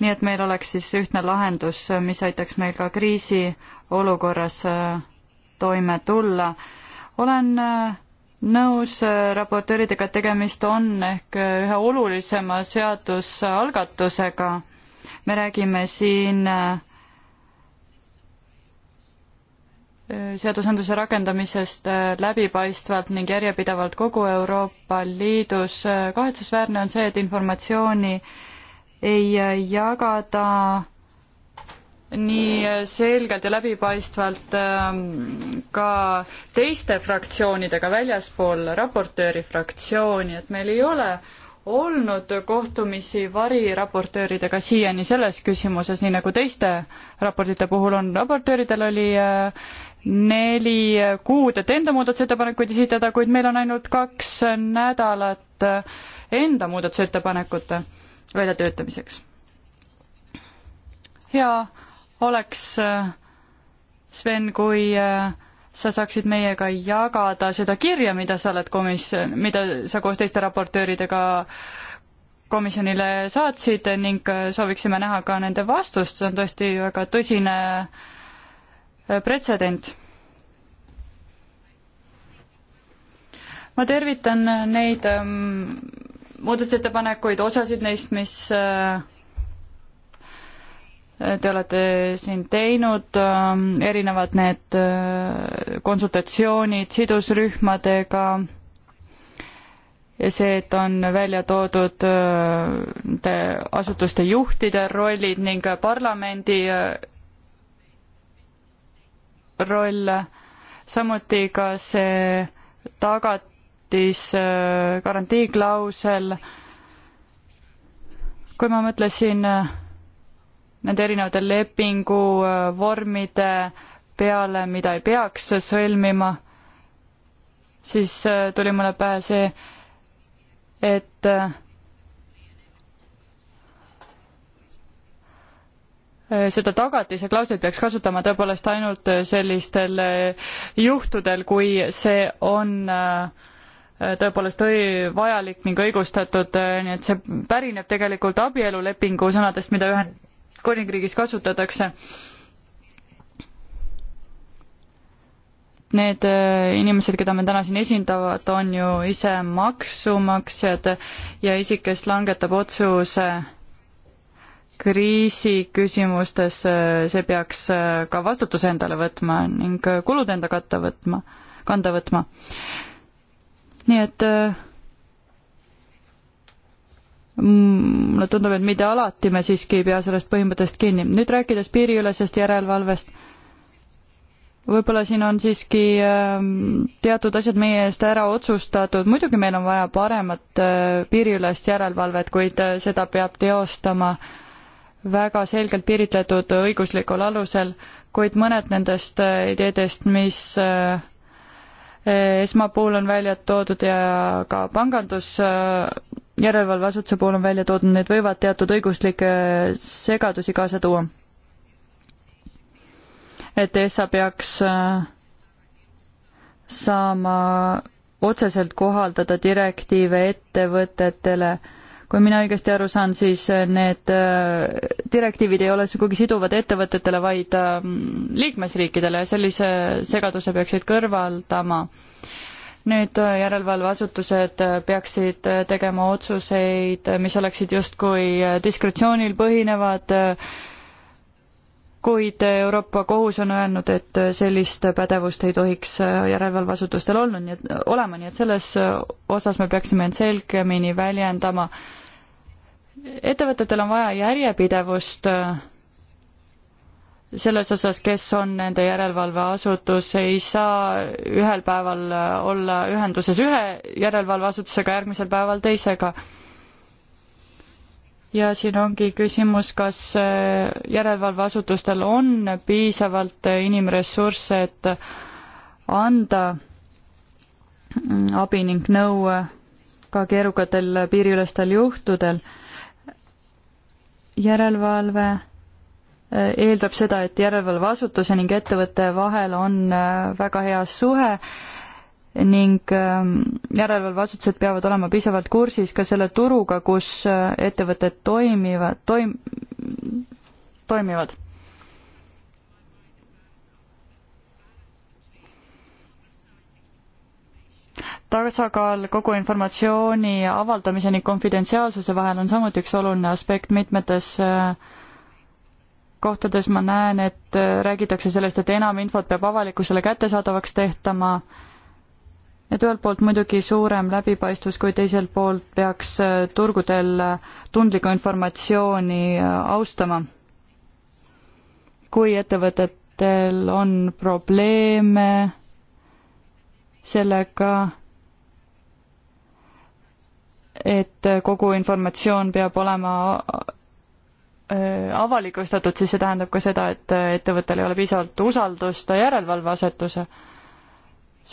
nii et meil oleks siis ühtne lahendus, mis aitaks meil ka kriisiolukorras toime tulla. olen nõus äh, raportööridega, et tegemist on ehk äh, ühe olulisema seadusalgatusega. me räägime siin äh, seadusandluse rakendamisest läbipaistvalt ning järjepidevalt kogu Euroopa Liidus. kahetsusväärne on see, et informatsiooni ei jagada nii selgelt ja läbipaistvalt ähm, ka teiste fraktsioonidega väljaspool raportööri fraktsiooni, et meil ei ole olnud kohtumisi variraportööridega siiani selles küsimuses, nii nagu teiste raportite puhul on, raportööridel oli äh, neli kuud, et enda muudatusettepanekuid esitada, kuid meil on ainult kaks nädalat äh, enda muudatusettepanekute väljatöötamiseks. hea oleks, äh, Sven, kui äh, sa saaksid meiega jagada seda kirja, mida sa oled komis-, mida sa koos teiste raportööridega komisjonile saatsid ning äh, sooviksime näha ka nende vastust, see on tõesti väga tõsine pretsedent. ma tervitan neid ähm, muudatusettepanekuid, osasid neist, mis äh, te olete siin teinud, ähm, erinevad need äh, konsultatsioonid sidusrühmadega ja see, et on välja toodud nende äh, asutuste juhtide rollid ning äh, parlamendi roll, samuti ka see tagatis, garantiiklausel, kui ma mõtlesin äh, nende erinevate lepinguvormide peale, mida ei peaks sõlmima, siis äh, tuli mulle pähe see, et äh, seda tagatise klauslit peaks kasutama tõepoolest ainult äh, sellistel juhtudel, kui see on tõepoolest õi-, vajalik ning õigustatud, nii et see pärineb tegelikult abielulepingu sõnadest, mida ühe Kuningriigis kasutatakse. Need äh, inimesed, keda me täna siin esindavad, on ju ise maksumaksjad ja isik, kes langetab otsuse kriisiküsimustes, äh, see peaks äh, ka vastutuse endale võtma ning kulud enda katta võtma, kanda võtma. nii et äh, Mm, mulle tundub, et mitte alati me siiski ei pea sellest põhimõttest kinni. nüüd rääkides piiriülesest järelevalvest, võib-olla siin on siiski ähm, teatud asjad meie eest ära otsustatud, muidugi meil on vaja paremat äh, piiriülest järelevalvet, kuid äh, seda peab teostama väga selgelt piiritletud õiguslikul alusel, kuid mõned nendest äh, ideedest, mis äh, esmapuhul on välja toodud ja ka pangandus äh, järelevalveasutuse puhul on välja toodud, need võivad teatud õiguslikke äh, segadusi kaasa tuua. et ESA peaks äh, saama otseselt kohaldada direktiive ettevõtetele äh, kui mina õigesti aru saan, siis äh, need äh, direktiivid ei ole sugugi siduvad ettevõtetele, vaid ähm, liikmesriikidele ja sellise segaduse peaksid kõrvaldama. nüüd äh, järelevalveasutused peaksid tegema otsuseid, mis oleksid justkui diskretsioonil põhinevad, kuid Euroopa Kohus on öelnud, et sellist pädevust ei tohiks järelevalveasutustel olnud, nii et olema, nii et selles osas me peaksime end selgemini väljendama äh, ettevõtetel on vaja järjepidevust äh, selles osas, kes on nende järelevalveasutus, ei saa ühel päeval äh, olla ühenduses ühe järelevalveasutusega, järgmisel päeval teisega. ja siin ongi küsimus, kas äh, järelevalveasutustel on piisavalt inimressursse, et anda mm, abi ning nõu ka keerukatel piiriülestel juhtudel järelevalve eh, eeldab seda, et järelevalveasutuse ning ettevõtte vahel on eh, väga hea suhe ning ehm, järelevalveasutused peavad olema piisavalt kursis ka selle turuga, kus eh, ettevõtted toimivad, toim-, toimivad. tasakaal kogu informatsiooni avaldamise ning konfidentsiaalsuse vahel on samuti üks oluline aspekt mitmetes äh, kohtades ma näen, et äh, räägitakse sellest, et enam infot peab avalikkusele kättesaadavaks tehtama, et ühelt poolt muidugi suurem läbipaistvus, kui teiselt poolt peaks äh, turgudel tundlikku informatsiooni austama. kui ettevõtetel on probleeme sellega, et kogu informatsioon peab olema äh, avalikustatud, siis see tähendab ka seda, et äh, ettevõttel ei ole piisavalt usaldust järelevalveasetuse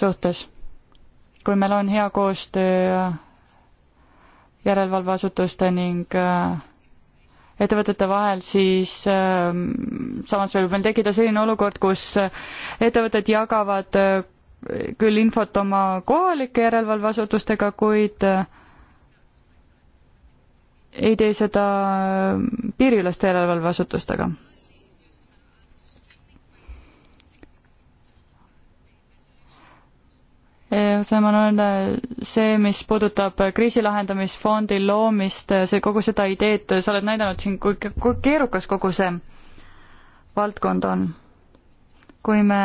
suhtes. kui meil on hea koostöö äh, järelevalveasutuste ning ettevõtete vahel, siis ähm, samas võib meil tekkida selline olukord, kus ettevõtted jagavad küll infot oma kohalike järelevalveasutustega, kuid äh, ei tee seda äh, piiriüleste järelevalveasutustega. see, ma olen, see, mis puudutab kriisi lahendamisfondi loomist, see, kogu seda ideed, sa oled näidanud siin, kui, kui keerukas kogu see valdkond on. kui me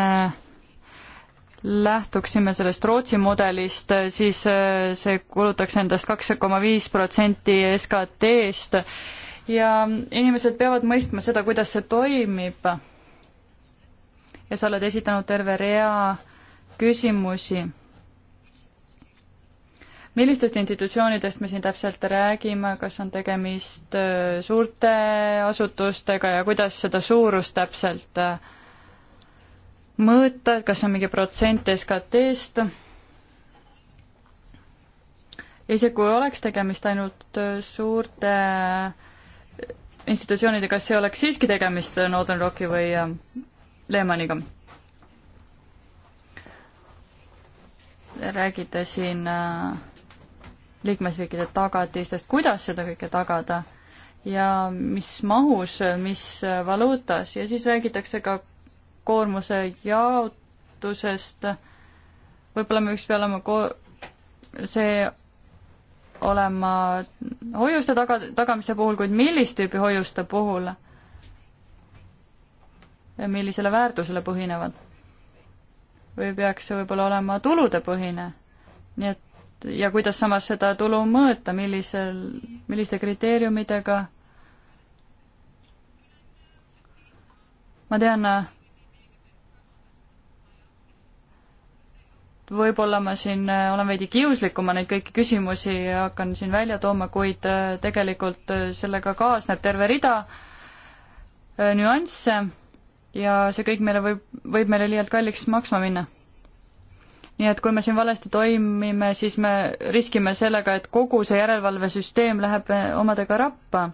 lähtuksime sellest Rootsi mudelist, siis äh, see kulutaks endast kaks koma viis protsenti SKT-st ja inimesed peavad mõistma seda, kuidas see toimib. ja sa oled esitanud terve rea küsimusi. millistest institutsioonidest me siin täpselt räägime, kas on tegemist äh, suurte asutustega ja kuidas seda suurust täpselt äh, mõõta, et kas see on mingi protsent SKT-st. isegi kui oleks tegemist ainult äh, suurte äh, institutsioonidega, kas ei oleks siiski tegemist äh, Northern Rocki või Lehmaniga? räägite siin liikmesriikide tagatistest, kuidas seda kõike tagada ja mis mahus, mis valuutas ja siis räägitakse ka koormuse jaotusest, võib-olla me võiks peale oma ko-, see olema hoiuste taga, tagamise puhul, kuid millist tüüpi hoiuste puhul? millisele väärtusele põhinevad? või peaks see võib-olla olema tuludepõhine? nii et ja kuidas samas seda tulu mõõta, millisel, milliste kriteeriumidega? ma tean, võib-olla ma siin äh, olen veidi kiuslik, kui ma neid kõiki küsimusi hakkan siin välja tooma, kuid äh, tegelikult äh, sellega kaasneb terve rida nüansse ja see kõik meile võib, võib meile liialt kalliks maksma minna. nii et kui me siin valesti toimime, siis me riskime sellega, et kogu see järelevalvesüsteem läheb omadega rappa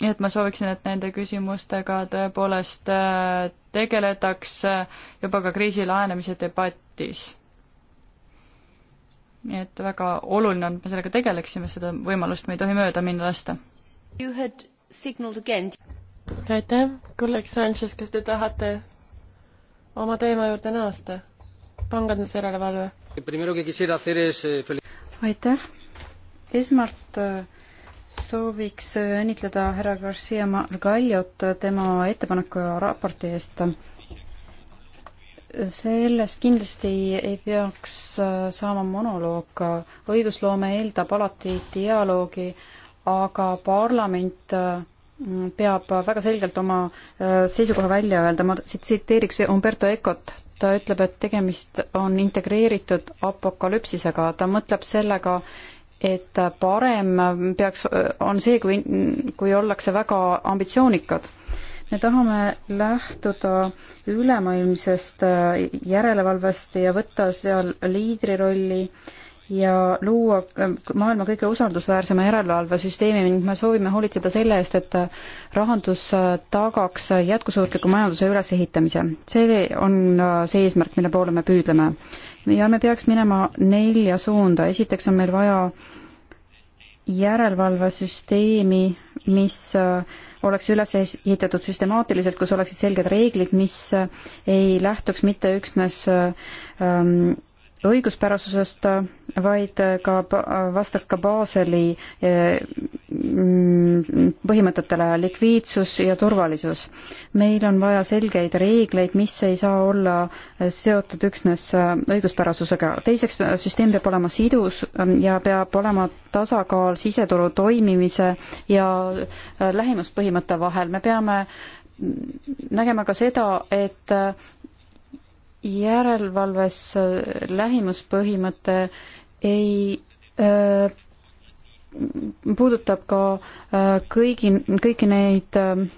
nii et ma sooviksin, et nende küsimustega tõepoolest äh, tegeletaks äh, juba ka kriisi lahenemise debatis. nii et väga oluline on, et me sellega tegeleksime, seda võimalust me ei tohi mööda minna lasta. aitäh, kolleeg Sanchez, kas te tahate oma teema juurde naasta? pangandusjärelevalve. Eh, aitäh, esmalt äh, sooviks õnnitleda härra Garcia Margallot tema ettepaneku ja raporti eest. sellest kindlasti ei peaks saama monoloog, õigusloome eeldab alati dialoogi, aga parlament peab väga selgelt oma seisukoha välja öelda, ma tsiteeriks Umberto Ecot, ta ütleb, et tegemist on integreeritud apokalüpsisega, ta mõtleb sellega, et parem peaks, on see, kui, kui ollakse väga ambitsioonikad. me tahame lähtuda ülemaailmsest järelevalvest ja võtta seal liidrirolli ja luua maailma kõige usaldusväärsema järelevalvesüsteemi ning me soovime hoolitseda selle eest, et rahandus tagaks jätkusuutliku majanduse ülesehitamise. see on see eesmärk, mille poole me püüdleme ja me peaks minema nelja suunda, esiteks on meil vaja järelevalvesüsteemi, mis äh, oleks üles ehitatud süstemaatiliselt, kus oleksid selged reeglid, mis äh, ei lähtuks mitte üksnes äh, ähm, õiguspärasusest, vaid ka vastab ka Baseli eh, mm, põhimõtetele likviidsus ja turvalisus. meil on vaja selgeid reegleid, mis ei saa olla seotud üksnes õiguspärasusega. teiseks, süsteem peab olema sidus mm, ja peab olema tasakaal siseturu toimimise ja eh, lähimuspõhimõtte vahel. me peame mm, nägema ka seda, et eh, järelevalves äh, lähimuspõhimõte ei öö, äh, puudutab ka öö, äh, kõigi, kõiki neid öö,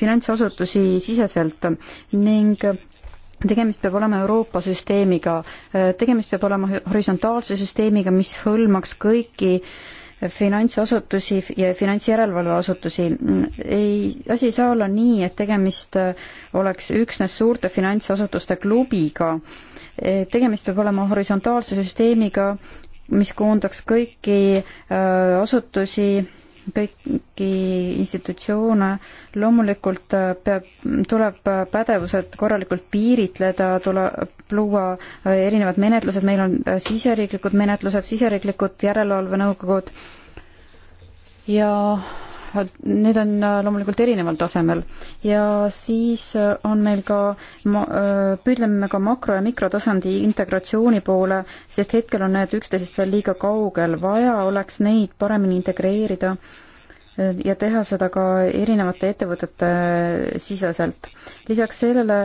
finantsasutusi siseselt ning tegemist peab olema Euroopa süsteemiga, tegemist peab olema horisontaalse süsteemiga, mis hõlmaks kõiki äh, finantsasutusi ja finantsjärelevalveasutusi. ei, asi ei saa olla nii, et tegemist oleks üksnes suurte finantsasutuste klubiga. tegemist peab olema horisontaalse süsteemiga, mis koondaks kõiki äh, asutusi kõiki institutsioone. loomulikult äh, peab, tuleb äh, pädevused korralikult piiritleda, tuleb luua äh, erinevad menetlused, meil on siseriiklikud menetlused, siseriiklikud järelevalvenõukogud ja need on äh, loomulikult erineval tasemel ja siis äh, on meil ka, äh, püüdleme ka makro- ja mikrotasandi integratsiooni poole, sest hetkel on need üksteisest veel liiga kaugel, vaja oleks neid paremini integreerida ja teha seda ka erinevate ettevõtete siseselt. lisaks sellele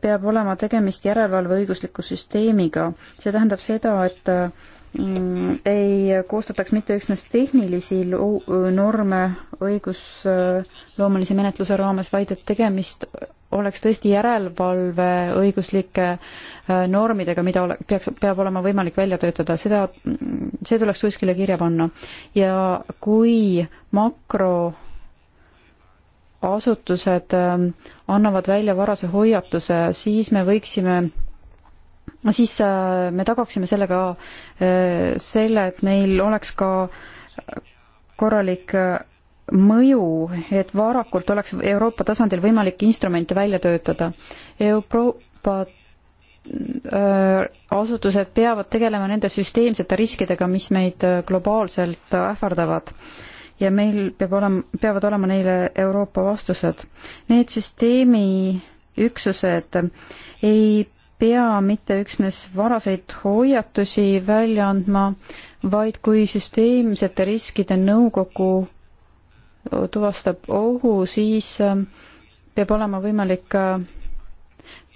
peab olema tegemist järelevalve õigusliku süsteemiga, see tähendab seda, et Mm, ei koostataks mitte üksnes tehnilisi norme õigusloomelise menetluse raames, vaid et tegemist oleks tõesti järelevalve õiguslike äh, normidega, mida ole, peaks, peab olema võimalik välja töötada, seda, mm, see tuleks kuskile kirja panna. ja kui makroasutused ähm, annavad välja varase hoiatuse, siis me võiksime siis äh, me tagaksime sellega äh, selle, et neil oleks ka korralik äh, mõju, et varakult oleks Euroopa tasandil võimalik instrumente välja töötada. Euroopa asutused peavad tegelema nende süsteemsete riskidega, mis meid globaalselt ähvardavad. ja meil peab olema, peavad olema neile Euroopa vastused. Need süsteemi üksused ei pea mitte üksnes varaseid hoiatusi välja andma, vaid kui süsteemsete riskide nõukogu tuvastab ohu, siis ähm, peab olema võimalik äh,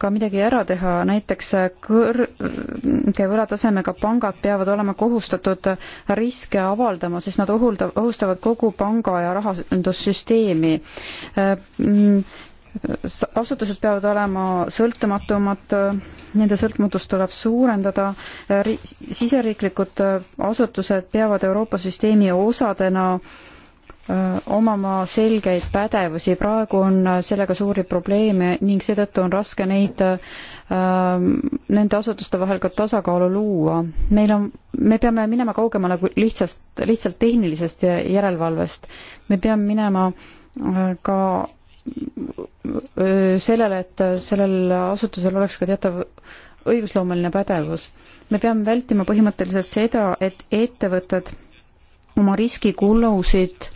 ka midagi ära teha, näiteks äh, kõrge võlatasemega pangad peavad olema kohustatud äh, riske avaldama, sest nad ohulda-, ohustavad kogu panga ja rahandussüsteemi asutused peavad olema sõltumatumad, nende sõltumatust tuleb suurendada, siseriiklikud äh, asutused peavad Euroopa süsteemi osadena äh, omama selgeid pädevusi, praegu on äh, sellega suuri probleeme ning seetõttu on raske neid, nende asutuste vahel ka tasakaalu luua. meil on, me peame minema kaugemale kui lihtsast, lihtsalt tehnilisest järelevalvest. me peame minema ka sellele, et sellel asutusel oleks ka teatav õigusloomeline pädevus. me peame vältima põhimõtteliselt seda, et ettevõtted oma riskikulusid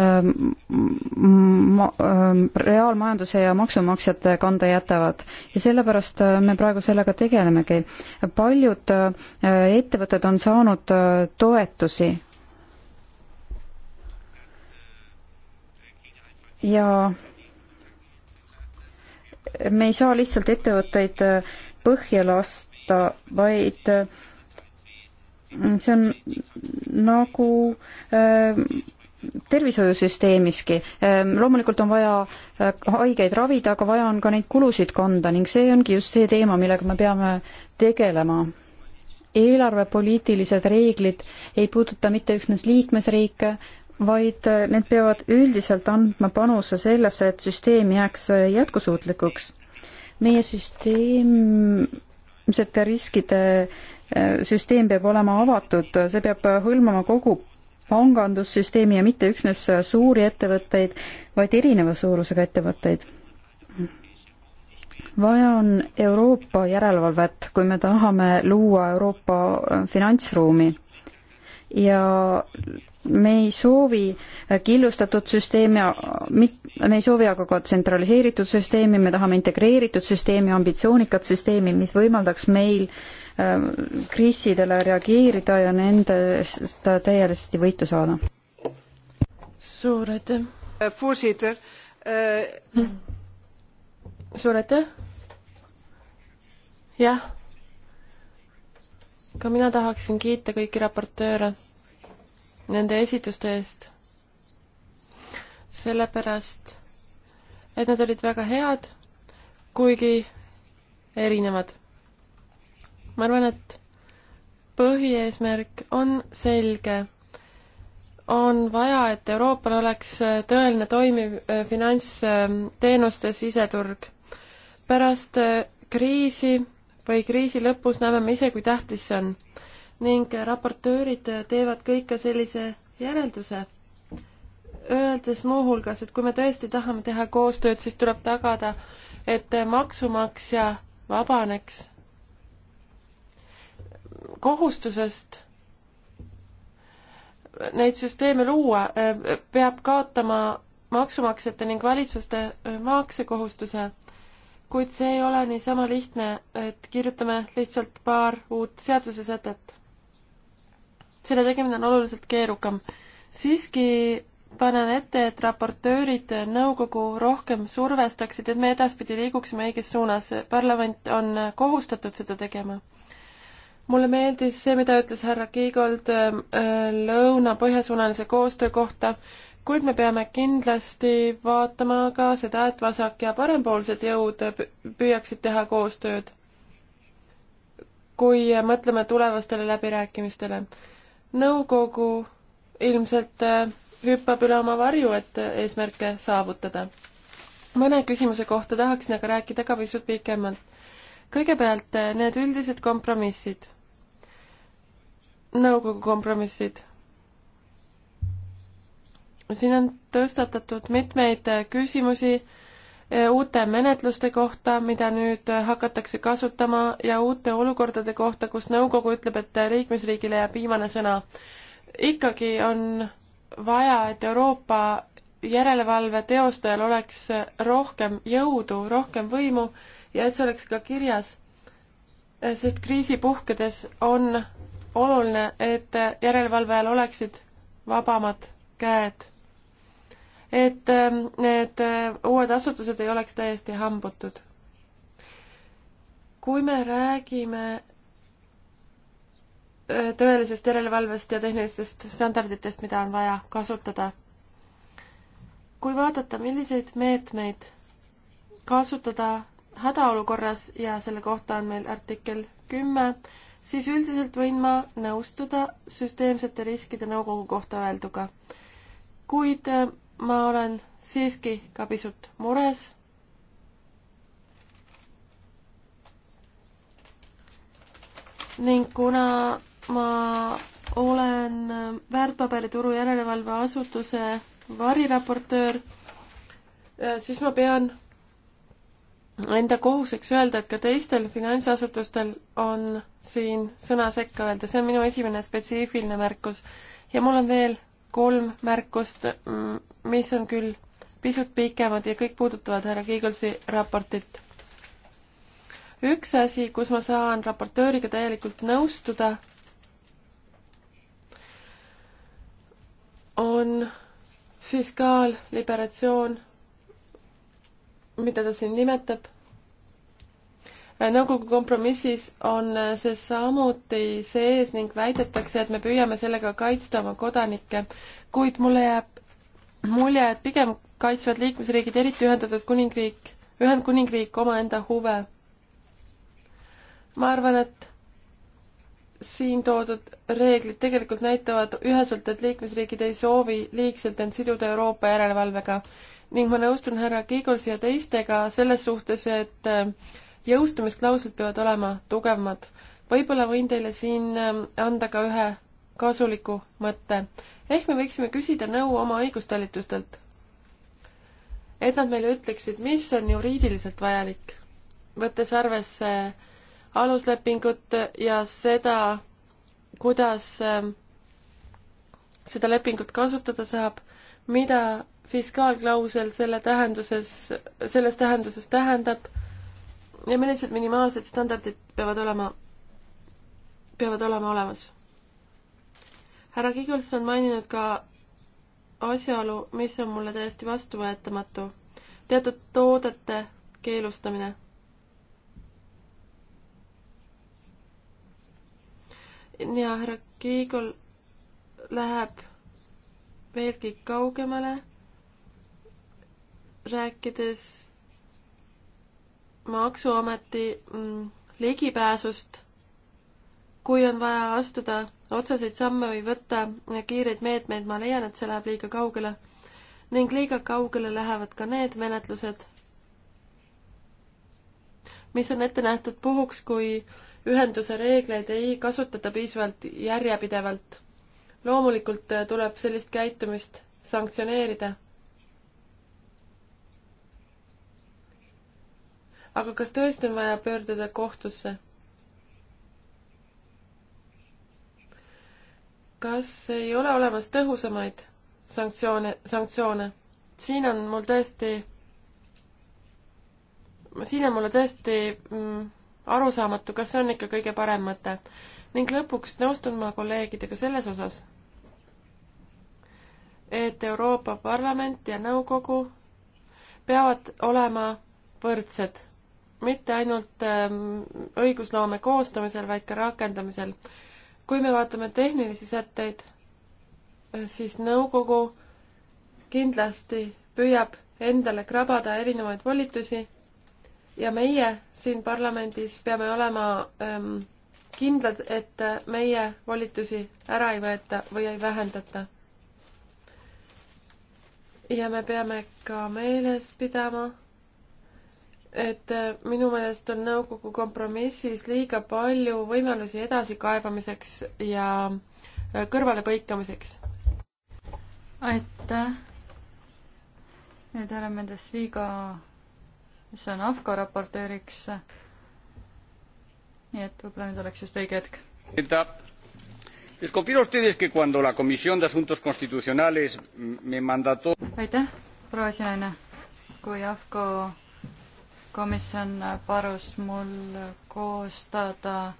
ähm, ma-, ähm, reaalmajanduse ja maksumaksjate kanda jätavad. ja sellepärast äh, me praegu sellega tegelemegi. paljud äh, ettevõtted on saanud äh, toetusi ja me ei saa lihtsalt ettevõtteid äh, põhja lasta, vaid äh, see on nagu äh, tervishoiusüsteemiski. Äh, loomulikult on vaja haigeid ravida, aga vaja on ka neid kulusid kanda ning see ongi just see teema, millega me peame tegelema. eelarvepoliitilised reeglid ei puuduta mitte üksnes liikmesriike, vaid äh, need peavad üldiselt andma panuse sellesse, et süsteem jääks äh, jätkusuutlikuks. meie süsteemsete riskide äh, süsteem peab olema avatud, see peab hõlmama kogu pangandussüsteemi ja mitte üksnes suuri ettevõtteid, vaid erineva suurusega ettevõtteid. vaja on Euroopa järelevalvet, kui me tahame luua Euroopa finantsruumi ja me ei soovi killustatud süsteemi, me ei soovi aga ka tsentraliseeritud süsteemi, me tahame integreeritud süsteemi, ambitsioonikat süsteemi, mis võimaldaks meil ähm, kriisidele reageerida ja nendest täiesti võitu saada. suur aitäh! Äh, äh, hm. suur aitäh! jah ka mina tahaksin kiita kõiki raportööre nende esituste eest, sellepärast et nad olid väga head, kuigi erinevad. ma arvan, et põhieesmärk on selge. on vaja, et Euroopal oleks tõeline toimiv äh, finantsteenuste äh, siseturg. pärast äh, kriisi või kriisi lõpus näeme me ise, kui tähtis see on. ning raportöörid teevad kõik ka sellise järelduse, öeldes muuhulgas, et kui me tõesti tahame teha koostööd, siis tuleb tagada, et maksumaksja vabaneks kohustusest neid süsteeme luua, peab kaotama maksumaksjate ning valitsuste maksekohustuse kuid see ei ole niisama lihtne, et kirjutame lihtsalt paar uut seadusesätet. selle tegemine on oluliselt keerukam. siiski panen ette, et raportöörid nõukogu rohkem survestaksid, et me edaspidi liiguksime õiges suunas. parlament on kohustatud seda tegema. mulle meeldis see, mida ütles härra Kiigold äh, lõuna-põhjasuunalise koostöö kohta kuid me peame kindlasti vaatama ka seda, et vasak- ja parempoolsed jõud püüaksid teha koostööd, kui mõtleme tulevastele läbirääkimistele. nõukogu ilmselt äh, hüppab üle oma varju, et äh, eesmärke saavutada. mõne küsimuse kohta tahaksin aga rääkida ka pisut pikemalt. kõigepealt äh, need üldised kompromissid, nõukogu kompromissid siin on tõstatatud mitmeid äh, küsimusi äh, uute menetluste kohta, mida nüüd äh, hakatakse kasutama ja uute olukordade kohta, kus nõukogu ütleb, et liikmesriigile jääb viimane sõna. ikkagi on vaja, et Euroopa järelevalve teostajal oleks rohkem jõudu, rohkem võimu ja et see oleks ka kirjas. sest kriisi puhkedes on oluline, et järelevalvajal oleksid vabamad käed et ähm, need äh, uued asutused ei oleks täiesti hambutud. kui me räägime äh, tõelisest järelevalvest ja tehnilistest standarditest, mida on vaja kasutada. kui vaadata, milliseid meetmeid kasutada hädaolukorras ja selle kohta on meil artikkel kümme, siis üldiselt võin ma nõustuda süsteemsete riskide nõukogu kohta öelduga. kuid äh, ma olen siiski ka pisut mures. ning kuna ma olen väärtpaberituru järelevalveasutuse variraportöör, äh, siis ma pean enda kohuseks öelda, et ka teistel finantsasutustel on siin sõna sekka öelda, see on minu esimene spetsiifiline märkus. ja mul on veel kolm märkust, mm, mis on küll pisut pikemad ja kõik puudutavad härra Kiigelsi raportit. üks asi, kus ma saan raportööriga täielikult nõustuda, on fiskaalliberatsioon, mida ta siin nimetab nõukogu kompromissis on see samuti sees ning väidetakse, et me püüame sellega kaitsta oma kodanikke, kuid mulle jääb mulje, et pigem kaitsevad liikmesriigid, eriti Ühendatud Kuningriik, Ühendkuningriik omaenda huve. ma arvan, et siin toodud reeglid tegelikult näitavad üheselt, et liikmesriigid ei soovi liigselt end siduda Euroopa järelevalvega ning ma nõustun härra Kiigolsi ja teistega selles suhtes, et äh, jõustumisklauslid peavad olema tugevamad. võib-olla võin teile siin ähm, anda ka ühe kasuliku mõtte. ehk me võiksime küsida nõu oma õigustalitustelt, et nad meile ütleksid, mis on juriidiliselt vajalik, võttes arvesse aluslepingut ja seda, kuidas ähm, seda lepingut kasutada saab, mida fiskaalklausel selle tähenduses, selles tähenduses tähendab ja millised minimaalsed standardid peavad olema, peavad olema olemas. härra Kigulson on maininud ka asjaolu, mis on mulle täiesti vastuvõetamatu. teatud toodete keelustamine. ja härra Kiigul läheb veelgi kaugemale, rääkides Maksuameti mm, ligipääsust, kui on vaja astuda otseseid samme või võtta kiireid meetmeid, ma leian, et see läheb liiga kaugele. ning liiga kaugele lähevad ka need menetlused, mis on ette nähtud puhuks, kui ühenduse reegleid ei kasutata piisavalt järjepidevalt. loomulikult tuleb sellist käitumist sanktsioneerida aga kas tõesti on vaja pöörduda kohtusse? kas ei ole olemas tõhusamaid sanktsioone, sanktsioone? siin on mul tõesti, siin on mulle tõesti mm, arusaamatu, kas see on ikka kõige parem mõte. ning lõpuks nõustun ma kolleegidega selles osas, et Euroopa Parlament ja Nõukogu peavad olema võrdsed mitte ainult ähm, õigusloome koostamisel, vaid ka rakendamisel. kui me vaatame tehnilisi sätteid, äh, siis nõukogu kindlasti püüab endale krabada erinevaid volitusi ja meie siin parlamendis peame olema ähm, kindlad, et äh, meie volitusi ära ei võeta või ei vähendata. ja me peame ka meeles pidama, et äh, minu meelest on nõukogu kompromissis liiga palju võimalusi edasikaevamiseks ja äh, kõrvalepõikamiseks. aitäh. nüüd oleme nendes liiga, see on AFCO raportööriks. nii et võib-olla nüüd oleks just õige hetk. Les confirmo a ustedes que cuando la Comisión de Asuntos Constitucionales me mandató. Aitäh, proua Sinaine. Kui AFCO komisjon palus mul koostada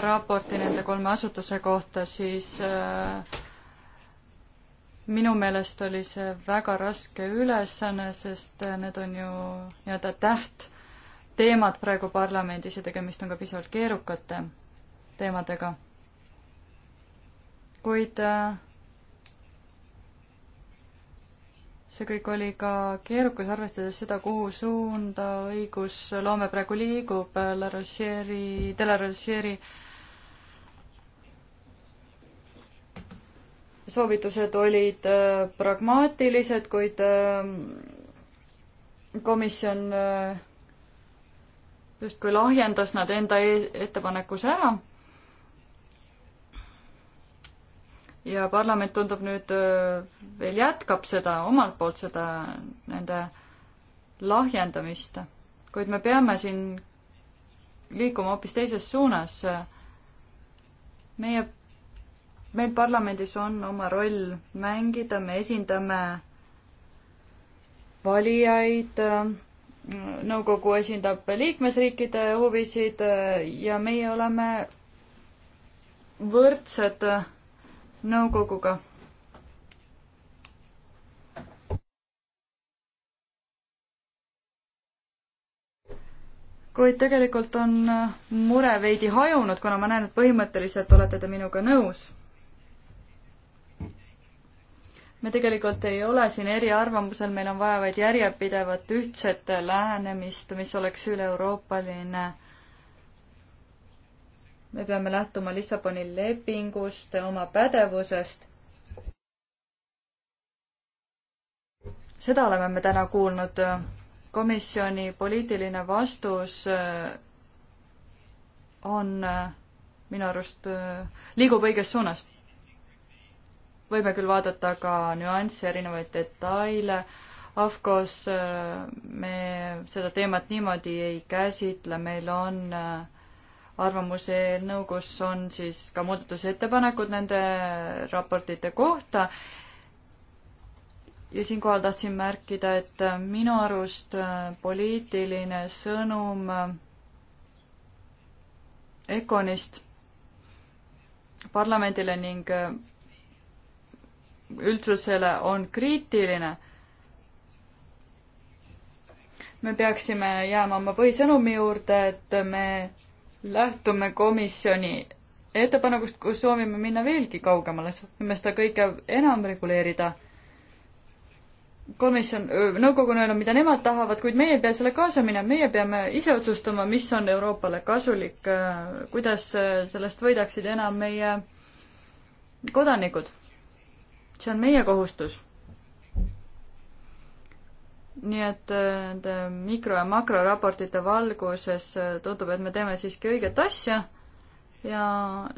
raporti nende kolme asutuse kohta, siis äh, minu meelest oli see väga raske ülesanne, sest äh, need on ju nii-öelda tähtteemad praegu parlamendis ja tegemist on ka piisavalt keerukate teemadega. kuid äh, see kõik oli ka keerukas, arvestades seda, kuhu suunda õigusloome praegu liigub, La Rocheri, de la Rocheri soovitused olid äh, pragmaatilised, kuid äh, komisjon äh, justkui lahjendas nad enda e-, ettepanekus ära ja parlament tundub nüüd äh, veel jätkab seda omalt poolt seda nende lahjendamist, kuid me peame siin liikuma hoopis teises suunas. meie, meil parlamendis on oma roll mängida, me esindame valijaid, nõukogu esindab liikmesriikide huvisid ja meie oleme võrdsed nõukoguga. kuid tegelikult on mure veidi hajunud, kuna ma näen, et põhimõtteliselt olete te minuga nõus me tegelikult ei ole siin eriarvamusel, meil on vaja vaid järjepidevat ühtset lähenemist, mis oleks üle-euroopaline me peame lähtuma Lissaboni lepingust, oma pädevusest. seda oleme me täna kuulnud. komisjoni poliitiline vastus äh, on äh, minu arust, äh, liigub õiges suunas. võime küll vaadata ka nüansse, erinevaid detaile AFCOs me seda teemat niimoodi ei käsitle, meil on äh, arvamuse eelnõu, kus on siis ka muudatusettepanekud nende raportite kohta. ja siinkohal tahtsin märkida, et minu arust poliitiline sõnum Econist parlamendile ning üldsusele on kriitiline me peaksime jääma oma põhisõnumi juurde, et me lähtume komisjoni ettepanekust, kus soovime minna veelgi kaugemale, soovime seda kõike enam reguleerida. komisjon, nõukogu on öelnud, mida nemad tahavad, kuid meie ei pea selle kaasa minema, meie peame ise otsustama, mis on Euroopale kasulik, kuidas sellest võidaksid enam meie kodanikud. see on meie kohustus nii et äh, nende mikro- ja makroraportite valguses äh, tundub, et me teeme siiski õiget asja ja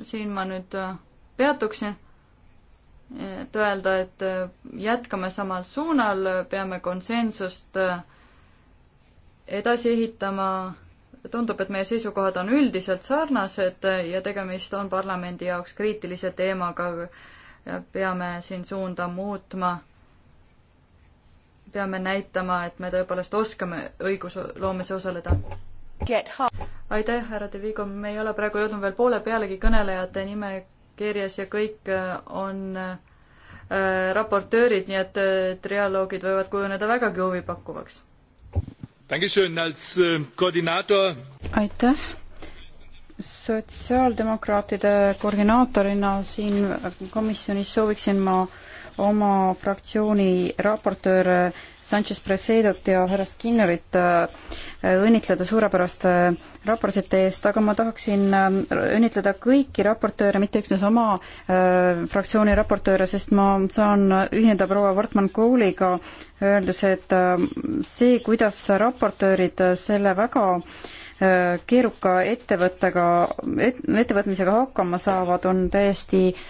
siin ma nüüd äh, peatuksin, et öelda, et jätkame samal suunal, peame konsensust edasi ehitama, tundub, et meie seisukohad on üldiselt sarnased ja tegemist on parlamendi jaoks kriitilise teemaga ja peame siin suunda muutma peame näitama, et me tõepoolest oskame õigusloomes osaleda. aitäh, härra De Vigo, me ei ole praegu jõudnud veel poole pealegi kõnelejate nimekirjas ja kõik äh, on äh, raportöörid, nii et äh, trialoogid võivad kujuneda vägagi huvipakkuvaks. Äh, aitäh sotsiaaldemokraatide koordinaatorina siin komisjonis sooviksin ma oma fraktsiooni raportööre äh, Sanchez Presedot ja härra Skinnerit äh, õnnitleda suurepäraste äh, raportite eest, aga ma tahaksin õnnitleda kõiki raportööre, mitte üksnes oma äh, fraktsiooni raportööre, sest ma saan ühineda proua Wortmann Kooliga, öeldes, et see, kuidas raportöörid selle väga keeruka ettevõttega et,, ettevõtmisega hakkama saavad, on täiesti äh,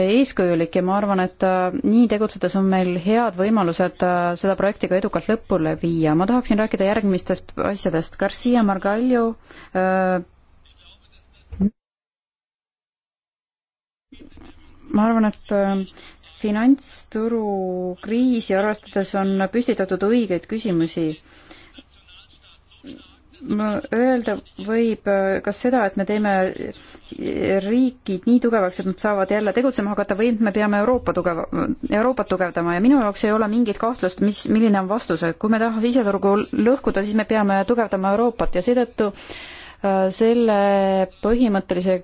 eeskujulik ja ma arvan, et äh, nii tegutsedes on meil head võimalused äh, seda projekti ka edukalt lõpule viia. ma tahaksin rääkida järgmistest asjadest. Garcia Margallo äh, ma arvan, et finantsturu kriisi arvestades on püstitatud õigeid küsimusi öelda võib äh, kas seda, et me teeme riigid nii tugevaks, et nad saavad jälle tegutsema hakata või me peame Euroopa tugeva, Euroopat tugevdama ja minu jaoks ei ole mingit kahtlust, mis, milline on vastus, et kui me tahame siseturgu lõhkuda, siis me peame tugevdama Euroopat ja seetõttu äh, selle põhimõttelise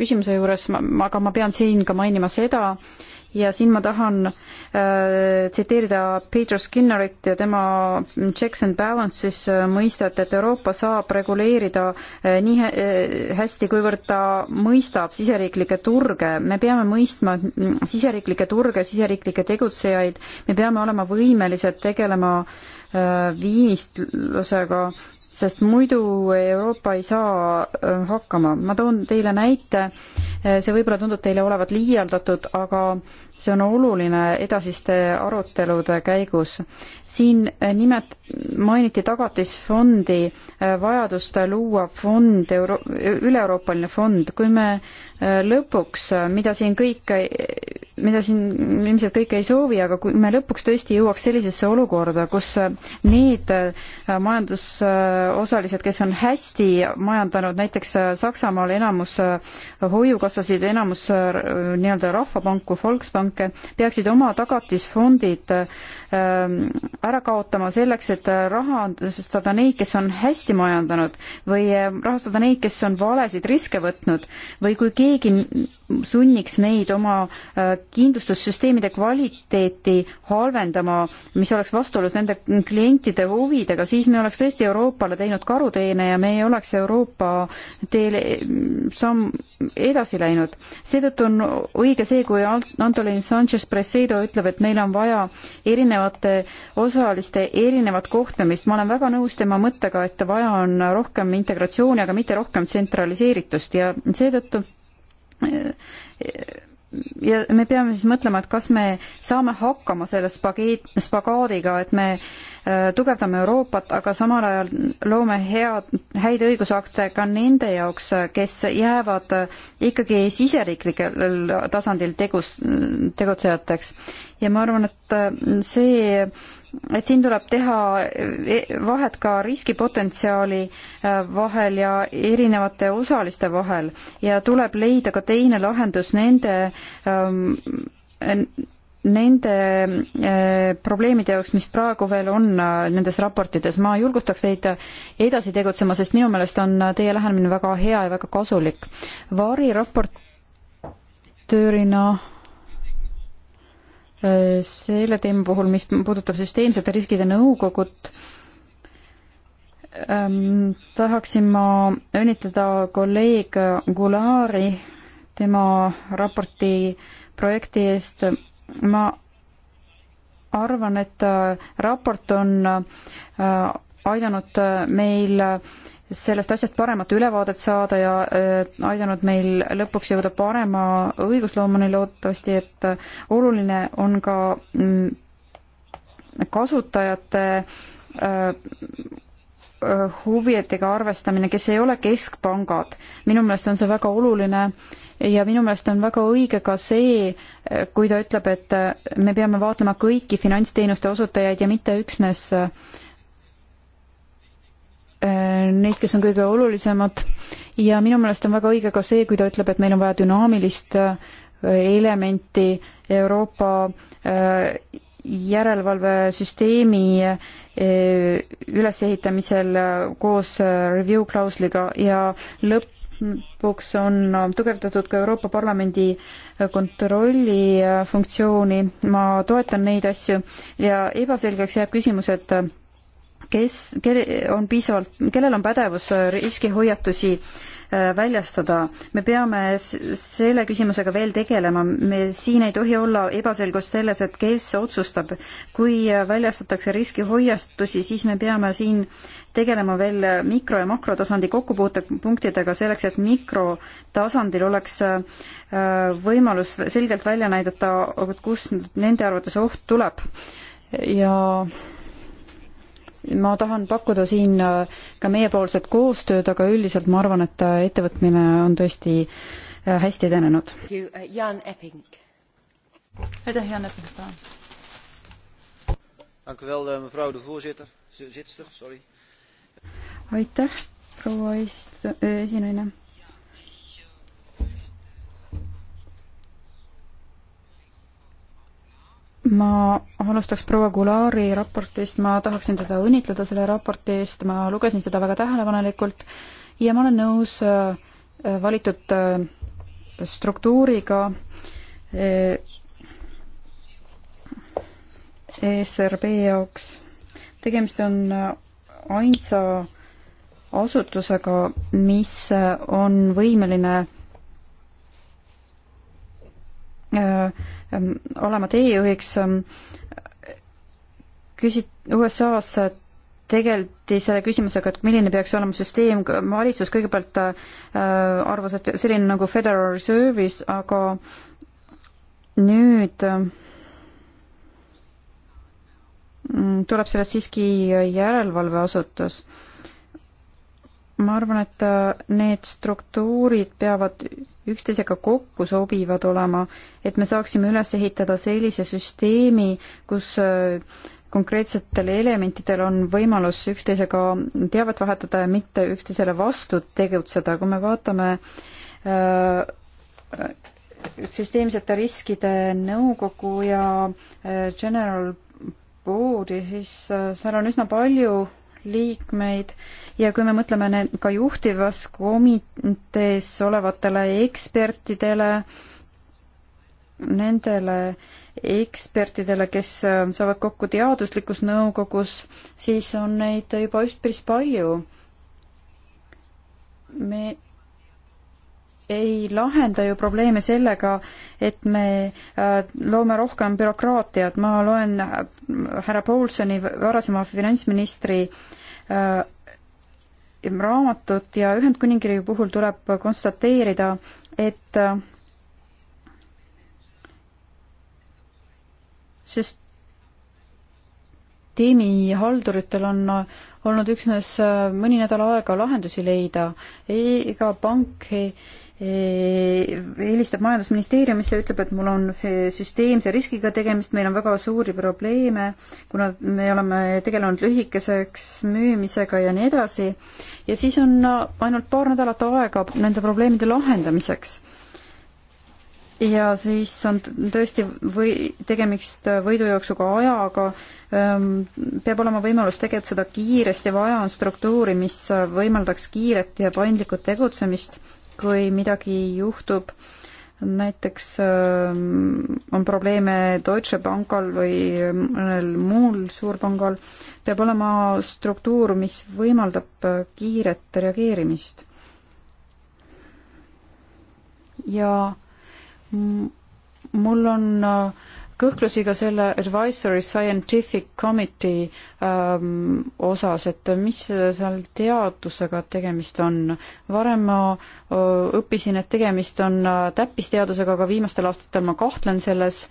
küsimuse juures ma, aga ma pean siin ka mainima seda, ja siin ma tahan äh, tsiteerida Peter Skinnerit ja tema checks and balances äh, mõistet, et Euroopa saab reguleerida äh, nii hä äh, hästi, kuivõrd ta mõistab siseriiklikke turge. me peame mõistma mm, siseriiklikke turge, siseriiklikke tegutsejaid, me peame olema võimelised tegelema äh, viimistlusega sest muidu Euroopa ei saa äh, hakkama. ma toon teile näite, äh, see võib-olla tundub teile olevat liialdatud, aga see on oluline edasiste arutelude käigus. siin äh, nimet-, mainiti Tagatisfondi vajadust luua fond, euro-, üle-euroopaline fond, kui me lõpuks, mida siin kõik mida siin ilmselt kõik ei soovi, aga kui me lõpuks tõesti jõuaks sellisesse olukorda, kus äh, need äh, majandusosalised, kes on hästi majandanud, näiteks äh, Saksamaal enamus hoiukassasid, enamus nii-öelda rahvapanku, Volkspanke, peaksid oma tagatisfondid ähm, ära kaotama selleks, et rahastada neid, kes on hästi majandanud või rahastada neid, kes on valesid riske võtnud või kui keegi sunniks neid oma äh, kindlustussüsteemide kvaliteeti halvendama, mis oleks vastuolus nende klientide huvidega, siis me oleks tõesti Euroopale teinud karuteene ja me ei oleks Euroopa teele mm, samm edasi läinud. seetõttu on õige see, kui Antolin Sanchez Presedo ütleb, et meil on vaja erinevate osaliste erinevat kohtlemist. ma olen väga nõus tema mõttega, et vaja on rohkem integratsiooni, aga mitte rohkem tsentraliseeritust ja seetõttu ja me peame siis mõtlema, et kas me saame hakkama selle spageet-, spagaadiga, et me äh, tugevdame Euroopat, aga samal ajal loome head, häid õigusakte ka nende jaoks, äh, kes jäävad äh, ikkagi siseriiklikel tasandil tegus, tegutsejateks. ja ma arvan, et see et siin tuleb teha e, vahet ka riskipotentsiaali äh, vahel ja erinevate osaliste vahel ja tuleb leida ka teine lahendus nende ähm, Nende äh, probleemide jaoks, mis praegu veel on äh, nendes raportites, ma julgustaks teid edasi tegutsema, sest minu meelest on teie lähenemine väga hea ja väga kasulik. variraportöörina no Äh, selle teema puhul, mis puudutab süsteemsete riskide nõukogut, ähm, tahaksin ma õnnitleda kolleeg Gulaari tema raporti projekti eest. ma arvan, et äh, raport on äh, aidanud meil äh, sellest asjast paremat ülevaadet saada ja äh, aidanud meil lõpuks jõuda parema õigusloomani loodetavasti, et äh, oluline on ka mm, kasutajate äh, huvidega arvestamine, kes ei ole keskpangad. minu meelest on see väga oluline ja minu meelest on väga õige ka see, kui ta ütleb, et me peame vaatlema kõiki finantsteenuste osutajaid ja mitte üksnes äh, Äh, neid, kes on kõige olulisemad ja minu meelest on väga õige ka see, kui ta ütleb, et meil on vaja dünaamilist äh, elementi Euroopa äh, järelevalvesüsteemi ülesehitamisel koos review klausliga ja lõpuks on tugevdatud ka Euroopa Parlamendi kontrolli funktsiooni. ma toetan neid asju ja ebaselgeks jääb küsimus, et kes, kel on piisavalt, kellel on pädevus riskihoiatusi äh, väljastada. me peame selle küsimusega veel tegelema, me siin ei tohi olla ebaselgust selles, et kes otsustab. kui äh, väljastatakse riskihoiatusi, siis me peame siin tegelema veel mikro- ja makrotasandi kokkupuutepunktidega selleks, et mikrotasandil oleks äh, võimalus selgelt välja näidata, kust nende arvates oht tuleb. ja ma tahan pakkuda siin äh, ka meiepoolset koostööd, aga üldiselt ma arvan, et äh, ettevõtmine on tõesti äh, hästi edenenud. Jan Epping. aitäh, Jan Epping, palun. Dank u wel, eh, mevrouw de voorzitter, zitster, sorry. aitäh, proua esinaine ma alustaks proua Gulaari raportist, ma tahaksin teda õnnitleda selle raporti eest, ma lugesin seda väga tähelepanelikult ja ma olen nõus äh, valitud äh, struktuuriga äh, ESRB jaoks. tegemist on ainsa asutusega, mis on võimeline äh, olema teejuhiks. küsi-, USA-s äh, tegeleti selle küsimusega, et milline peaks olema süsteem, valitsus kõigepealt äh, arvas, et selline nagu Federal Reserve'is, aga nüüd tuleb sellest siiski järelevalveasutus. ma arvan, et äh, need struktuurid peavad üksteisega kokku sobivad olema, et me saaksime üles ehitada sellise süsteemi, kus äh, konkreetsetel elementidel on võimalus üksteisega teavet vahetada ja mitte üksteisele vastu tegutseda, kui me vaatame äh, süsteemsete riskide nõukogu ja äh, general board'i, siis äh, seal on üsna palju liikmeid ja kui me mõtleme ka juhtivas komitees olevatele ekspertidele, nendele ekspertidele, kes äh, saavad kokku teaduslikus nõukogus, siis on neid juba üpris palju. me ei lahenda ju probleeme sellega, et me äh, loome rohkem bürokraatiat, ma loen äh, härra Paulsoni, varasema finantsministri äh, raamatut ja Ühendkuningriigi puhul tuleb konstateerida, et süsteemihalduritel on olnud üksnes mõni nädal aega lahendusi leida. ega pank ei, Eh, helistab Majandusministeeriumisse ja ütleb, et mul on süsteemse riskiga tegemist, meil on väga suuri probleeme, kuna me oleme tegelenud lühikeseks müümisega ja nii edasi, ja siis on ainult paar nädalat aega nende probleemide lahendamiseks. ja siis on tõesti või tegemist võidujooksuga ajaga, ehm, peab olema võimalus tegutseda kiiresti, vaja on struktuuri, mis võimaldaks kiiret ja paindlikku tegutsemist kui midagi juhtub, näiteks ähm, on probleeme Deutsche Bankal või mõnel muul suurpangal, peab olema struktuur, mis võimaldab äh, kiiret reageerimist. ja mul on äh, kõhklusi ka selle Advisory Scientific Committee ähm, osas, et mis seal teadusega tegemist on. varem ma öö, äh, õppisin, et tegemist on äh, täppisteadusega, aga viimastel aastatel ma kahtlen selles,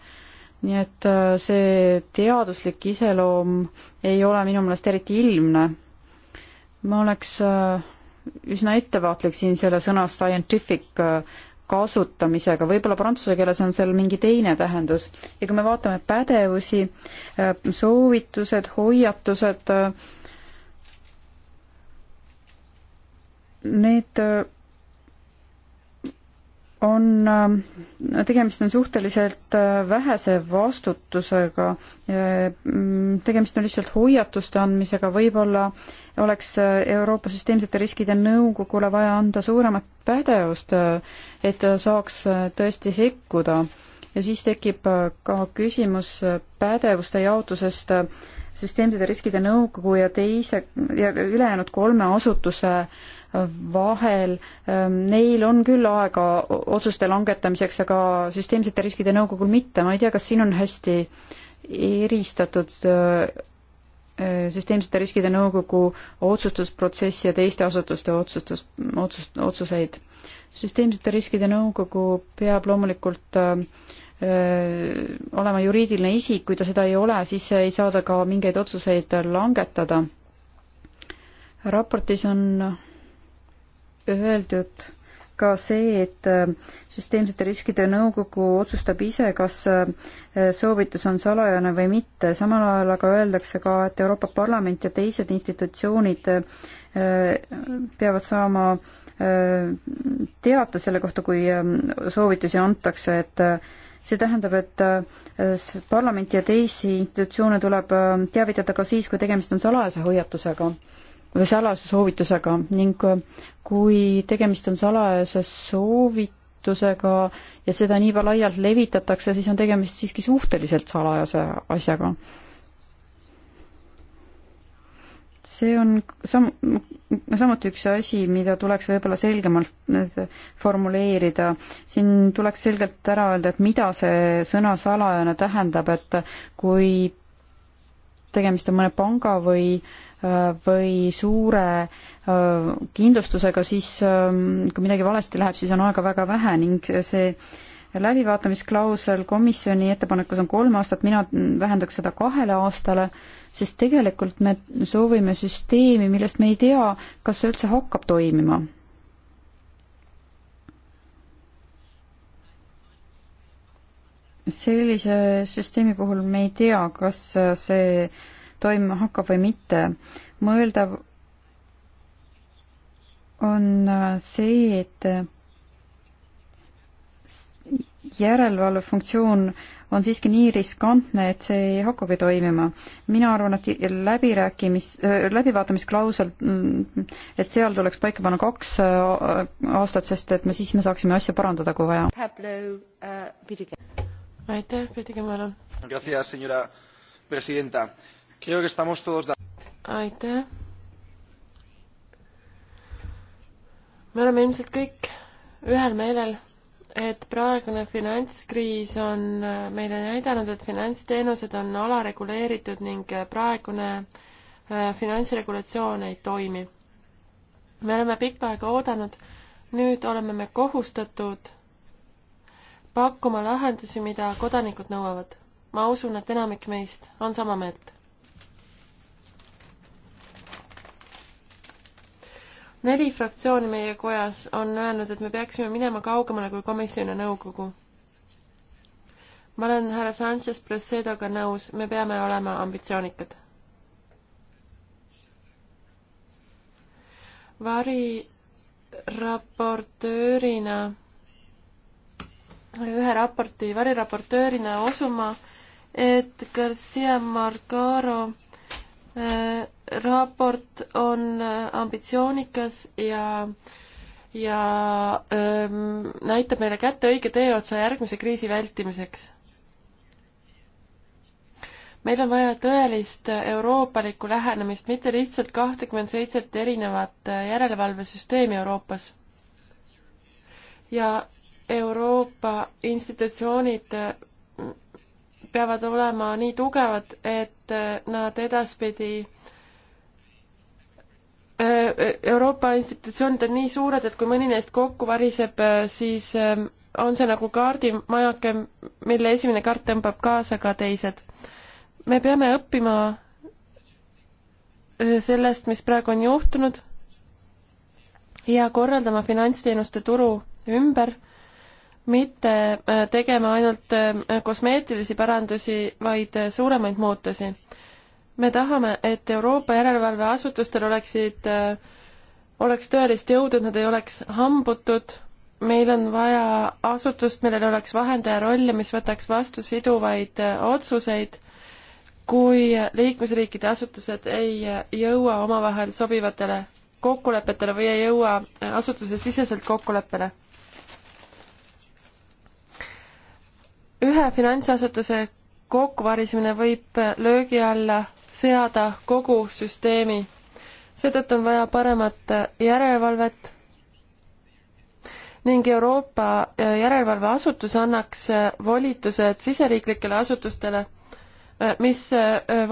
nii et öö, äh, see teaduslik iseloom ei ole minu meelest eriti ilmne. ma oleks öö, üsna ettevaatlik siin selle sõna scientific kasutamisega, võib-olla prantsuse keeles on seal mingi teine tähendus. ja kui me vaatame pädevusi, äh, soovitused, hoiatused, äh, need äh, on, äh, tegemist on suhteliselt äh, vähese vastutusega, mm, tegemist on lihtsalt hoiatuste andmisega, võib-olla oleks äh, Euroopa Süsteemsete Riskide Nõukogule vaja anda suuremat pädevust, et ta saaks tõesti sekkuda. ja siis tekib ka küsimus pädevuste jaotusest äh, süsteemsete riskide nõukogu ja teise ja ülejäänud kolme asutuse vahel, ähm, neil on küll aega otsuste langetamiseks, aga süsteemsete riskide nõukogul mitte, ma ei tea, kas siin on hästi eristatud äh, äh, süsteemsete riskide nõukogu otsustusprotsessi ja teiste asutuste otsustus, otsus, otsuseid. süsteemsete riskide nõukogu peab loomulikult äh, olema juriidiline isik, kui ta seda ei ole, siis ei saa ta ka mingeid otsuseid langetada. raportis on öeldud ka see, et süsteemsete riskide nõukogu otsustab ise, kas soovitus on salajane või mitte, samal ajal aga öeldakse ka, et Euroopa Parlament ja teised institutsioonid peavad saama teate selle kohta, kui soovitusi antakse, et see tähendab, et äh, parlamenti ja teisi institutsioone tuleb äh, teavitada ka siis, kui tegemist on salajase hoiatusega või salajase soovitusega ning äh, kui tegemist on salajase soovitusega ja seda nii laialt levitatakse, siis on tegemist siiski suhteliselt salajase asjaga see on sam-, samuti üks asi, mida tuleks võib-olla selgemalt formuleerida. siin tuleks selgelt ära öelda, et mida see sõna salajane tähendab, et kui tegemist on mõne panga või või suure äh, kindlustusega, siis ähm, kui midagi valesti läheb, siis on aega väga vähe ning see äh, läbivaatamisklausel komisjoni ettepanekus on kolm aastat, mina vähendaks seda kahele aastale, sest tegelikult me soovime süsteemi, millest me ei tea, kas see üldse hakkab toimima. sellise süsteemi puhul me ei tea, kas see toimima hakkab või mitte. mõeldav on see, et järelevalvefunktsioon on siiski nii riskantne, et see ei hakkagi toimima. mina arvan, et läbirääkimis, äh, läbivaatamisklausel, mm, et seal tuleks paika panna kaks äh, aastat, sest et me siis me saaksime asja parandada, kui vaja. Äh, aitäh, Pidge Malu. aitäh. me oleme ilmselt kõik ühel meelel et praegune finantskriis on äh, meile näidanud, et finantsteenused on alareguleeritud ning äh, praegune äh, finantsregulatsioon ei toimi. me oleme pikka aega oodanud, nüüd oleme me kohustatud pakkuma lahendusi, mida kodanikud nõuavad. ma usun, et enamik meist on sama meelt neli fraktsiooni meie kojas on öelnud, et me peaksime minema kaugemale kui komisjon ja nõukogu. ma olen härra Sanchez Presedoga nõus, me peame olema ambitsioonikad. variraportöörina, ühe raporti variraportöörina osuma, et Garcia Margaro äh, raport on äh, ambitsioonikas ja ja öö, ähm, näitab meile kätte õige teeotsa järgmise kriisi vältimiseks meil on vaja tõelist äh, euroopalikku lähenemist, mitte lihtsalt kahtekümmend seitset erinevat äh, järelevalvesüsteemi Euroopas. ja Euroopa institutsioonid peavad olema nii tugevad, et nad edaspidi Äh, Euroopa institutsioonid on nii suured, et kui mõni neist kokku variseb, äh, siis ähm, on see nagu kaardimajake, mille esimene kaart tõmbab kaasa ka teised. me peame õppima äh, sellest, mis praegu on juhtunud ja korraldama finantsteenuste turu ümber, mitte tegema ainult kosmeetilisi parandusi, vaid suuremaid muutusi me tahame, et Euroopa järelevalveasutustel oleksid, oleks tõelist jõudu, et nad ei oleks hambutud, meil on vaja asutust, millel oleks vahendaja roll ja mis võtaks vastu siduvaid äh, otsuseid, kui liikmesriikide asutused ei äh, jõua omavahel sobivatele kokkulepetele või ei jõua äh, asutuse siseselt kokkuleppele. ühe finantsasutuse kokkuvarisemine võib löögi alla seada kogu süsteemi. seetõttu on vaja paremat järelevalvet ning Euroopa järelevalveasutus annaks volitused siseriiklikele asutustele, mis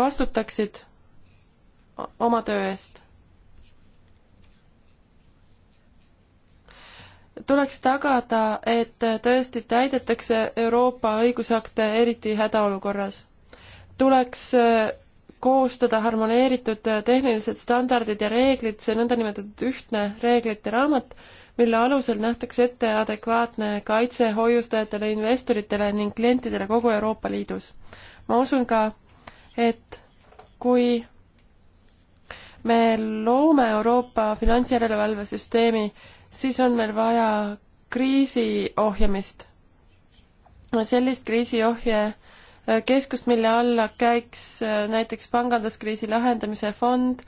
vastutaksid oma töö eest tuleks tagada, et tõesti täidetakse Euroopa õigusakte, eriti hädaolukorras. tuleks äh, koostada harmoneeritud äh, tehnilised standardid ja reeglid, see nõndanimetatud ühtne reeglite raamat, mille alusel nähtakse ette adekvaatne kaitse hoiustajatele, investoritele ning klientidele kogu Euroopa Liidus. ma usun ka, et kui me loome Euroopa finantsjärelevalvesüsteemi, siis on meil vaja kriisi ohjamist. sellist kriisiohje äh, keskust, mille alla käiks äh, näiteks panganduskriisi lahendamise fond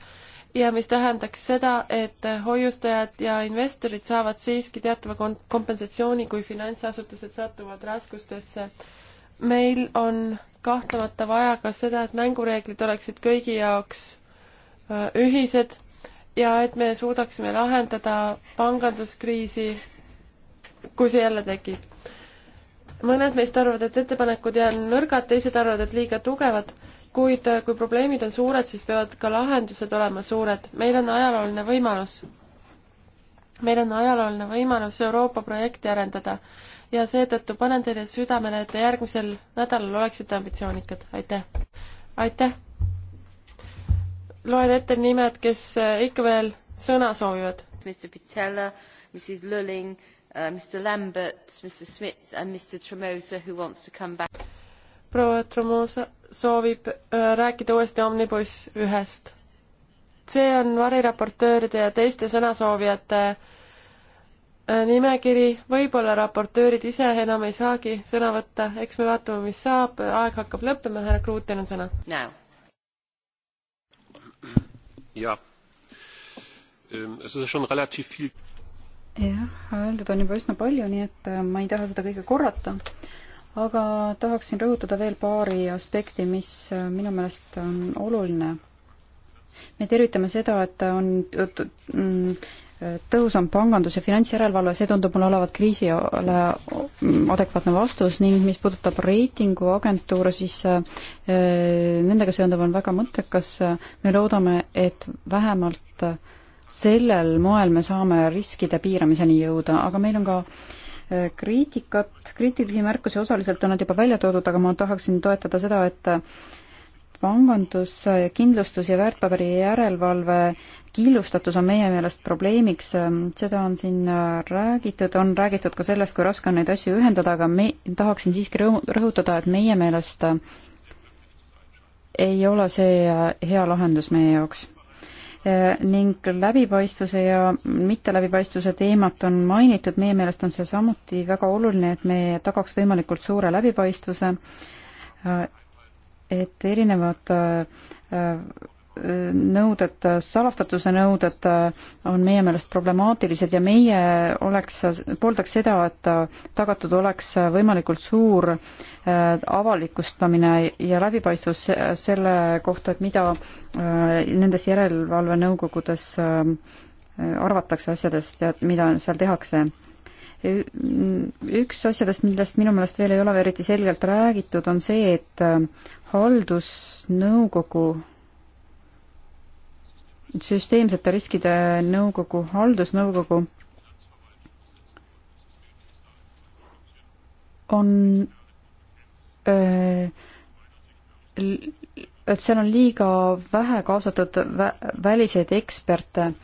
ja mis tähendaks seda, et äh, hoiustajad ja investorid saavad siiski teatava kompensatsiooni, kui finantsasutused satuvad raskustesse. meil on kahtlemata vaja ka seda, et mängureeglid oleksid kõigi jaoks ühised ja et me suudaksime lahendada panganduskriisi, kui see jälle tekib. mõned meist arvavad, et ettepanekud on nõrgad, teised arvavad, et liiga tugevad, kuid kui probleemid on suured, siis peavad ka lahendused olema suured. meil on ajalooline võimalus. meil on ajalooline võimalus Euroopa projekti arendada ja seetõttu panen teile südamele, et te järgmisel nädalal oleksite ambitsioonikad. aitäh! aitäh! loen ette nimed, kes eh, ikka veel sõna soovivad. Mr Pitella, Mrs Lulling uh,, Mr Lambert, Mr Smith and Mr Tremosa who wants to come back. proua Tremosa soovib uh, rääkida uuesti Omnibus ühest. see on variraportööride ja teiste sõnasoovijate uh, nimekiri, võib-olla raportöörid ise enam ei saagi sõna võtta, eks me vaatame, mis saab, aeg hakkab lõppema, härra Kruutel on sõna. Now jah, see on relativ viel. jah, öeldud on juba üsna palju, nii et äh, ma ei taha seda kõike korrata, aga tahaksin rõhutada veel paari aspekti, mis äh, minu meelest on oluline. me tervitame seda, et on mm, tõhusam pangandus ja finantsjärelevalve, see tundub mulle olevat kriisile adekvaatne vastus ning mis puudutab reitinguagentuure, siis äh, nendega seonduv on väga mõttekas. me loodame, et vähemalt sellel moel me saame riskide piiramiseni jõuda, aga meil on ka äh, kriitikat, kriitilisi märkusi osaliselt on nad juba välja toodud, aga ma tahaksin toetada seda, et pangandus, kindlustus ja väärtpaberi järelevalve killustatus on meie meelest probleemiks, seda on siin äh, räägitud, on räägitud ka sellest, kui raske on neid asju ühendada, aga me, tahaksin siiski rõhutada, et meie meelest äh, ei ole see äh, hea lahendus meie jaoks. ning läbipaistvuse ja mitteläbipaistvuse teemat on mainitud, meie meelest on see samuti väga oluline, et me tagaks võimalikult suure läbipaistvuse et erinevad äh, äh, nõuded, salastatuse nõuded äh, on meie meelest problemaatilised ja meie oleks, pooldaks seda, et tagatud oleks võimalikult suur avalikustamine ja läbipaistvus selle kohta, et mida nendes järelevalvenõukogudes arvatakse asjadest ja mida seal tehakse üks asjadest, millest minu meelest veel ei ole eriti selgelt räägitud, on see, et äh, haldusnõukogu, süsteemsete riskide nõukogu, haldusnõukogu on öö, äh, et seal on liiga vähe kaasatud vä väliseid eksperte öö,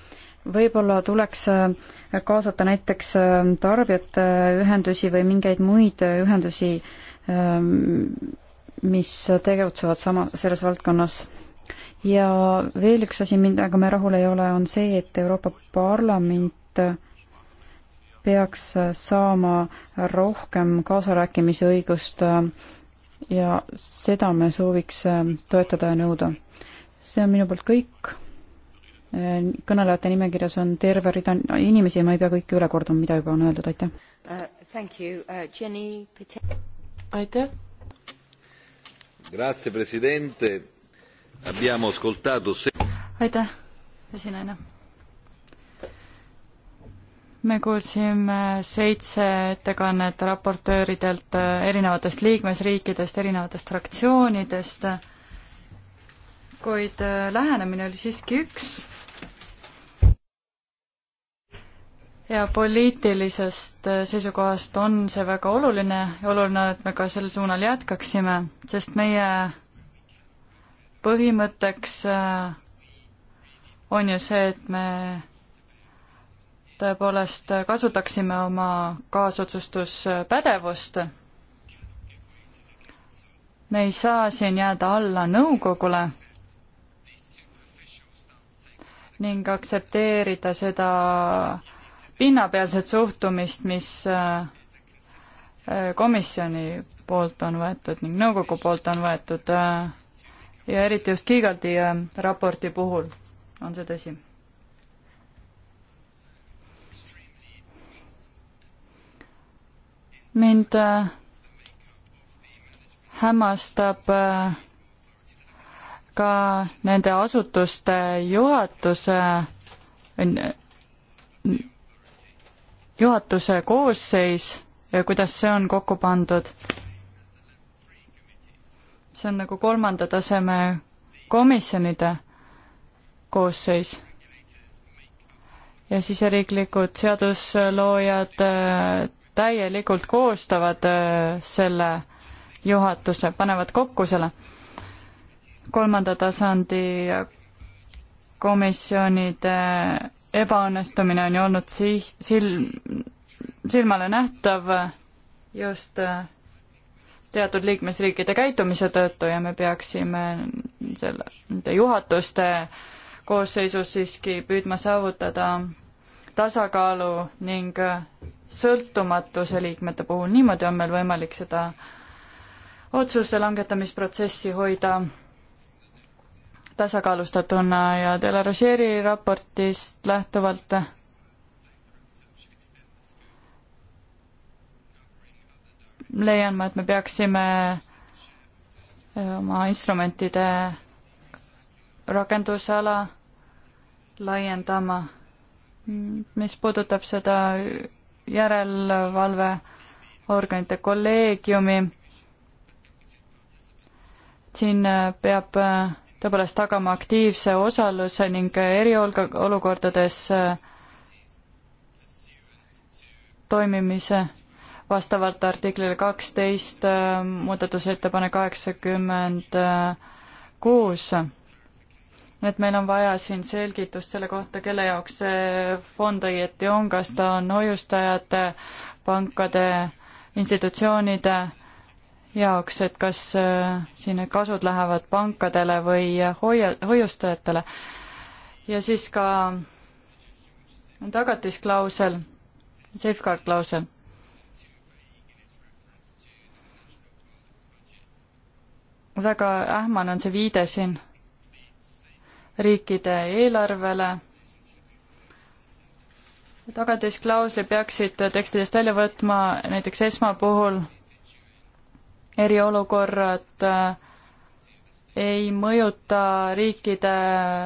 võib-olla tuleks äh, kaasata näiteks äh, tarbijate äh, ühendusi või mingeid muid ühendusi, ähm, mis tegutsevad sama, selles valdkonnas. ja veel üks asi, millega me rahul ei ole, on see, et Euroopa Parlament peaks saama rohkem kaasarääkimisõigust ja seda me sooviks toetada ja nõuda. see on minu poolt kõik kõnelejate nimekirjas on terve rida inimesi ja ma ei pea kõike üle kordama, mida juba on öeldud, aitäh uh,. uh aitäh. Grazie Presidente, abbiamo ascoltato se... aitäh, esinaine. me kuulsime seitse ettekannet raportööridelt äh, erinevatest liikmesriikidest, erinevatest fraktsioonidest kuid äh, lähenemine oli siiski üks. ja poliitilisest äh, seisukohast on see väga oluline ja oluline on, et me ka sel suunal jätkaksime, sest meie põhimõtteks äh, on ju see, et me tõepoolest kasutaksime oma kaasotsustuspädevust. me ei saa siin jääda alla nõukogule ning aktsepteerida seda pinnapealset suhtumist, mis äh, äh, komisjoni poolt on võetud ning nõukogu poolt on võetud äh, ja eriti just Kiigaldi raporti puhul on see tõsi. mind hämmastab ka nende asutuste juhatuse juhatuse koosseis, kuidas see on kokku pandud? see on nagu kolmanda taseme komisjonide koosseis. ja siseriiklikud seadusloojad äh, täielikult koostavad äh, selle juhatuse, panevad kokku selle kolmanda tasandi komisjonide ebaõnnestumine on ju olnud siht, silm, silmale nähtav just äh, teatud liikmesriikide käitumise tõttu ja me peaksime selle, nende juhatuste koosseisus siiski püüdma saavutada tasakaalu ning äh, sõltumatuse liikmete puhul, niimoodi on meil võimalik seda otsuse langetamisprotsessi hoida tasakaalustatuna ja De La Rocheri raportist lähtuvalt leian ma, et me peaksime eh, oma instrumentide rakendusala laiendama. mis puudutab seda järelevalveorganite kolleegiumi, siin peab eh, tõepoolest tagama aktiivse osaluse ning eriolukordades äh, toimimise vastavalt artiklile kaksteist äh, muudatusettepanek kaheksakümmend äh, kuus. et meil on vaja siin selgitust selle kohta, kelle jaoks see fond õieti on, kas ta on hoiustajate, pankade, institutsioonide jaoks, et kas äh, siin need kasud lähevad pankadele või äh, hoia-, hoiustajatele. ja siis ka tagatisklausel, safeguard klausel väga ähmane on see viide siin riikide eelarvele. tagatisklausli peaksid tekstidest välja võtma näiteks esma puhul eriolukorrad äh, ei mõjuta riikide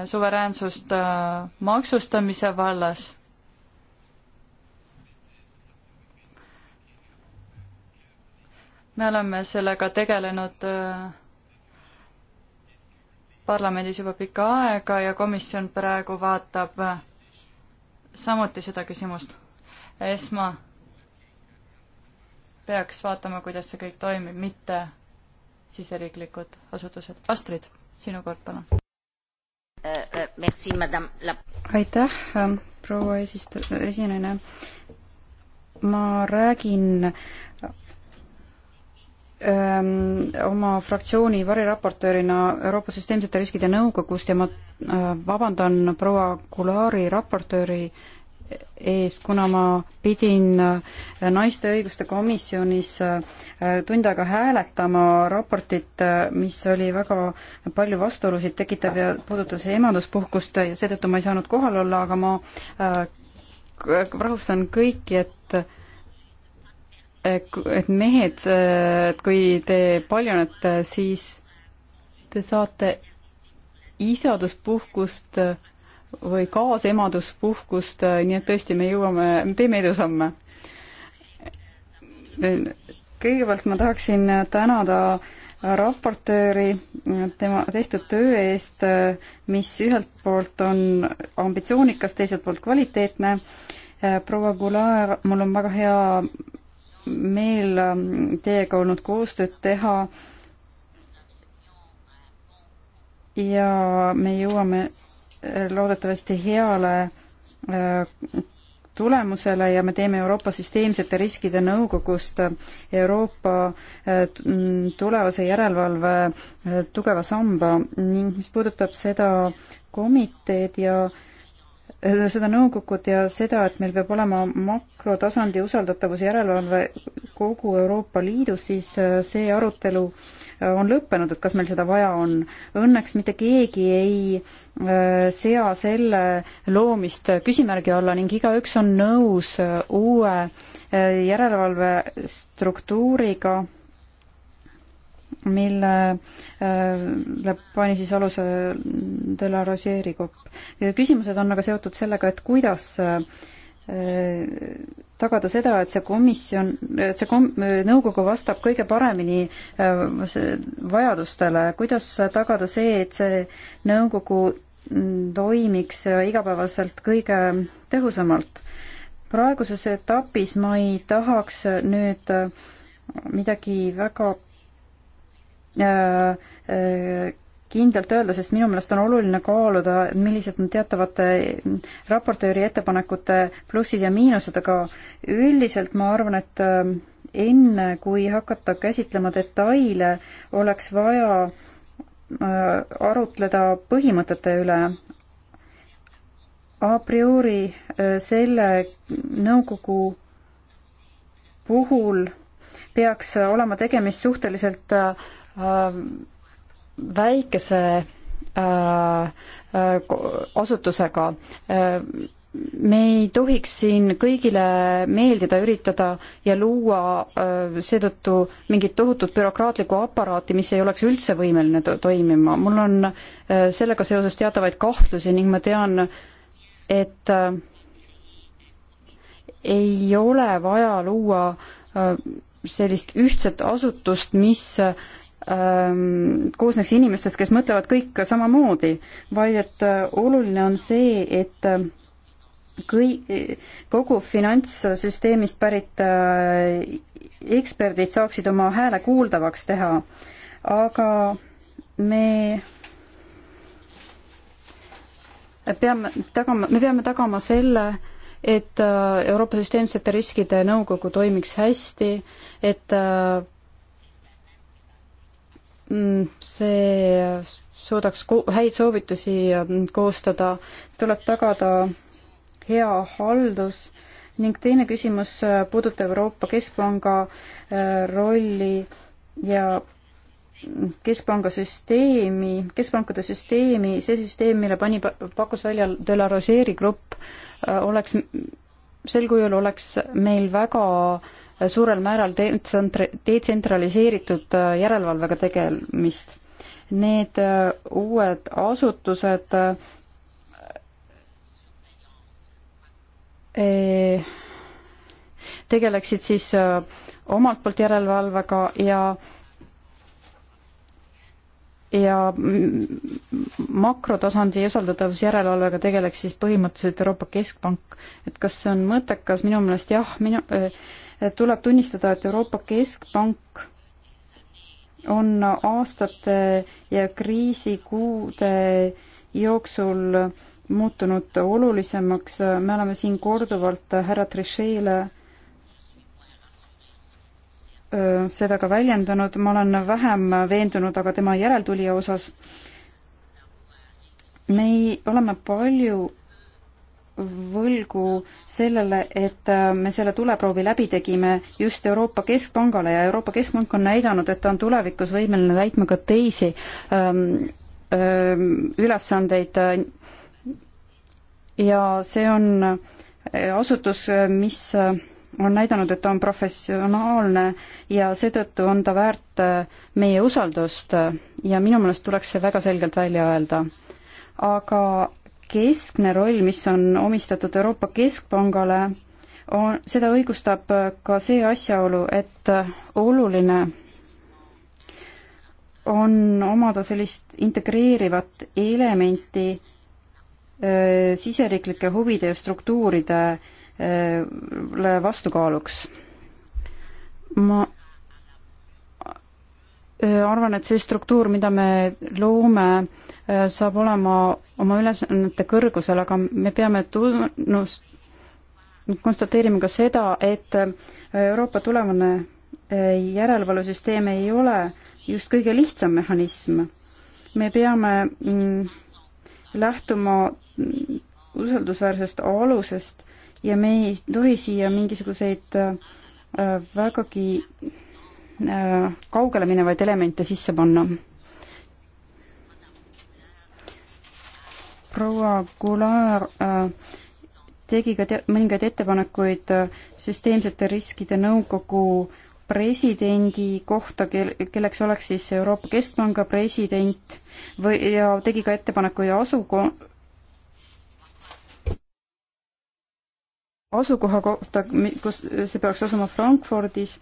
suveräänsust äh, maksustamise vallas me oleme sellega tegelenud äh, parlamendis juba pikka aega ja komisjon praegu vaatab samuti seda küsimust. ESMA peaks vaatama, kuidas see kõik toimib, mitte siseriiklikud asutused. Astrid, sinu kord, palun. aitäh, ähm, proua esist-, esinejana. ma räägin ähm, oma fraktsiooni variraportöörina Euroopa Süsteemsete Riskide Nõukogust ja ma äh, vabandan proua Kulaari raportööri ees, kuna ma pidin äh, naiste õiguste komisjonis äh, tund aega hääletama raportit, äh, mis oli väga palju vastuolusid tekitav ja puudutas emaduspuhkust ja seetõttu ma ei saanud kohal olla, aga ma rahustan kõiki, et et mehed, et kui te paljunete, siis te saate isaduspuhkust või kaasemaduspuhkust, äh, nii et tõesti, me jõuame, teeme edusamme. kõigepealt ma tahaksin tänada raportööri äh, tema tehtud töö eest, äh, mis ühelt poolt on ambitsioonikas, teiselt poolt kvaliteetne. proua Goulart, mul on väga hea meel teiega olnud koostööd teha. ja me jõuame loodetavasti heale äh, tulemusele ja me teeme Euroopa süsteemsete riskide nõukogust Euroopa äh, mm, tulevase järelevalve äh, tugeva samba ning mis puudutab seda komiteed ja seda nõukogud ja seda, et meil peab olema makrotasandi usaldatavus järelevalve kogu Euroopa Liidus, siis see arutelu äh, on lõppenud, et kas meil seda vaja on. Õnneks mitte keegi ei äh, sea selle loomist küsimärgi alla ning igaüks on nõus äh, uue äh, järelevalvestruktuuriga, millele pani siis aluse de la Rosieri kopp. küsimused on aga seotud sellega, et kuidas äh, tagada seda, et see komisjon, et see kom-, nõukogu vastab kõige paremini äh, vajadustele, kuidas tagada see, et see nõukogu mm, toimiks äh, igapäevaselt kõige tõhusamalt. praeguses etapis ma ei tahaks nüüd äh, midagi väga äh, äh, kindlalt öelda, sest minu meelest on oluline kaaluda, millised on teatavate raportööri ettepanekute plussid ja miinused, aga üldiselt ma arvan, et äh, enne, kui hakata käsitlema detaile, oleks vaja äh, arutleda põhimõtete üle. A priori äh, selle nõukogu puhul peaks olema tegemist suhteliselt väikese äh, äh, asutusega. Äh, me ei tohiks siin kõigile meeldida, üritada ja luua seetõttu mingit tohutut bürokraatlikku aparaati, mis ei oleks üldse võimeline toimima. mul on sellega seoses teatavaid kahtlusi ning ma tean, et ei ole vaja luua sellist ühtset asutust, mis äh, Ähm, koosneks inimestest, kes mõtlevad kõik samamoodi, vaid et äh, oluline on see, et äh, kõi-, kogu finantssüsteemist pärit äh, eksperdid saaksid oma hääle kuuldavaks teha, aga me peame tagama, me peame tagama selle, et Euroopa Süsteemsete Riskide Nõukogu toimiks hästi, et Mm, see suudaks häid soovitusi ähm, koostada, tuleb tagada hea haldus ning teine küsimus äh, puudutab Euroopa Keskpanga äh, rolli ja keskpanga süsteemi, keskpankade süsteemi, see süsteem, mille pani, pakkus välja De La Rosieri grupp, äh, oleks, sel kujul oleks meil väga suurel määral detsentraliseeritud äh, järelevalvega tegemist. Need äh, uued asutused äh, tegeleksid siis omalt poolt järelevalvega ja ja makrotasandi usaldatavuse järelevalvega tegeleks siis põhimõtteliselt Euroopa Keskpank. et kas see on mõttekas, minu meelest jah, minu äh, tuleb tunnistada, et Euroopa Keskpank on aastate ja kriisikuude jooksul muutunud olulisemaks, me oleme siin korduvalt härra Trichet'le seda ka väljendanud, ma olen vähem veendunud aga tema järeltulija osas. me ei, oleme palju võlgu sellele, et äh, me selle tuleproovi läbi tegime just Euroopa Keskpangale ja Euroopa Keskpank on näidanud, et ta on tulevikus võimeline täitma ka teisi ähm, ähm, ülesandeid. ja see on äh, asutus, äh, mis on näidanud, et ta on professionaalne ja seetõttu on ta väärt meie usaldust ja minu meelest tuleks see väga selgelt välja öelda. aga keskne roll, mis on omistatud Euroopa Keskpangale, on, seda õigustab ka see asjaolu, et oluline on omada sellist integreerivat elementi öö, äh, siseriiklike huvide ja struktuuridele äh, vastukaaluks. ma öö, äh, arvan, et see struktuur, mida me loome, Äh, saab olema oma ülesannete kõrgusel, aga me peame tunnust, konstateerima ka seda, et äh, Euroopa tulevane äh, järelevalvesüsteem ei ole just kõige lihtsam mehhanism. me peame mm, lähtuma mm, usaldusväärsest alusest ja me ei tohi siia mingisuguseid vägagi kaugele minevaid elemente sisse panna proua Goulart äh, tegi ka te-, mõningaid ettepanekuid äh, süsteemsete riskide nõukogu presidendi kohta, kel-, kelleks oleks siis Euroopa Keskpanga president või, ja tegi ka ettepanekuid asuko-, asukoha kohta, kus see peaks asuma Frankfurdis,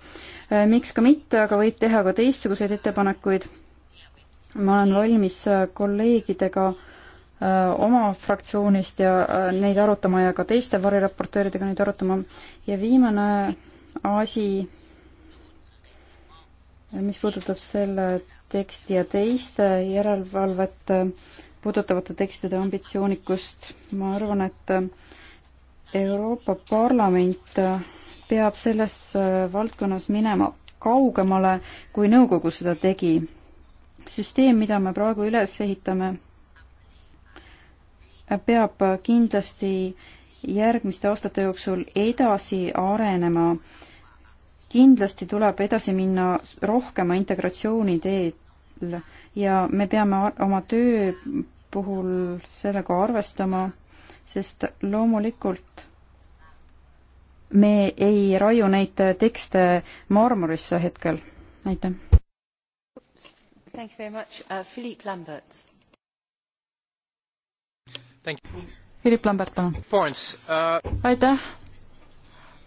äh, miks ka mitte, aga võib teha ka teistsuguseid ettepanekuid. ma olen valmis äh, kolleegidega äh, Äh, oma fraktsioonist ja äh, neid arutama ja ka teiste variraportööridega neid arutama. ja viimane asi, mis puudutab selle teksti ja teiste järelevalvet äh, puudutavate tekstide ambitsioonikust, ma arvan, et Euroopa Parlament peab selles valdkonnas minema kaugemale, kui nõukogu seda tegi. süsteem, mida me praegu üles ehitame peab kindlasti järgmiste aastate jooksul edasi arenema. kindlasti tuleb edasi minna rohkema integratsiooni teel ja me peame oma töö puhul sellega arvestama, sest loomulikult me ei raiu neid tekste marmorisse hetkel. aitäh! Thank you very much uh,, Philippe Lambert Philip Lambert, palun uh.... aitäh.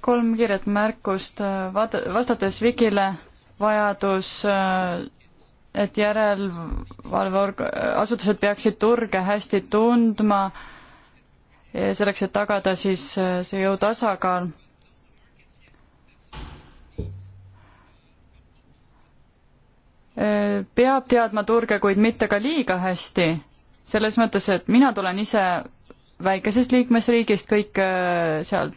kolm kiiret märkust. Vaat-, vastates Vikile, vajadus uh, et järelevalveorg-, asutused peaksid turge hästi tundma selleks, et tagada siis uh, see jõu tasakaal. Uh, peab teadma turge, kuid mitte ka liiga hästi selles mõttes, et mina tulen ise väikesest liikmesriigist, kõik äh, seal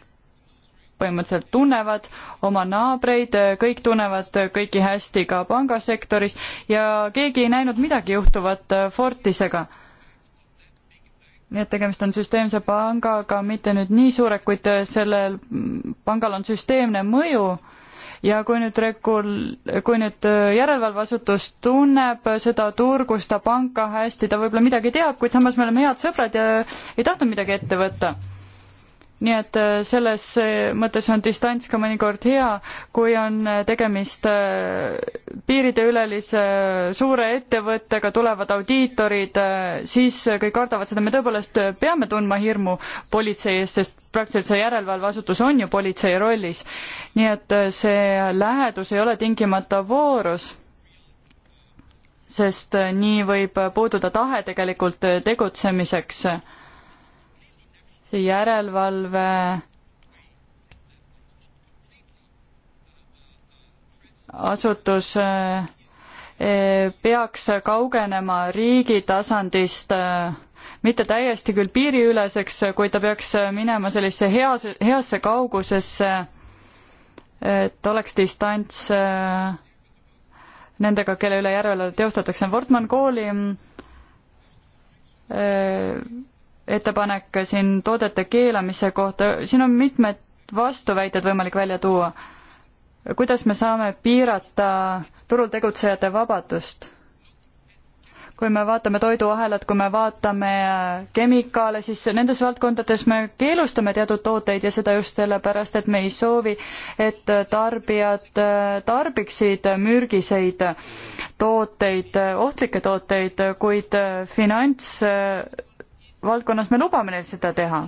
põhimõtteliselt tunnevad oma naabreid, kõik tunnevad kõiki hästi ka pangasektoris ja keegi ei näinud midagi juhtuvat äh, Fortisega. nii et tegemist on süsteemse pangaga, mitte nüüd nii suure, kuid äh, sellel mm, pangal on süsteemne mõju ja kui nüüd rekul-, kui nüüd äh, järelevalveasutus tunneb seda turgu, seda panka hästi, ta võib-olla midagi teab, kuid samas me oleme head sõbrad ja ei tahtnud midagi ette võtta nii et äh, selles äh, mõttes on distants ka mõnikord hea, kui on äh, tegemist piirideülelise suure ettevõttega, tulevad audiitorid, siis kõik kardavad seda, me tõepoolest peame tundma hirmu politsei eest, sest praktiliselt see järelevalveasutus on ju politsei rollis. nii et see lähedus ei ole tingimata voorus, sest nii võib puududa tahe tegelikult tegutsemiseks see järelevalve asutus eh, eh, peaks kaugenema riigi tasandist eh, mitte täiesti küll piiriüleseks, kuid ta peaks minema sellisesse heas, heasse kaugusesse, et oleks distants nendega, kelle üle järelevalve teostatakse. Wortmann kooli ettepanek siin toodete keelamise kohta, siin on mitmed vastuväited võimalik välja tuua. kuidas me saame piirata turul tegutsejate vabadust? kui me vaatame toiduahelat, kui me vaatame kemikaale, siis nendes valdkondades me keelustame teatud tooteid ja seda just sellepärast, et me ei soovi, et tarbijad tarbiksid mürgiseid tooteid, ohtlikke tooteid, kuid finants valdkonnas me lubame neil seda teha.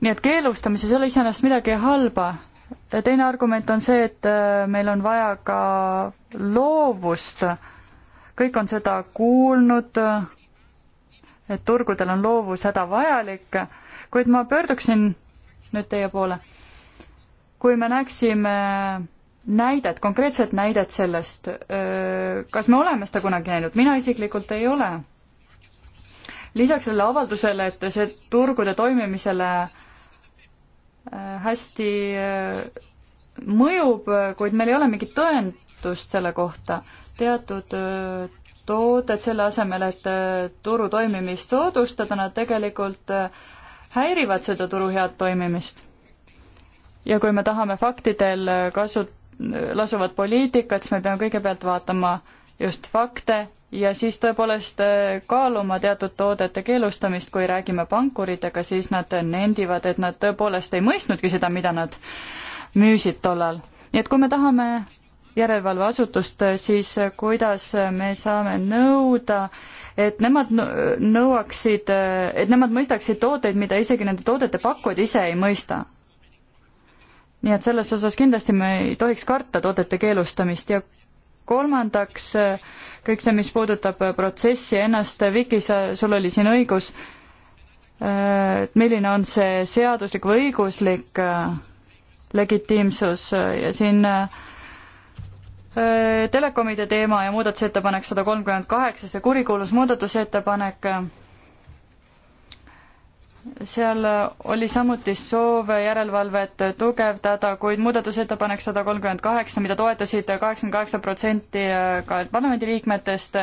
nii et keelustamises ei ole iseenesest midagi halba. teine argument on see, et äh, meil on vaja ka loovust. kõik on seda kuulnud, et turgudel on loovus hädavajalik, kuid ma pöörduksin nüüd teie poole. kui me näeksime näidet, konkreetset näidet sellest, äh, kas me oleme seda kunagi näinud, mina isiklikult ei ole lisaks sellele avaldusele, et see turgude toimimisele äh, hästi äh, mõjub, kuid meil ei ole mingit tõendust selle kohta. teatud äh, tooted selle asemel, et turu toimimist soodustada, nad tegelikult häirivad seda turu head toimimist. ja kui me tahame faktidel kasu, lasuvat poliitikat, siis me peame kõigepealt vaatama just fakte ja siis tõepoolest äh, kaaluma teatud toodete keelustamist, kui räägime pankuritega, siis nad nendivad, et nad tõepoolest ei mõistnudki seda, mida nad müüsid tollal. nii et kui me tahame järelevalveasutust, äh, siis äh, kuidas me saame nõuda, et nemad nõuaksid, et nemad mõistaksid tooteid, mida isegi nende toodete pakkujad ise ei mõista? nii et selles osas kindlasti me ei tohiks karta toodete keelustamist ja kolmandaks, kõik see, mis puudutab äh, protsessi ennast, äh, Viki, sa, sul oli siin õigus, äh, et milline on see seaduslik või õiguslik legitiimsus ja siin telekomide teema ja muudatusettepanek sada kolmkümmend kaheksa, see kurikuulus muudatusettepanek seal oli samuti soov järelevalvet tugevdada, kuid muudatusettepanek sada kolmkümmend kaheksa, mida toetasid kaheksakümmend kaheksa protsenti äh, ka parlamendiliikmetest,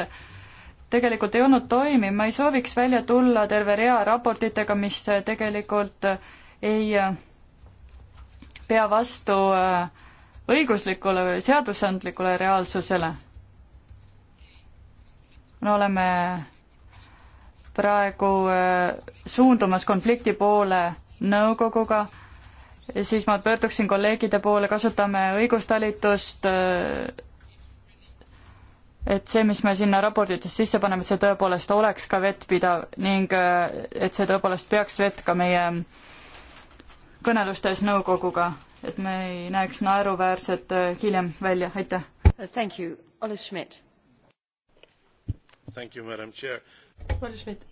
tegelikult ei olnud toimiv, ma ei sooviks välja tulla terve rea raportitega, mis tegelikult ei äh, pea vastu äh, õiguslikule või seadusandlikule reaalsusele. me oleme praegu äh, suundumas konflikti poole nõukoguga, siis ma pöörduksin kolleegide poole, kasutame õigustalitust, äh, et see, mis me sinna raportitest sisse paneme, et see tõepoolest oleks ka vettpidav ning äh, et see tõepoolest peaks vett ka meie kõnelustes nõukoguga, et me ei näeks naeruväärset hiljem välja, aitäh. Thank you, Olle Schmidt. Thank you, madam chair Olle Schmidt.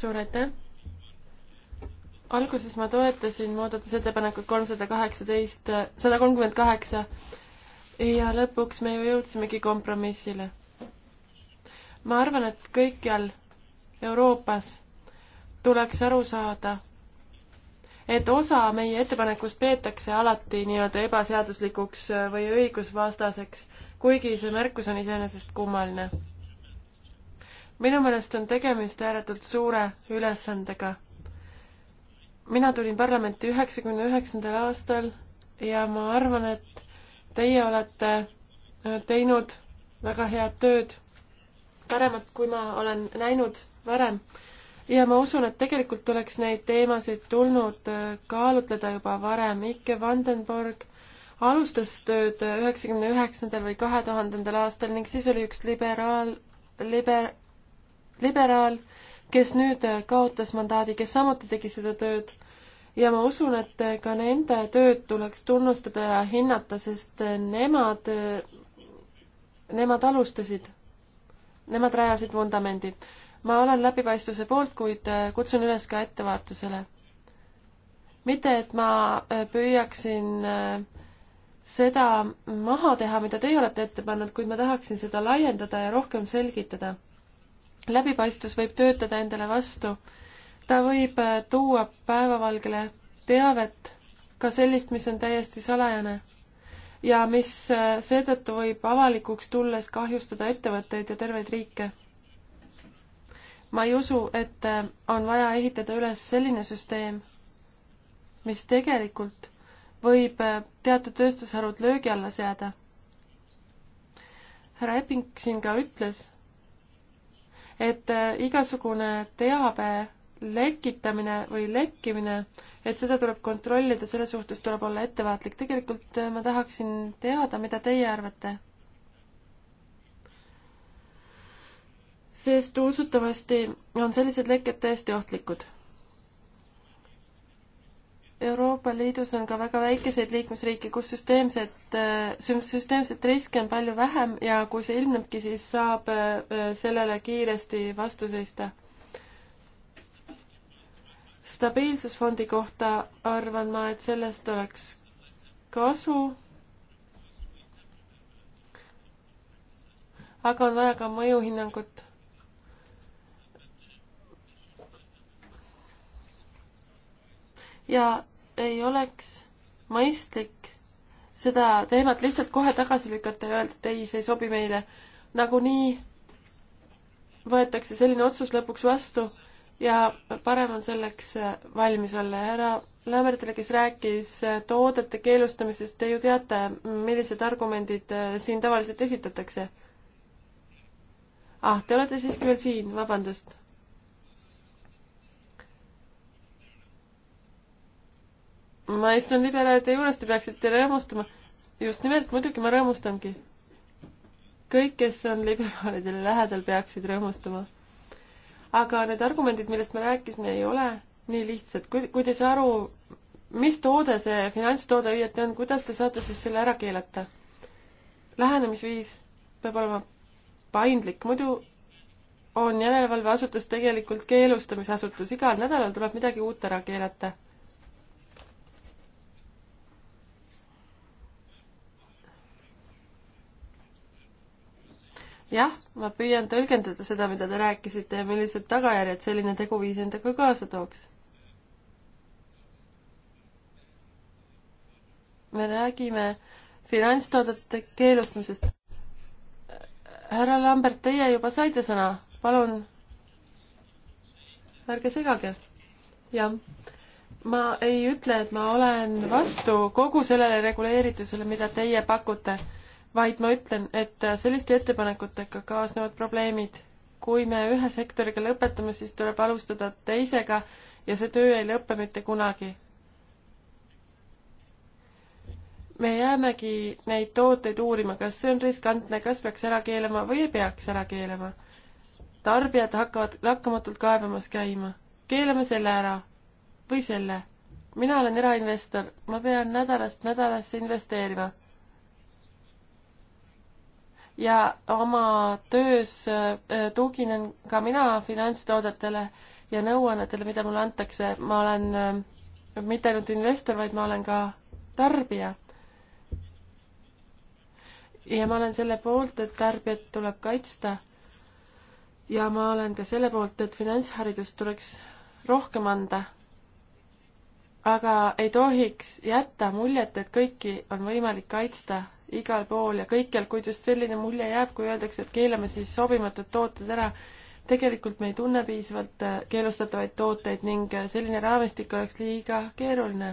suur aitäh. alguses ma toetasin muudatusettepanekut kolmsada kaheksateist, sada kolmkümmend kaheksa ja lõpuks me ju jõudsimegi kompromissile. ma arvan, et kõikjal Euroopas tuleks aru saada, et osa meie ettepanekust peetakse alati nii-öelda ebaseaduslikuks või õigusvastaseks, kuigi see märkus on iseenesest kummaline minu meelest on tegemist ääretult suure ülesandega. mina tulin parlamenti üheksakümne üheksandal aastal ja ma arvan, et teie olete äh, teinud väga head tööd, paremat, kui ma olen näinud varem. ja ma usun, et tegelikult oleks neid teemasid tulnud äh, kaalutleda juba varem. Ikke Vandenborg alustas tööd äh, üheksakümne üheksandal või kahe tuhandendal aastal ning siis oli üks liberaal, liber-, liberaal, kes nüüd äh, kaotas mandaadi, kes samuti tegi seda tööd ja ma usun, et äh, ka nende tööd tuleks tunnustada ja hinnata, sest äh, nemad, nemad alustasid, nemad rajasid vundamendi. ma olen läbipaistvuse poolt, kuid kutsun üles ka ettevaatusele. mitte, et ma püüaksin seda maha teha, mida teie olete ette pannud, kuid ma tahaksin seda laiendada ja rohkem selgitada läbipaistvus võib töötada endale vastu. ta võib äh, tuua päevavalgele teavet, ka sellist, mis on täiesti salajane ja mis äh, seetõttu võib avalikuks tulles kahjustada ettevõtteid ja terveid riike. ma ei usu, et äh, on vaja ehitada üles selline süsteem, mis tegelikult võib teatud tööstusharud löögi alla seada. härra Epping siin ka ütles, et äh, igasugune teabe lekitamine või lekkimine, et seda tuleb kontrollida, selle suhtes tuleb olla ettevaatlik. tegelikult äh, ma tahaksin teada, mida teie arvate. sest usutavasti on sellised lekked tõesti ohtlikud Euroopa Liidus on ka väga väikeseid liikmesriike, kus süsteemset, äh, süsteemset riske on palju vähem ja kui see ilmnebki, siis saab äh, sellele kiiresti vastu seista. stabiilsusfondi kohta arvan ma, et sellest oleks kasu. aga on vaja ka mõjuhinnangut ja ei oleks mõistlik seda teemat lihtsalt kohe tagasi lükata ja öelda, et ei, see ei sobi meile. nagunii võetakse selline otsus lõpuks vastu ja parem on selleks valmis olla. härra Lämmertile, kes rääkis toodete keelustamisest, te ju teate, millised argumendid siin tavaliselt esitatakse. ah, te olete siiski veel siin, vabandust ma istun liberaalide juures, te peaksite rõõmustama. just nimelt, muidugi ma rõõmustangi. kõik, kes on liberaalidele lähedal, peaksid rõõmustama. aga need argumendid, millest ma rääkisin, ei ole nii lihtsad. kui, kui te ei saa aru, mis toode see finantstoode õieti on, kuidas te saate siis selle ära keelata? lähenemisviis peab olema paindlik, muidu on järelevalveasutus tegelikult keelustamisasutus, igal nädalal tuleb midagi uut ära keelata jah, ma püüan tõlgendada seda, mida te rääkisite ja millised tagajärjed selline teguviis endaga kaasa tooks. me räägime finantstoodete keelustamisest. härra Lambert, teie juba saite sõna, palun ärge segage. jah, ma ei ütle, et ma olen vastu kogu sellele reguleeritusele, mida teie pakute vaid ma ütlen, et äh, selliste ettepanekutega kaasnevad probleemid. kui me ühe sektoriga lõpetame, siis tuleb alustada teisega ja see töö ei lõpe mitte kunagi. me jäämegi neid tooteid uurima, kas see on riskantne, kas peaks ära keelama või ei peaks ära keelama. tarbijad hakkavad lakkamatult kaebamas käima. keelame selle ära või selle. mina olen erainvestor, ma pean nädalast nädalasse investeerima ja oma töös äh, tuginen ka mina finantstoodetele ja nõuannetele, mida mulle antakse. ma olen äh, mitte ainult investor, vaid ma olen ka tarbija. ja ma olen selle poolt, et tarbijat tuleb kaitsta. ja ma olen ka selle poolt, et finantsharidust tuleks rohkem anda. aga ei tohiks jätta muljet, et kõiki on võimalik kaitsta igal pool ja kõikjal, kuid just selline mulje jääb, kui öeldakse, et keelame siis sobimatud tooted ära. tegelikult me ei tunne piisavalt äh, keelustatavaid tooteid ning äh, selline raamistik oleks liiga keeruline.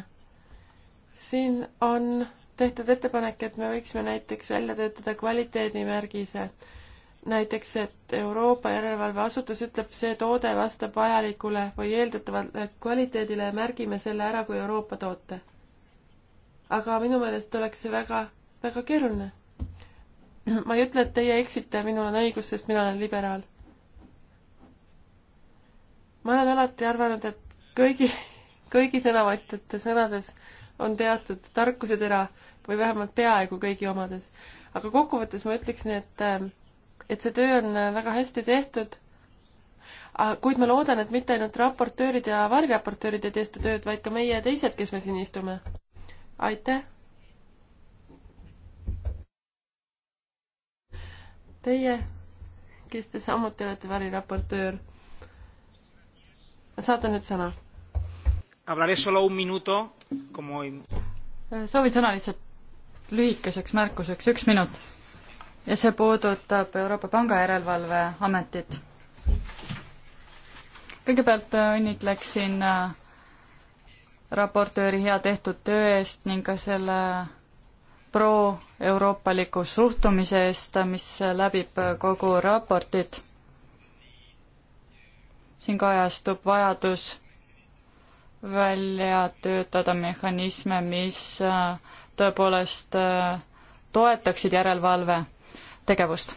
siin on tehtud ettepanek, et me võiksime näiteks välja töötada kvaliteedimärgise. näiteks, et Euroopa järelevalveasutus ütleb, see toode vastab vajalikule või eeldatavale kvaliteedile ja märgime selle ära kui Euroopa toote. aga minu meelest oleks see väga väga keeruline. ma ei ütle, et teie eksite, minul on õigus, sest mina olen liberaal. ma olen alati arvanud, et kõigi, kõigi sõnavõtjate sõnades on teatud tarkusetera või vähemalt peaaegu kõigi omades. aga kokkuvõttes ma ütleksin, et, ähm, et see töö on äh, väga hästi tehtud, kuid ma loodan, et mitte ainult raportöörid ja variraportöörid ei tee seda tööd, vaid ka meie teised, kes me siin istume. aitäh! Teie, kes te samuti olete variraportöör, saate nüüd sõna. soovin sõna lihtsalt lühikeseks märkuseks, üks minut. ja see puudutab Euroopa Panga Järelevalveametit. kõigepealt äh, õnnitleksin äh, raportööri hea tehtud töö eest ning ka selle pro-euroopaliku suhtumise eest, mis läbib kogu raportit. siin kajastub vajadus välja töötada mehhanisme, mis äh, tõepoolest äh, toetaksid järelevalve tegevust.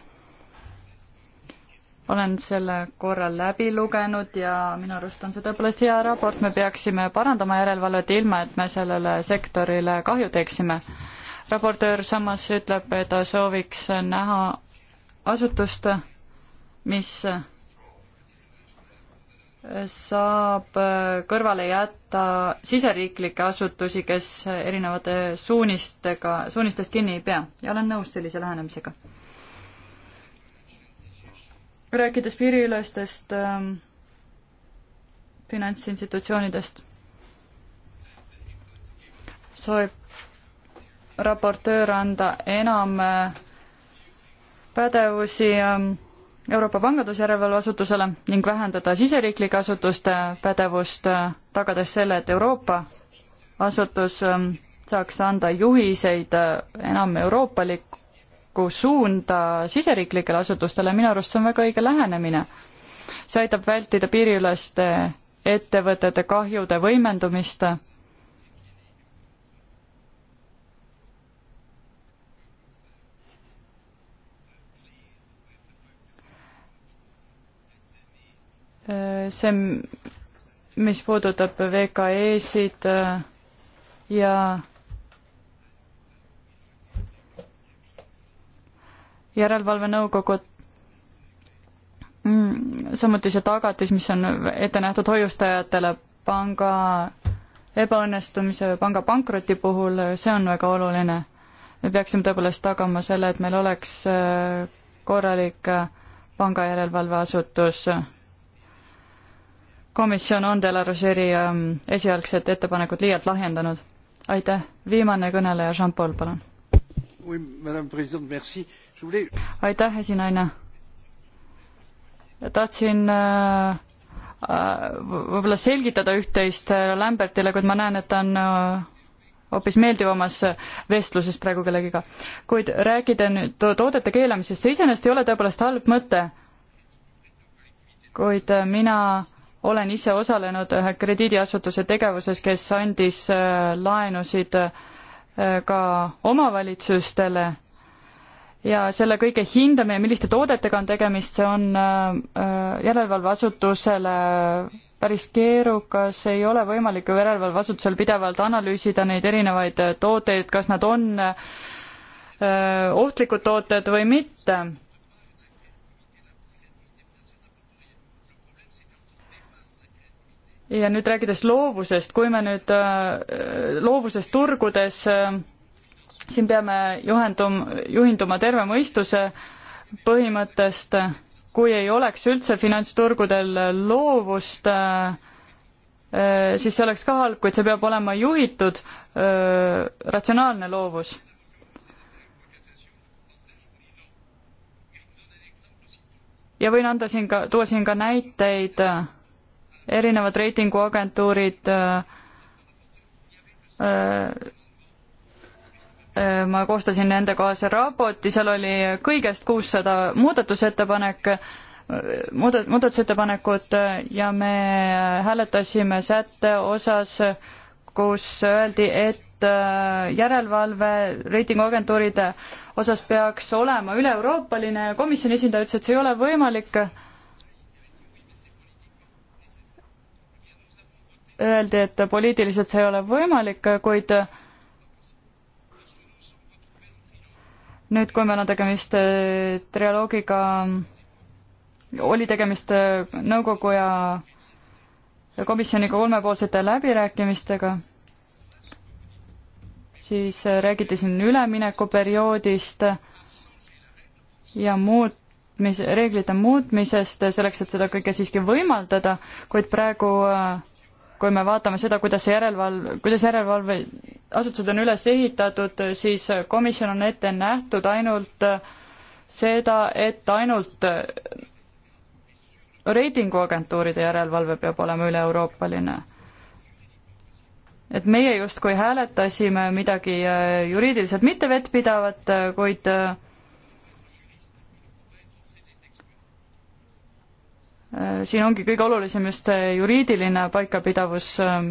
olen selle korra läbi lugenud ja minu arust on see tõepoolest hea raport, me peaksime parandama järelevalvet ilma, et me sellele sektorile kahju teeksime raportöör samas ütleb, et ta sooviks näha asutust, mis saab kõrvale jätta siseriiklikke asutusi, kes erinevate suunistega, suunistest kinni ei pea ja olen nõus sellise lähenemisega. rääkides piiriülestest äh, finantsinstitutsioonidest, soovib raportöör anda enam äh, pädevusi ähm, Euroopa Pangandusjärelevalve Asutusele ning vähendada siseriiklike asutuste pädevust, äh, tagades selle, et Euroopa asutus ähm, saaks anda juhiseid äh, enam euroopalikku suunda siseriiklikele asutustele, minu arust see on väga õige lähenemine. see aitab vältida piiriüleste ettevõtete kahjude võimendumist see, mis puudutab VKE-sid äh, ja järelevalvenõukogu mm, samuti see tagatis, mis on ette nähtud hoiustajatele panga ebaõnnestumise või panga pankroti puhul, see on väga oluline. me peaksime tõepoolest tagama selle, et meil oleks äh, korralik äh, panga järelevalveasutus komisjon on Delaroseeri ähm, esialgset ettepanekut liialt lahjendanud. aitäh, viimane kõneleja, Jean-Paul, palun. aitäh, esinaine. tahtsin äh, äh võib-olla selgitada üht-teist äh, Lambertile, kuid ma näen, et ta on äh, hoopis meeldivamas vestluses praegu kellegiga. kuid rääkida nüüd to toodete keelamisest, see iseenesest ei ole tõepoolest halb mõte, kuid mina olen ise osalenud ühe krediidiasutuse tegevuses, kes andis äh, laenusid äh, ka omavalitsustele ja selle kõige hindamine, milliste toodetega on tegemist, see on äh, järelevalveasutusele päris keerukas, ei ole võimalik ju järelevalveasutusel pidevalt analüüsida neid erinevaid tooteid, kas nad on ohtlikud tooted või mitte ja nüüd rääkides loovusest, kui me nüüd äh, loovusest turgudes, äh, siin peame juhendum, juhinduma terve mõistuse põhimõttest, kui ei oleks üldse finantsturgudel loovust, äh, siis see oleks ka halb, kuid see peab olema juhitud ratsionaalne loovus. ja võin anda siin ka, tuua siin ka näiteid erinevad reitinguagentuurid äh, äh, äh, ma koostasin nende kaasa raporti, seal oli kõigest kuussada muudatusettepanek, muudat-, muudatusettepanekut ja me hääletasime sätte osas, kus öeldi, et järelevalve reitinguagentuuride osas peaks olema üle-euroopaline ja komisjoni esindaja ütles, et see ei ole võimalik öeldi, et poliitiliselt see ei ole võimalik, kuid nüüd, kui meil on tegemist äh, trialoogiga, oli tegemist äh, nõukogu ja komisjoniga kolmepoolsete läbirääkimistega, siis äh, räägiti siin üleminekuperioodist ja muud mis, reeglite muutmisest selleks, et seda kõike siiski võimaldada, kuid praegu äh, kui me vaatame seda, kuidas see järelevalve, kuidas järelevalveasutused on üles ehitatud, siis komisjon on ette nähtud ainult seda, et ainult reitinguagentuuride järelevalve peab olema üle-euroopaline. et meie justkui hääletasime midagi juriidiliselt mitte vettpidavat, kuid Äh, siin ongi kõige olulisem just juriidiline paikapidavus, ähm,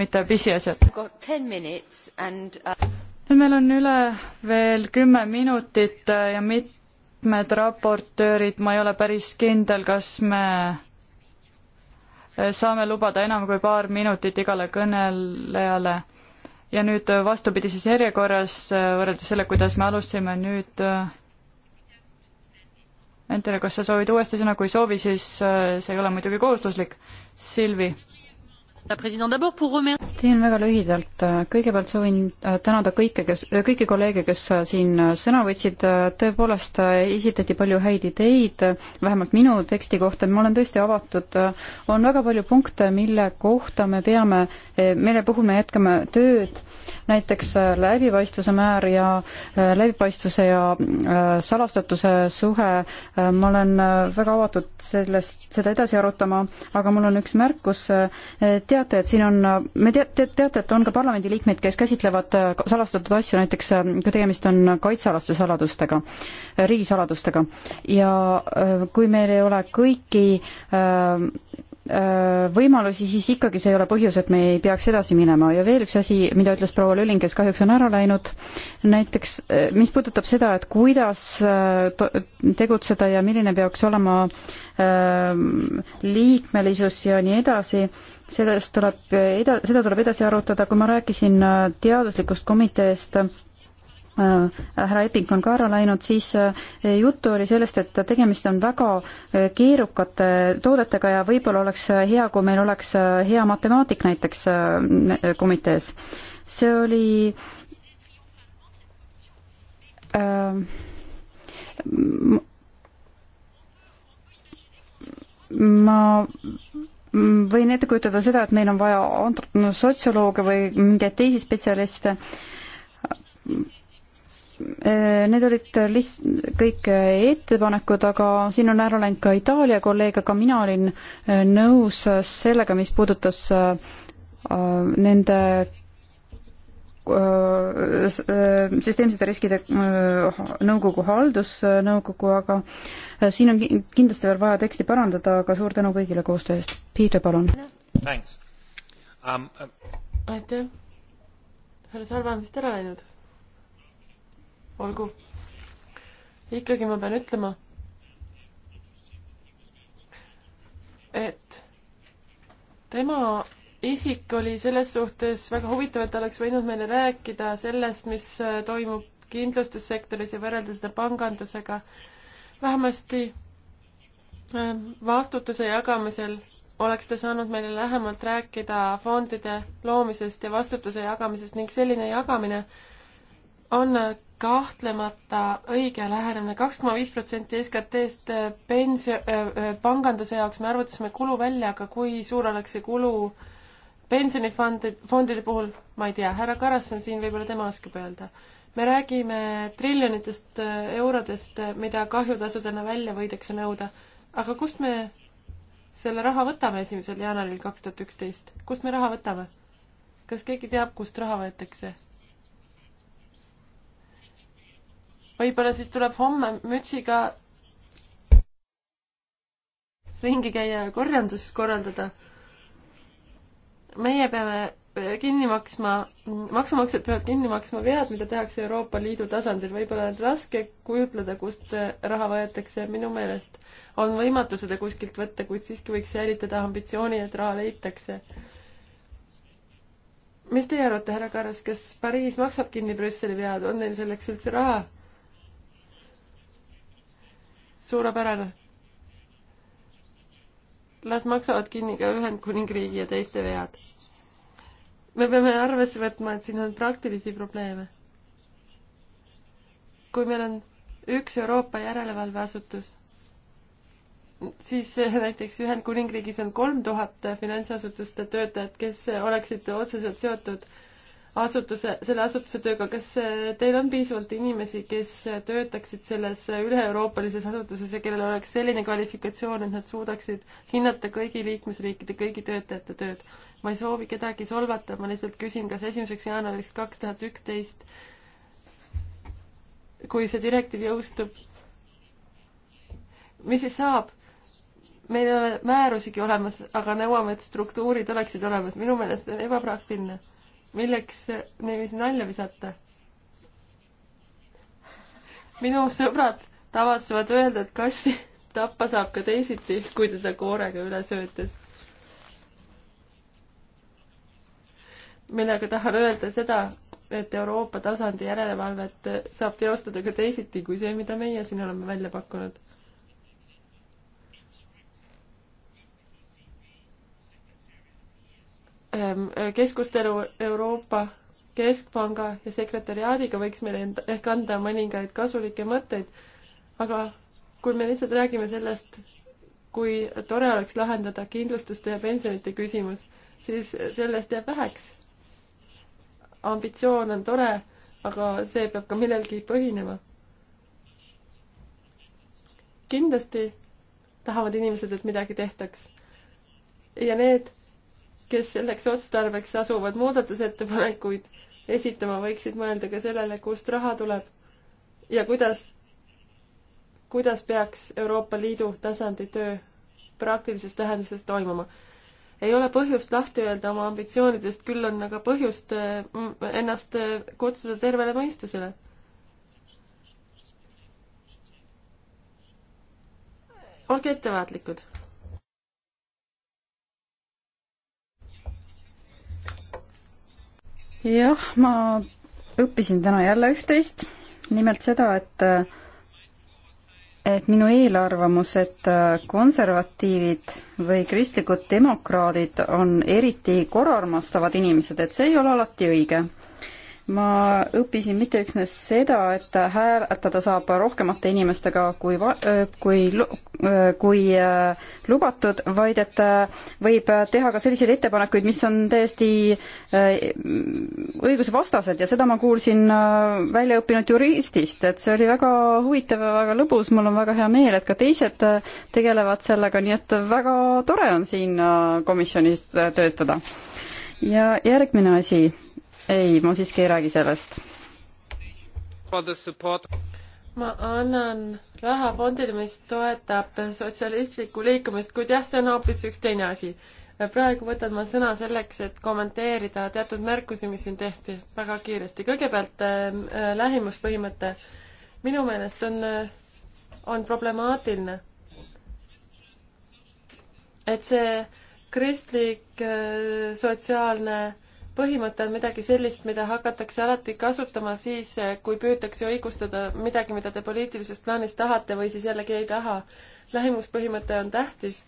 mitte pisiasjad. Uh, nüüd meil on üle veel kümme minutit äh, ja mitmed raportöörid, ma ei ole päris kindel, kas me äh, saame lubada enam kui paar minutit igale kõnelejale. ja nüüd vastupidises järjekorras, võrreldes selle, kuidas me alustasime, nüüd Entele, kas sa soovid uuesti sõna, kui ei soovi, siis äh, see ei ole muidugi kohustuslik. Silvi teen väga lühidalt, kõigepealt soovin äh, tänada kõike, kes, äh, kõiki kolleege, kes äh, siin sõna võtsid, tõepoolest esitati palju häid ideid, vähemalt minu teksti kohta, ma olen tõesti avatud, on väga palju punkte, mille kohta me peame, mille puhul me jätkame tööd, näiteks läbipaistvuse määr ja läbipaistvuse ja salastatuse suhe, ma olen väga avatud sellest, seda edasi arutama, aga mul on üks märkus, tea-, teate, et siin on, me te-, te teate, et on ka parlamendiliikmeid, kes käsitlevad äh, salastatud asju, näiteks äh, kui tegemist on kaitsealaste saladustega, riigisaladustega. ja äh, kui meil ei ole kõiki äh, Äh, võimalusi, siis ikkagi see ei ole põhjus, et me ei peaks edasi minema ja veel üks asi, mida ütles proua Lölling, kes kahjuks on ära läinud, näiteks äh, mis puudutab seda, et kuidas äh, tegutseda ja milline peaks olema ähm, liikmelisus ja nii edasi, sellest tuleb eda-, seda tuleb edasi arutada, kui ma rääkisin teaduslikust komiteest, Äh, härra Epping on ka ära läinud, siis äh, juttu oli sellest, et tegemist on väga äh, keerukate toodetega ja võib-olla oleks hea, kui meil oleks hea matemaatik näiteks komitees. see oli äh, ma võin ette kujutada seda, et meil on vaja sotsiolooge või mingeid teisi spetsialiste Äh, need olid list-, kõik äh, ettepanekud, aga siin on ära läinud ka Itaalia kolleeg, aga mina olin äh, nõus sellega, mis puudutas nende süsteemsete riskide nõukogu haldusnõukogu, aga siin on kindlasti veel vaja teksti parandada, aga suur tänu kõigile koostöö eest. Piitre, palun. Um, um aitäh. härra Salva on vist ära läinud olgu. ikkagi ma pean ütlema, et tema isik oli selles suhtes väga huvitav, et ta oleks võinud meile rääkida sellest, mis äh, toimub kindlustussektoris ja võrrelda seda pangandusega. vähemasti äh, vastutuse jagamisel oleks ta saanud meile lähemalt rääkida fondide loomisest ja vastutuse jagamisest ning selline jagamine on äh, kahtlemata õige lähenemine, kaks koma viis protsenti SKT-st äh, pensio- äh, äh,, panganduse jaoks me arvutasime kulu välja, aga kui suur oleks see kulu pensionifondi, fondide puhul, ma ei tea, härra Karasson siin võib-olla tema oskab öelda. me räägime triljonitest äh, eurodest, mida kahjutasudena välja võidakse nõuda, aga kust me selle raha võtame esimesel jaanuaril kaks tuhat üksteist, kust me raha võtame? kas keegi teab, kust raha võetakse? võib-olla siis tuleb homme mütsiga ringi käia ja korjandust korraldada. meie peame eh, kinni maksma, maksumaksjad peavad kinni maksma vead, mida tehakse Euroopa Liidu tasandil. võib-olla on raske kujutleda, kust eh, raha võetakse, minu meelest on võimatu seda kuskilt võtta, kuid siiski võiks säilitada ambitsiooni, et raha leitakse. mis teie arvate, härra Karas, kas Pariis maksab kinni Brüsseli vead, on neil selleks üldse raha? suurepärane. las maksavad kinni ka Ühendkuningriigi ja teiste vead. me peame arvesse võtma, et siin on praktilisi probleeme. kui meil on üks Euroopa järelevalveasutus, siis näiteks Ühendkuningriigis on kolm tuhat finantsasutuste töötajat, kes oleksid otseselt seotud asutuse, selle asutuse tööga, kas äh, teil on piisavalt inimesi, kes äh, töötaksid selles äh, üle-euroopalises asutuses ja kellel oleks selline kvalifikatsioon, et nad suudaksid hinnata kõigi liikmesriikide, kõigi töötajate tööd? ma ei soovi kedagi solvata, ma lihtsalt küsin, kas esimeseks jaanuariks kaks tuhat üksteist, kui see direktiiv jõustub, mis siis saab? meil ei ole määrusigi olemas, aga nõuame, et struktuurid oleksid olemas, minu meelest see on ebapraktiline milleks niiviisi nalja visata? minu sõbrad tavatsevad öelda, et kassi tappa saab ka teisiti, kui teda koorega üle söötes. millega tahan öelda seda, et Euroopa tasandi järelevalvet saab teostada ka teisiti kui see, mida meie siin oleme välja pakkunud Ehm, keskustelu Euroopa Keskpanga ja sekretäriaadiga võiks meile ehk anda mõningaid kasulikke mõtteid, aga kui me lihtsalt räägime sellest, kui tore oleks lahendada kindlustuste ja pensionite küsimus, siis sellest jääb väheks. ambitsioon on tore, aga see peab ka millelgi põhinema. kindlasti tahavad inimesed, et midagi tehtaks. ja need kes selleks otstarbeks asuvad muudatusettepanekuid esitama, võiksid mõelda ka sellele, kust raha tuleb ja kuidas, kuidas peaks Euroopa Liidu tasandi töö praktilises tähenduses toimuma. ei ole põhjust lahti öelda oma ambitsioonidest, küll on aga põhjust äh, ennast äh, kutsuda tervele mõistusele. olge ettevaatlikud jah, ma õppisin täna jälle üht-teist, nimelt seda, et et minu eelarvamus, et äh, konservatiivid või kristlikud demokraadid on eriti korraarmastavad inimesed, et see ei ole alati õige ma õppisin mitte üksnes seda, et hääletada saab rohkemate inimestega kui, kui, kui lubatud, vaid et võib teha ka selliseid ettepanekuid, mis on täiesti õigusvastased ja seda ma kuulsin väljaõppinud juristist, et see oli väga huvitav ja väga lõbus, mul on väga hea meel, et ka teised tegelevad sellega, nii et väga tore on siin komisjonis töötada. ja järgmine asi ei, ma siiski ei räägi sellest. ma annan raha fondile, mis toetab sotsialistlikku liikumist, kuid jah, see on hoopis üks teine asi. praegu võtan ma sõna selleks, et kommenteerida teatud märkusi, mis siin tehti väga kiiresti. kõigepealt äh, lähimuspõhimõte. minu meelest on, on problemaatiline, et see kristlik äh, sotsiaalne põhimõte on midagi sellist, mida hakatakse alati kasutama siis, kui püütakse õigustada midagi, mida te poliitilises plaanis tahate või siis jällegi ei taha. lähimuspõhimõte on tähtis,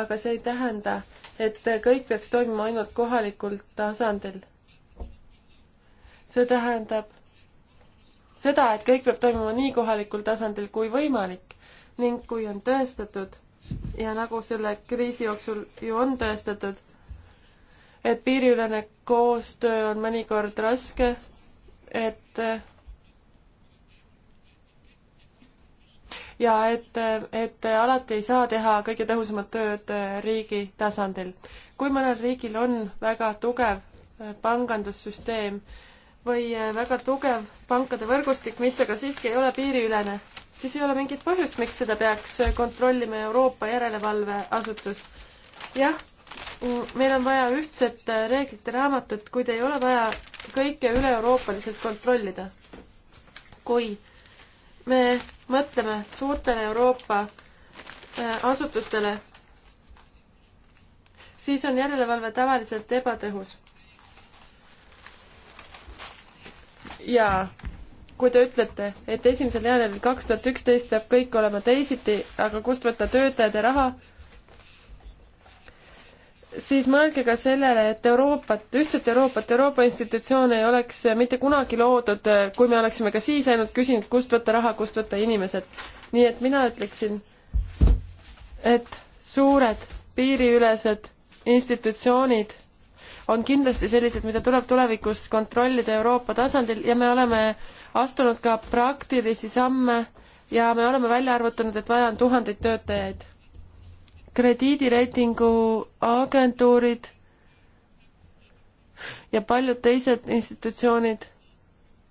aga see ei tähenda, et kõik peaks toimuma ainult kohalikul tasandil. see tähendab seda, et kõik peab toimuma nii kohalikul tasandil kui võimalik ning kui on tõestatud ja nagu selle kriisi jooksul ju on tõestatud et piiriülene koostöö on mõnikord raske, et ja et, et alati ei saa teha kõige tõhusamat tööd riigi tasandil. kui mõnel riigil on väga tugev pangandussüsteem või väga tugev pankade võrgustik, mis aga siiski ei ole piiriülene, siis ei ole mingit põhjust, miks seda peaks kontrollima Euroopa järelevalveasutus. jah meil on vaja ühtset äh, reeglite raamatut, kuid ei ole vaja kõike üle-euroopaliselt kontrollida. kui me mõtleme suurtele Euroopa äh, asutustele, siis on järelevalve tavaliselt ebatõhus. ja kui te ütlete, et esimesel jaanuaril kaks tuhat üksteist peab kõik olema teisiti, aga kust võtta töötajad ja raha, siis mõelge ka sellele, et Euroopat, ühtset Euroopat, Euroopa institutsioone ei oleks mitte kunagi loodud, kui me oleksime ka siis ainult küsinud, kust võtta raha, kust võtta inimesed. nii et mina ütleksin, et suured piiriülesed institutsioonid on kindlasti sellised, mida tuleb tulevikus kontrollida Euroopa tasandil ja me oleme astunud ka praktilisi samme ja me oleme välja arvutanud, et vaja on tuhandeid töötajaid krediidireitingu agentuurid ja paljud teised institutsioonid,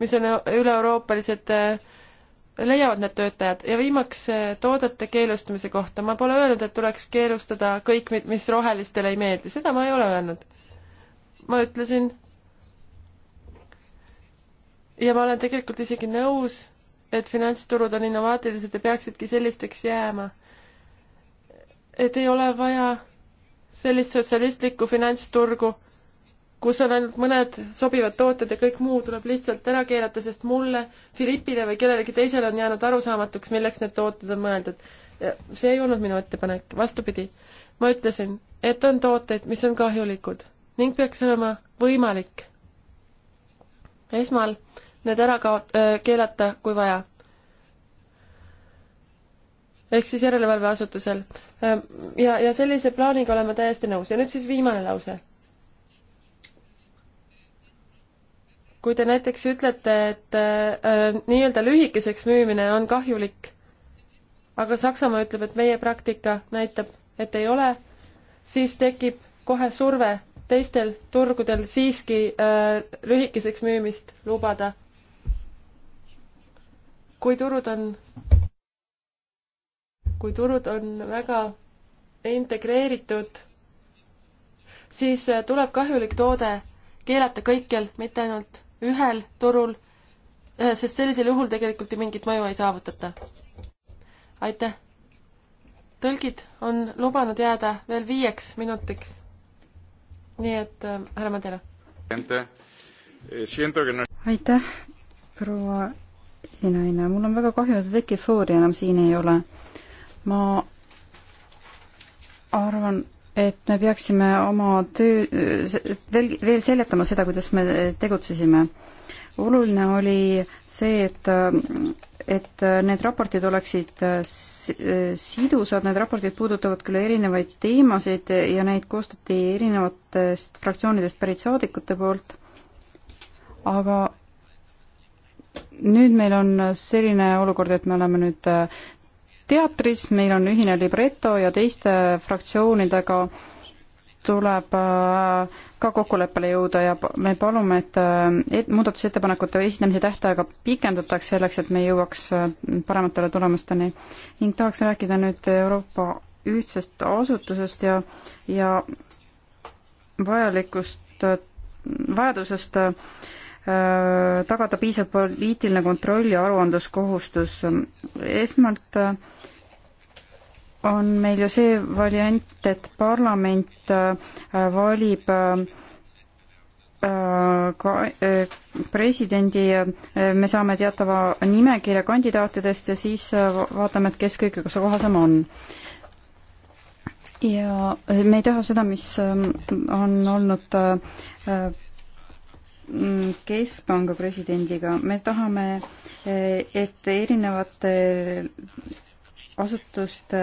mis on üle-euroopalised, eh, leiavad need töötajad ja viimaks eh, toodete keelustamise kohta. ma pole öelnud, et tuleks keelustada kõik, mis rohelistele ei meeldi, seda ma ei ole öelnud. ma ütlesin ja ma olen tegelikult isegi nõus, et finantsturud on innovaatilised ja peaksidki sellisteks jääma et ei ole vaja sellist sotsialistlikku finantsturgu, kus on ainult mõned sobivad tooted ja kõik muu tuleb lihtsalt ära keelata, sest mulle, Philippile või kellelegi teisele on jäänud arusaamatuks, milleks need tooted on mõeldud. see ei olnud minu ettepanek, vastupidi. ma ütlesin, et on tooteid, mis on kahjulikud ning peaks olema võimalik esmal need ära kao-, äh, keelata, kui vaja ehk siis järelevalveasutusel. Äh, ja, ja sellise plaaniga olen ma täiesti nõus ja nüüd siis viimane lause. kui te näiteks ütlete, et äh, nii-öelda lühikeseks müümine on kahjulik, aga Saksamaa ütleb, et meie praktika näitab, et ei ole, siis tekib kohe surve teistel turgudel siiski äh, lühikeseks müümist lubada. kui turud on kui turud on väga integreeritud, siis äh, tuleb kahjulik toode keelata kõikjal, mitte ainult ühel turul, äh, sest sellisel juhul tegelikult ju mingit mõju ei saavutata. aitäh! tõlgid on lubanud jääda veel viieks minutiks. nii et äh, härra Madera. Eh, aitäh, proua esinaine, mul on väga kahju, et Viki Foori enam siin ei ole ma arvan, et me peaksime oma töö, veel, veel seletama seda, kuidas me tegutsesime. oluline oli see, et et need raportid oleksid sidusad, need raportid puudutavad küll erinevaid teemasid ja neid koostati erinevatest fraktsioonidest pärit saadikute poolt, aga nüüd meil on selline olukord, et me oleme nüüd teatris, meil on ühine libreto ja teiste fraktsioonidega tuleb äh, ka kokkuleppele jõuda ja me palume, et, äh, et muudatusettepanekute esitamise tähtaega pikendataks selleks, et me jõuaks äh, parematele tulemusteni. ning tahaks rääkida nüüd Euroopa ühtsest asutusest ja, ja vajalikust, vajadusest äh, Äh, tagada piisav poliitiline kontroll ja aruandluskohustus. esmalt äh, on meil ju see variant, et parlament äh, valib ka presidendi, me saame teatava nimekirja kandidaatidest ja siis vaatame, et kes kõige kohasem on. ja me ei taha seda, mis on olnud Mm, keskpanga presidendiga, me tahame, eh, et erinevate asutuste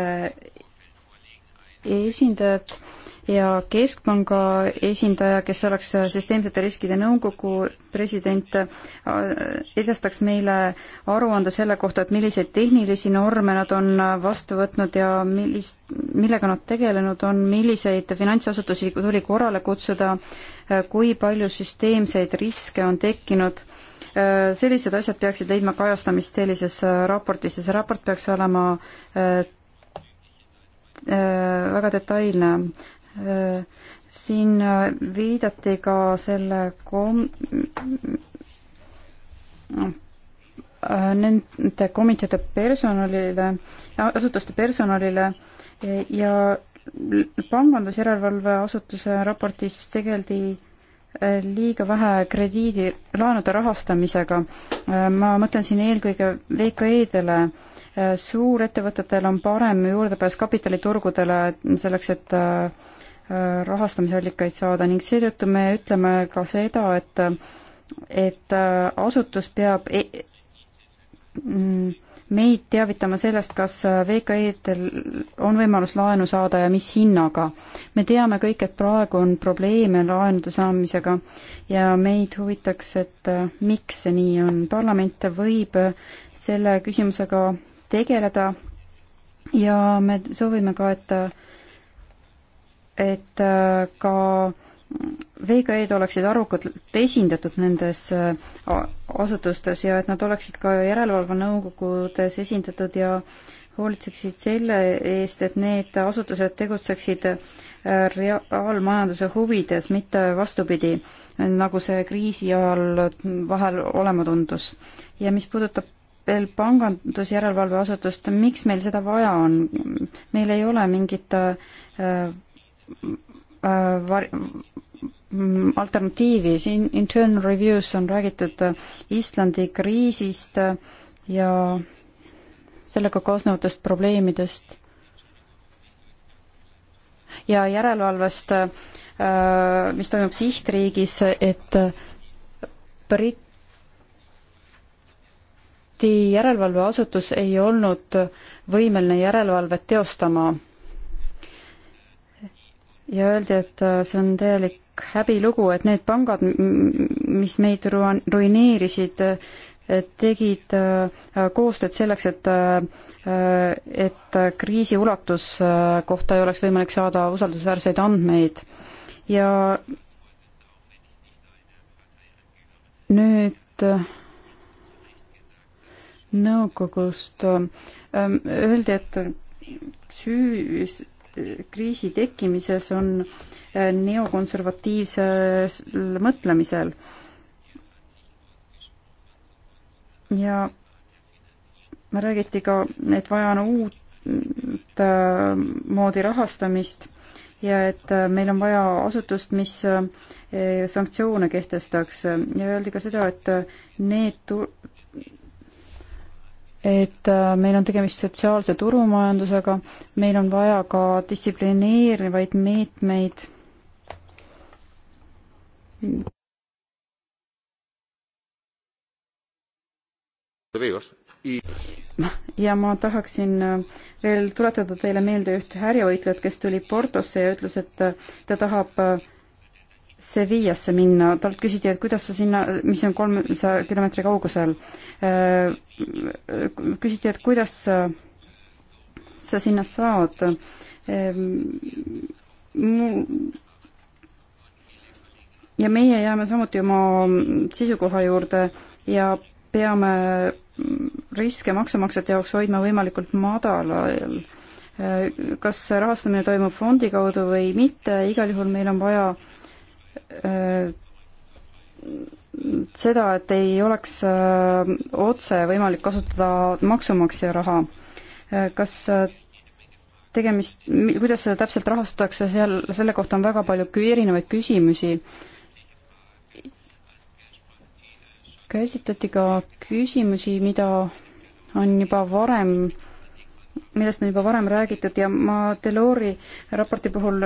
eh, esindajad ja keskpanga esindaja, kes oleks süsteemsete riskide nõukogu president, eh, edastaks meile aruande selle kohta, et milliseid tehnilisi norme nad on vastu võtnud ja millist, millega nad tegelenud on, milliseid finantsasutusi tuli korrale kutsuda äh, Äh, kui palju süsteemseid riske on tekkinud. Äh, sellised asjad peaksid leidma kajastamist sellises äh, raportis ja see raport peaks olema väga detailne. siin viidati ka selle kom-, nende komiteede personalile, asutuste personalile ja pangandusjärelevalveasutuse raportis tegeldi äh, liiga vähe krediidi, laenude rahastamisega. Äh, ma mõtlen siin eelkõige VKE-dele. Äh, suurettevõtetel on parem juurdepääs kapitaliturgudele selleks, et rahastamisallikaid saada ning seetõttu me ütleme ka seda, et, et asutus peab e mm, meid teavitama sellest, kas VKE-del on võimalus laenu saada ja mis hinnaga. me teame kõik, et praegu on probleeme laenude saamisega ja meid huvitaks, et äh, miks see nii on. parlament võib äh, selle küsimusega tegeleda ja me soovime ka, et äh, et ka äh, VKE-d oleksid arvukalt esindatud nendes äh, asutustes ja et nad oleksid ka järelevalvenõukogudes esindatud ja hoolitseksid selle eest, et need asutused tegutseksid äh, reaalmajanduse huvides, mitte vastupidi, nagu see kriisi ajal vahel olema tundus. ja mis puudutab veel pangandusjärelevalveasutust, miks meil seda vaja on? meil ei ole mingit äh, Äh, var-, alternatiivi, siin internal reviews on räägitud äh, Islandi kriisist äh, ja sellega kaasnevatest probleemidest ja järelevalvest, mis toimub sihtriigis, et Briti järelevalveasutus ei olnud võimeline järelevalvet teostama ja öeldi, et äh, see on täielik häbilugu, et need pangad, mis meid ruineerisid, äh, tegid äh, koostööd selleks, et, et kriisi ulatus kohta ei oleks võimalik saada usaldusväärseid andmeid. ja nüüd nõukogust öeldi, et süü kriisi tekkimises on äh, neokonservatiivsel mõtlemisel. ja räägiti ka, et vaja on uut äh, moodi rahastamist ja et äh, meil on vaja asutust, mis sanktsioone kehtestaks ja öeldi ka seda, et need et äh, meil on tegemist sotsiaalse turumajandusega, meil on vaja ka distsiplineerivaid meetmeid. Noh, ja ma tahaksin äh, veel tuletada teile meelde ühte härjavõitlejat, kes tuli Portosse ja ütles, et äh, ta tahab Sevillasse minna, talt küsiti, et kuidas sa sinna, mis on kolmesaja kilomeetri kaugusel, äh, küsiti, et kuidas sa, sa sinna saad. Ähm, ja meie jääme samuti oma seisukoha juurde ja peame riske maksumaksjate jaoks hoidma võimalikult madalal. Äh, kas rahastamine toimub fondi kaudu või mitte, igal juhul meil on vaja äh, Äh, seda, et ei oleks äh, otse võimalik kasutada maksumaksja raha. Äh, kas tegemist, kuidas seda täpselt rahastatakse, seal, selle kohta on väga palju erinevaid küsimusi. käsitleti ka küsimusi, mida on juba varem millest on juba varem räägitud ja ma Delori raporti puhul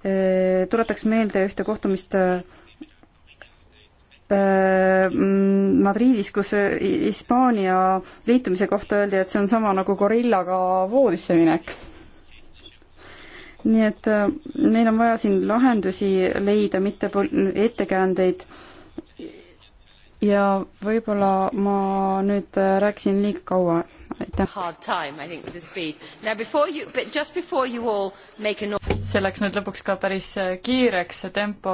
Äh, tuletaks meelde ühte kohtumist äh, mm, Madridis, kus äh, Hispaania liitumise kohta öeldi, et see on sama nagu gorillaga voodisse minek. nii et meil on vaja siin lahendusi leida, mitte ettekäändeid. ja võib-olla ma nüüd rääkisin liiga kaua aitäh. see läks nüüd lõpuks ka päris äh, kiireks, see tempo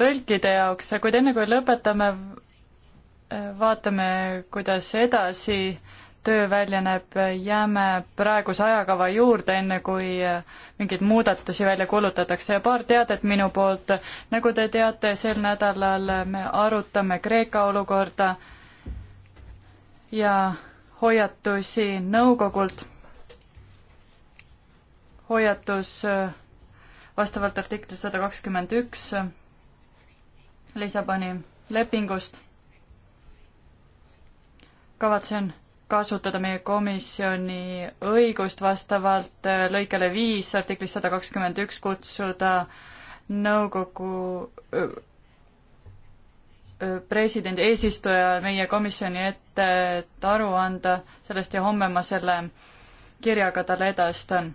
tõlkide jaoks, kuid enne kui lõpetame, äh, vaatame, kuidas edasi töö välja näeb, jääme praeguse ajakava juurde, enne kui äh, mingeid muudatusi välja kuulutatakse ja paar teadet minu poolt. nagu te teate, sel nädalal me arutame Kreeka olukorda ja hoiatusi nõukogult. hoiatus äh, vastavalt artikli sada kakskümmend üks Lissaboni lepingust. kavatsen kasutada meie komisjoni õigust vastavalt äh, lõikele viis artiklis sada kakskümmend üks kutsuda nõukogu president, eesistuja meie komisjoni ette, et aru anda sellest ja homme ma selle kirjaga talle edastan.